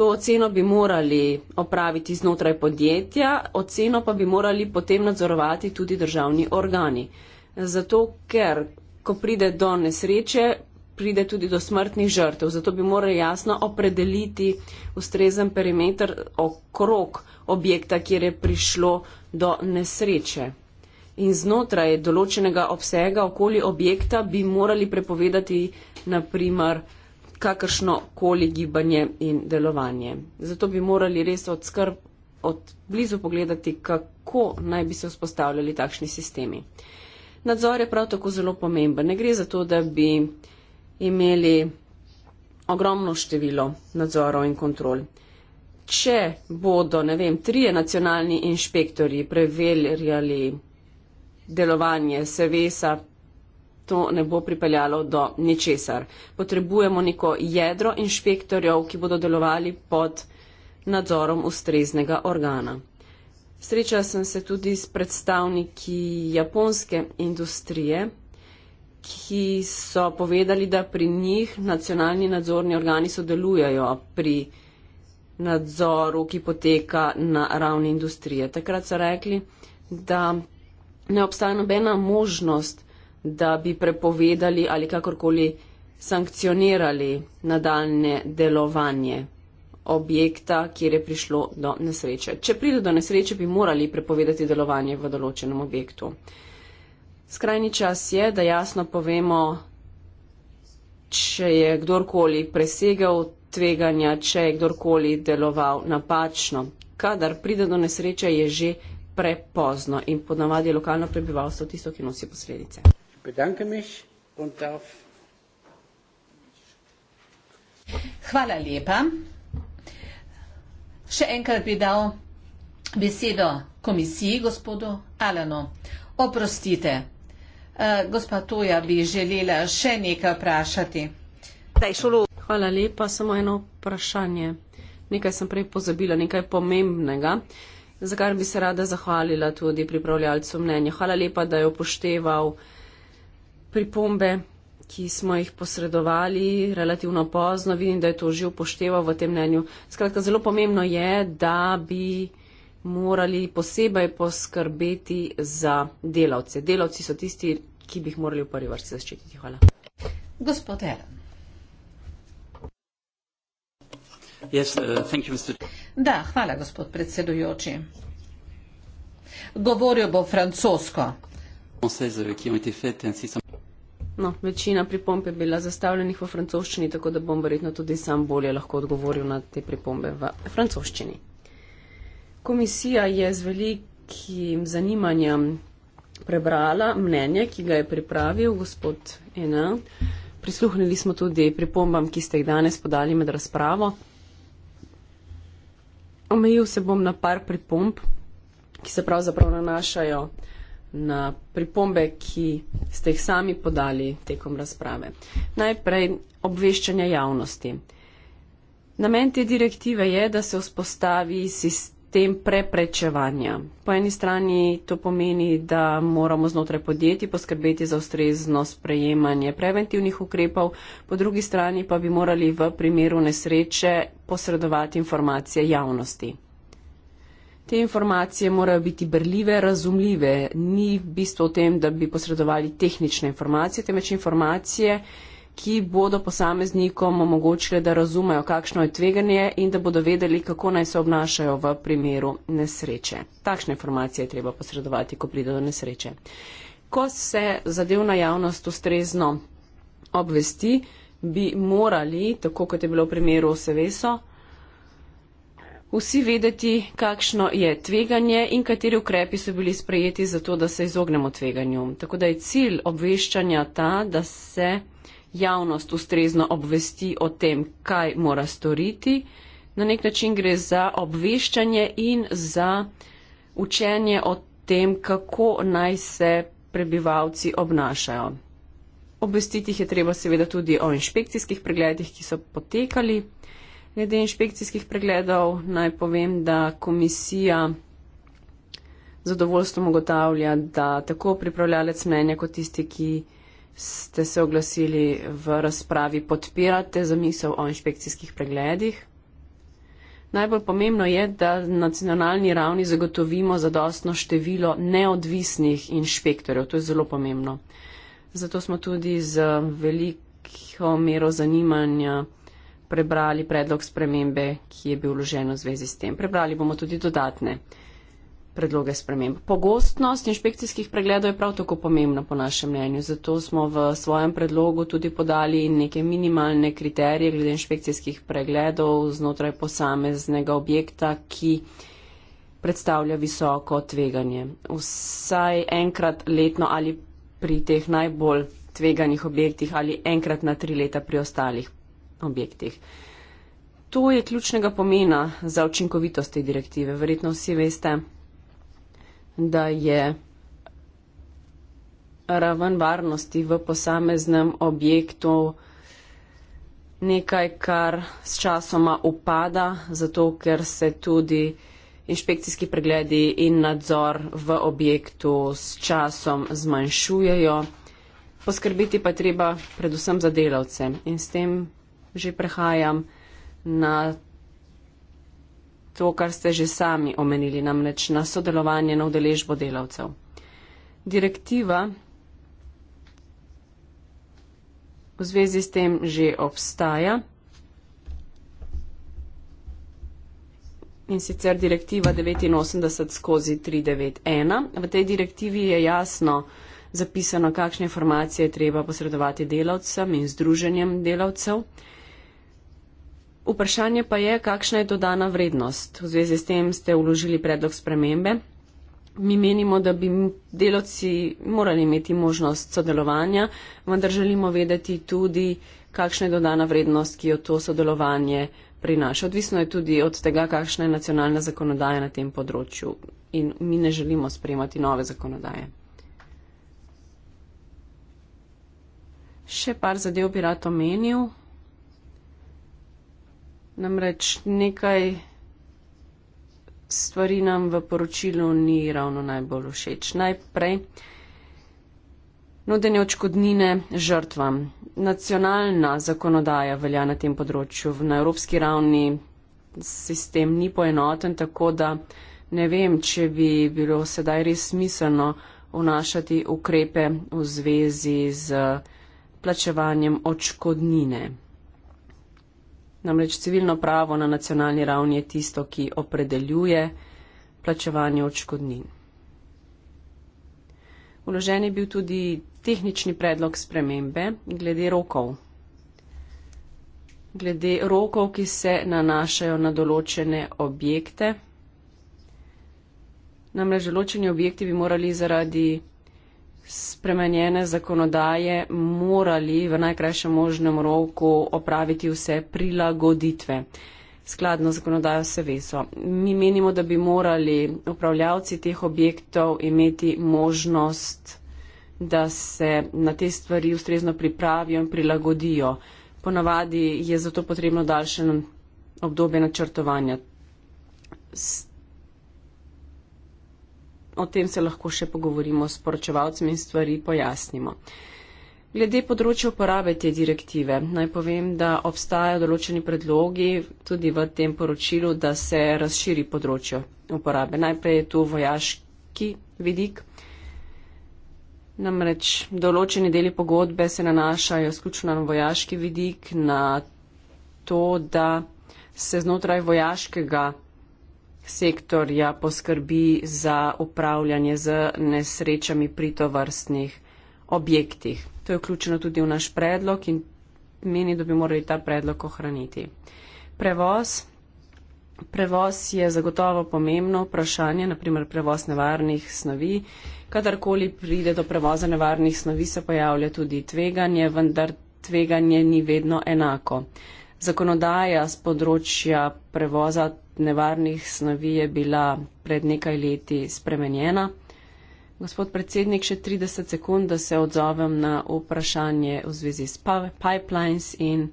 to oceno bi morali opraviti znotraj podjetja, oceno pa bi morali potem nadzorovati tudi državni organi. Zato, ker ko pride do nesreče, pride tudi do smrtnih žrtev. Zato bi morali jasno opredeliti ustrezen perimeter okrog objekta, kjer je prišlo do nesreče. In znotraj določenega obsega okoli objekta bi morali prepovedati, naprimer, kakršno koli gibanje in delovanje. Zato bi morali res od skrb od blizu pogledati, kako naj bi se vzpostavljali takšni sistemi. Nadzor je prav tako zelo pomemben. Ne gre za to, da bi imeli ogromno število nadzorov in kontrol. Če bodo, ne vem, trije nacionalni inšpektori preverjali delovanje servisa to ne bo pripeljalo do ničesar. Potrebujemo neko jedro inšpektorjev, ki bodo delovali pod nadzorom ustreznega organa. Srečala sem se tudi s predstavniki japonske industrije, ki so povedali, da pri njih nacionalni nadzorni organi sodelujajo pri nadzoru, ki poteka na ravni industrije. Takrat so rekli, da ne obstaja nobena možnost, da bi prepovedali ali kakorkoli sankcionirali nadaljne delovanje objekta, kjer je prišlo do nesreče. Če pride do nesreče, bi morali prepovedati delovanje v določenem objektu. Skrajni čas je, da jasno povemo, če je kdorkoli presegel tveganja, če je kdorkoli deloval napačno. Kadar pride do nesreče, je že prepozno in ponavadi je lokalno prebivalstvo tisto, ki nosi posledice bedanke mich und darf. Hvala lepa. Še enkrat bi dal besedo komisiji, gospodu Alano. Oprostite, uh, gospa Toja bi želela še nekaj vprašati. Hvala lepa, samo eno vprašanje. Nekaj sem prej pozabila, nekaj pomembnega, za kar bi se rada zahvalila tudi pripravljalcu mnenja. Hvala lepa, da je upošteval uh, pripombe, ki smo jih posredovali relativno pozno. Vidim, da je to že upošteval v tem mnenju. Skratka, zelo pomembno je, da bi morali posebej poskrbeti za delavce. Delavci so tisti, ki bi jih morali v prvi vrsti zaščititi. Hvala. Gospod Eran. Yes, uh, Mr. Da, hvala, gospod predsedujoči. Govoril bo francosko. No, večina pripomb je bila zastavljenih v francoščini, tako da bom verjetno tudi sam bolje lahko odgovoril na te pripombe v francoščini. Komisija je z velikim zanimanjem prebrala mnenje, ki ga je pripravil gospod Ena. Prisluhnili smo tudi pripombam, ki ste jih danes podali med razpravo. Omejil se bom na par pripomb, ki se pravzaprav nanašajo na pripombe, ki ste jih sami podali tekom razprave. Najprej obveščanje javnosti. Namen te direktive je, da se vzpostavi sistem preprečevanja. Po eni strani to pomeni, da moramo znotraj podjetij poskrbeti za ustrezno sprejemanje preventivnih ukrepov, po drugi strani pa bi morali v primeru nesreče posredovati informacije javnosti. Te informacije morajo biti brljive, razumljive. Ni v bistvu o tem, da bi posredovali tehnične informacije, temveč informacije, ki bodo posameznikom omogočile, da razumejo, kakšno je tveganje in da bodo vedeli, kako naj se obnašajo v primeru nesreče. Takšne informacije je treba posredovati, ko pride do nesreče. Ko se zadevna javnost ustrezno obvesti, bi morali, tako kot je bilo v primeru Seveso, vsi vedeti, kakšno je tveganje in kateri ukrepi so bili sprejeti za to, da se izognemo tveganju. Tako da je cilj obveščanja ta, da se javnost ustrezno obvesti o tem, kaj mora storiti. Na nek način gre za obveščanje in za učenje o tem, kako naj se prebivalci obnašajo. Obvestiti jih je treba seveda tudi o inšpekcijskih pregledih, ki so potekali. Glede inšpekcijskih pregledov naj povem, da komisija zadovoljstvom ugotavlja, da tako pripravljalec mnenja kot tisti, ki ste se oglasili v razpravi, podpirate zamisel o inšpekcijskih pregledih. Najbolj pomembno je, da na nacionalni ravni zagotovimo zadostno število neodvisnih inšpektorjev. To je zelo pomembno. Zato smo tudi z veliko mero zanimanja prebrali predlog spremembe, ki je bil vložen v zvezi s tem. Prebrali bomo tudi dodatne predloge sprememb. Pogostnost inšpekcijskih pregledov je prav tako pomembna po našem mnenju, zato smo v svojem predlogu tudi podali neke minimalne kriterije glede inšpekcijskih pregledov znotraj posameznega objekta, ki predstavlja visoko tveganje. Vsaj enkrat letno ali pri teh najbolj tveganih objektih ali enkrat na tri leta pri ostalih objektih. To je ključnega pomena za učinkovitost te direktive. Verjetno vsi veste, da je raven varnosti v posameznem objektu nekaj, kar s časoma upada, zato ker se tudi inšpekcijski pregledi in nadzor v objektu s časom zmanjšujejo. Poskrbiti pa treba predvsem za delavce in s tem že prehajam na to, kar ste že sami omenili, namreč na sodelovanje na udeležbo delavcev. Direktiva v zvezi s tem že obstaja. In sicer direktiva 89 skozi 391. V tej direktivi je jasno zapisano, kakšne informacije treba posredovati delavcem in združenjem delavcev. Vprašanje pa je, kakšna je dodana vrednost. V zvezi s tem ste uložili predlog spremembe. Mi menimo, da bi deloci morali imeti možnost sodelovanja, vendar želimo vedeti tudi, kakšna je dodana vrednost, ki jo to sodelovanje prinaša. Odvisno je tudi od tega, kakšna je nacionalna zakonodaja na tem področju. In mi ne želimo sprejemati nove zakonodaje. Še par zadev bi rad omenil. Namreč nekaj stvari nam v poročilu ni ravno najbolj všeč. Najprej nudenje očkodnine žrtvam. Nacionalna zakonodaja velja na tem področju. Na evropski ravni sistem ni poenoten, tako da ne vem, če bi bilo sedaj res smiselno vnašati ukrepe v zvezi z plačevanjem očkodnine. Namreč civilno pravo na nacionalni ravni je tisto, ki opredeljuje plačevanje očkodnin. Uložen je bil tudi tehnični predlog spremembe glede rokov. Glede rokov, ki se nanašajo na določene objekte. Namreč določeni objekti bi morali zaradi spremenjene zakonodaje morali v najkrajšem možnem roku opraviti vse prilagoditve. Skladno z zakonodajo se veso. Mi menimo, da bi morali upravljavci teh objektov imeti možnost, da se na te stvari ustrezno pripravijo in prilagodijo. Ponavadi je zato potrebno daljše obdobje načrtovanja o tem se lahko še pogovorimo s poročevalcem in stvari pojasnimo. Glede področja uporabe te direktive, naj povem, da obstajajo določeni predlogi tudi v tem poročilu, da se razširi področje uporabe. Najprej je tu vojaški vidik. Namreč določeni deli pogodbe se nanašajo izključno na vojaški vidik, na to, da se znotraj vojaškega sektorja poskrbi za upravljanje z nesrečami pri tovrstnih objektih. To je vključeno tudi v naš predlog in meni, da bi morali ta predlog ohraniti. Prevoz. Prevoz je zagotovo pomembno vprašanje, naprimer prevoz nevarnih snovi. Kadarkoli pride do prevoza nevarnih snovi, se pojavlja tudi tveganje, vendar tveganje ni vedno enako. Zakonodaja z področja prevoza nevarnih snovi je bila pred nekaj leti spremenjena. Gospod predsednik, še 30 sekund, da se odzovem na vprašanje v zvezi s pipelines in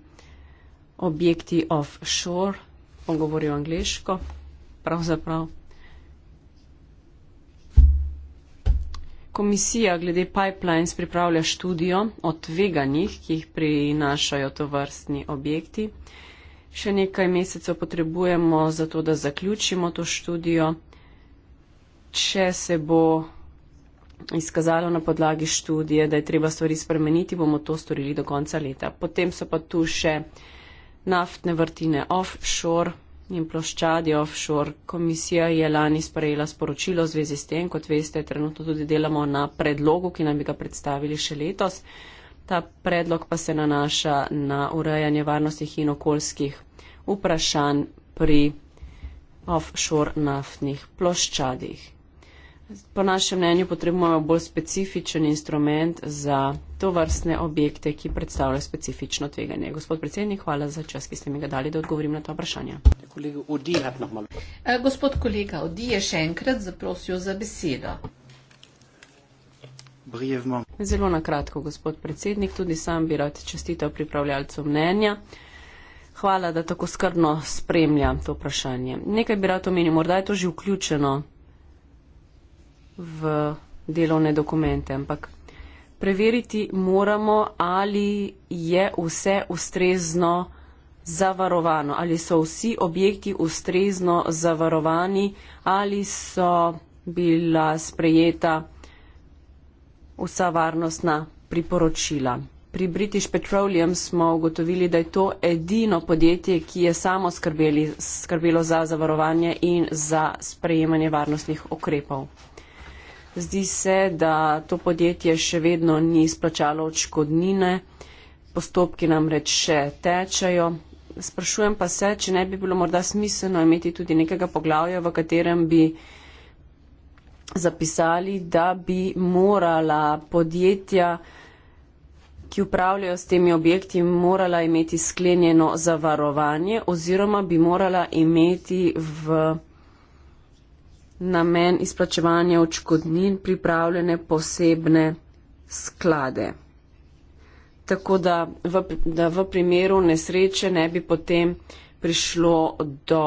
objekti offshore. On govori angliško, pravzaprav. Komisija glede pipelines pripravlja študijo o tveganjih, ki jih prinašajo to vrstni objekti še nekaj mesecev potrebujemo za to, da zaključimo to študijo. Če se bo izkazalo na podlagi študije, da je treba stvari spremeniti, bomo to storili do konca leta. Potem so pa tu še naftne vrtine offshore in ploščadi offshore. Komisija je lani sprejela sporočilo v zvezi s tem, kot veste, trenutno tudi delamo na predlogu, ki nam bi ga predstavili še letos. Ta predlog pa se nanaša na urejanje varnostnih in okoljskih vprašanj pri offshore naftnih ploščadih. Po našem mnenju potrebujemo bolj specifičen instrument za to vrstne objekte, ki predstavljajo specifično tveganje. Gospod predsednik, hvala za čas, ki ste mi ga dali, da odgovorim na ta vprašanja. E, gospod kolega Odije, še enkrat zaprosil za besedo. Zelo na kratko, gospod predsednik, tudi sam bi rad čestitev pripravljalcu mnenja. Hvala, da tako skrbno spremlja to vprašanje. Nekaj bi rad omenil, morda je to že vključeno v delovne dokumente, ampak preveriti moramo, ali je vse ustrezno zavarovano, ali so vsi objekti ustrezno zavarovani, ali so bila sprejeta vsa varnostna priporočila pri British Petroleum smo ugotovili, da je to edino podjetje, ki je samo skrbeli, skrbelo za zavarovanje in za sprejemanje varnostnih ukrepov. Zdi se, da to podjetje še vedno ni splačalo odškodnine, postopki namreč še tečajo. Sprašujem pa se, če ne bi bilo morda smiselno imeti tudi nekega poglavja, v katerem bi zapisali, da bi morala podjetja ki upravljajo s temi objekti, morala imeti sklenjeno zavarovanje oziroma bi morala imeti v namen izplačevanja očkodnin pripravljene posebne sklade. Tako da v, da v primeru nesreče ne bi potem prišlo do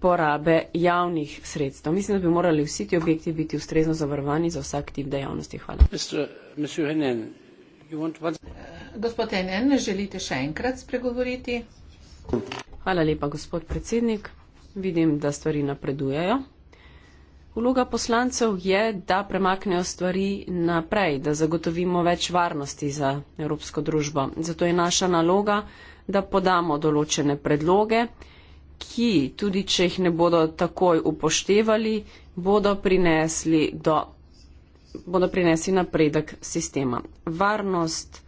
porabe javnih sredstev. Mislim, da bi morali vsi ti objekti biti ustrezno zavarovani za vsak tip dejavnosti. Hvala. Mr. Mr. Gospod NN, želite še enkrat spregovoriti? Hvala lepa, gospod predsednik. Vidim, da stvari napredujejo. Vloga poslancev je, da premaknejo stvari naprej, da zagotovimo več varnosti za evropsko družbo. Zato je naša naloga, da podamo določene predloge, ki, tudi če jih ne bodo takoj upoštevali, bodo prinesli do bodo prinesli napredek sistema. Varnost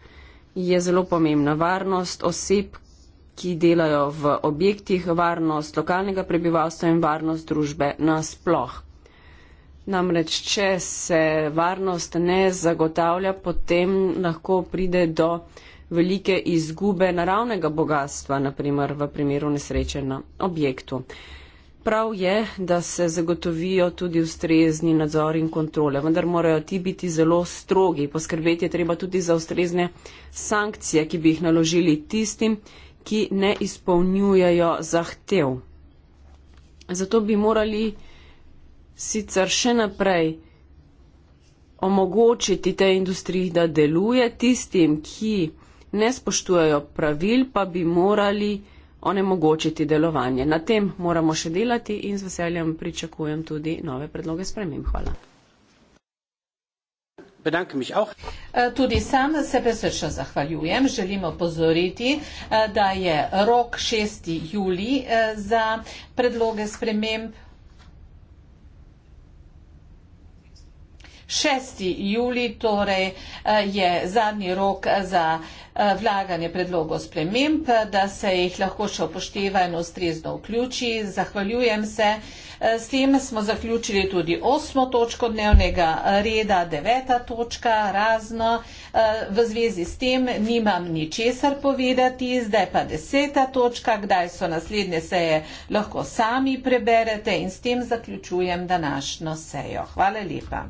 je zelo pomembna. Varnost oseb, ki delajo v objektih, varnost lokalnega prebivalstva in varnost družbe nasploh. Namreč, če se varnost ne zagotavlja, potem lahko pride do velike izgube naravnega bogatstva, naprimer v primeru nesreče na objektu. Prav je, da se zagotovijo tudi ustrezni nadzor in kontrole, vendar morajo ti biti zelo strogi. Poskrbeti je treba tudi za ustrezne sankcije, ki bi jih naložili tistim, ki ne izpolnjujejo zahtev. Zato bi morali sicer še naprej omogočiti tej industriji, da deluje tistim, ki ne spoštujejo pravil, pa bi morali onemogočiti delovanje. Na tem moramo še delati in z veseljem pričakujem tudi nove predloge sprememb. Hvala. Eh, tudi sam se besrečno zahvaljujem. Želim opozoriti, eh, da je rok 6. juli eh, za predloge sprememb. 6. juli torej eh, je zadnji rok za eh, vlaganje predlogov sprememb, da se jih lahko še upošteva in ustrezno vključi. Zahvaljujem se. Eh, s tem smo zaključili tudi osmo točko dnevnega reda, deveta točka, razno. V zvezi s tem nimam ničesar povedati, zdaj pa deseta točka, kdaj so naslednje seje, lahko sami preberete in s tem zaključujem današnjo sejo. Hvala lepa.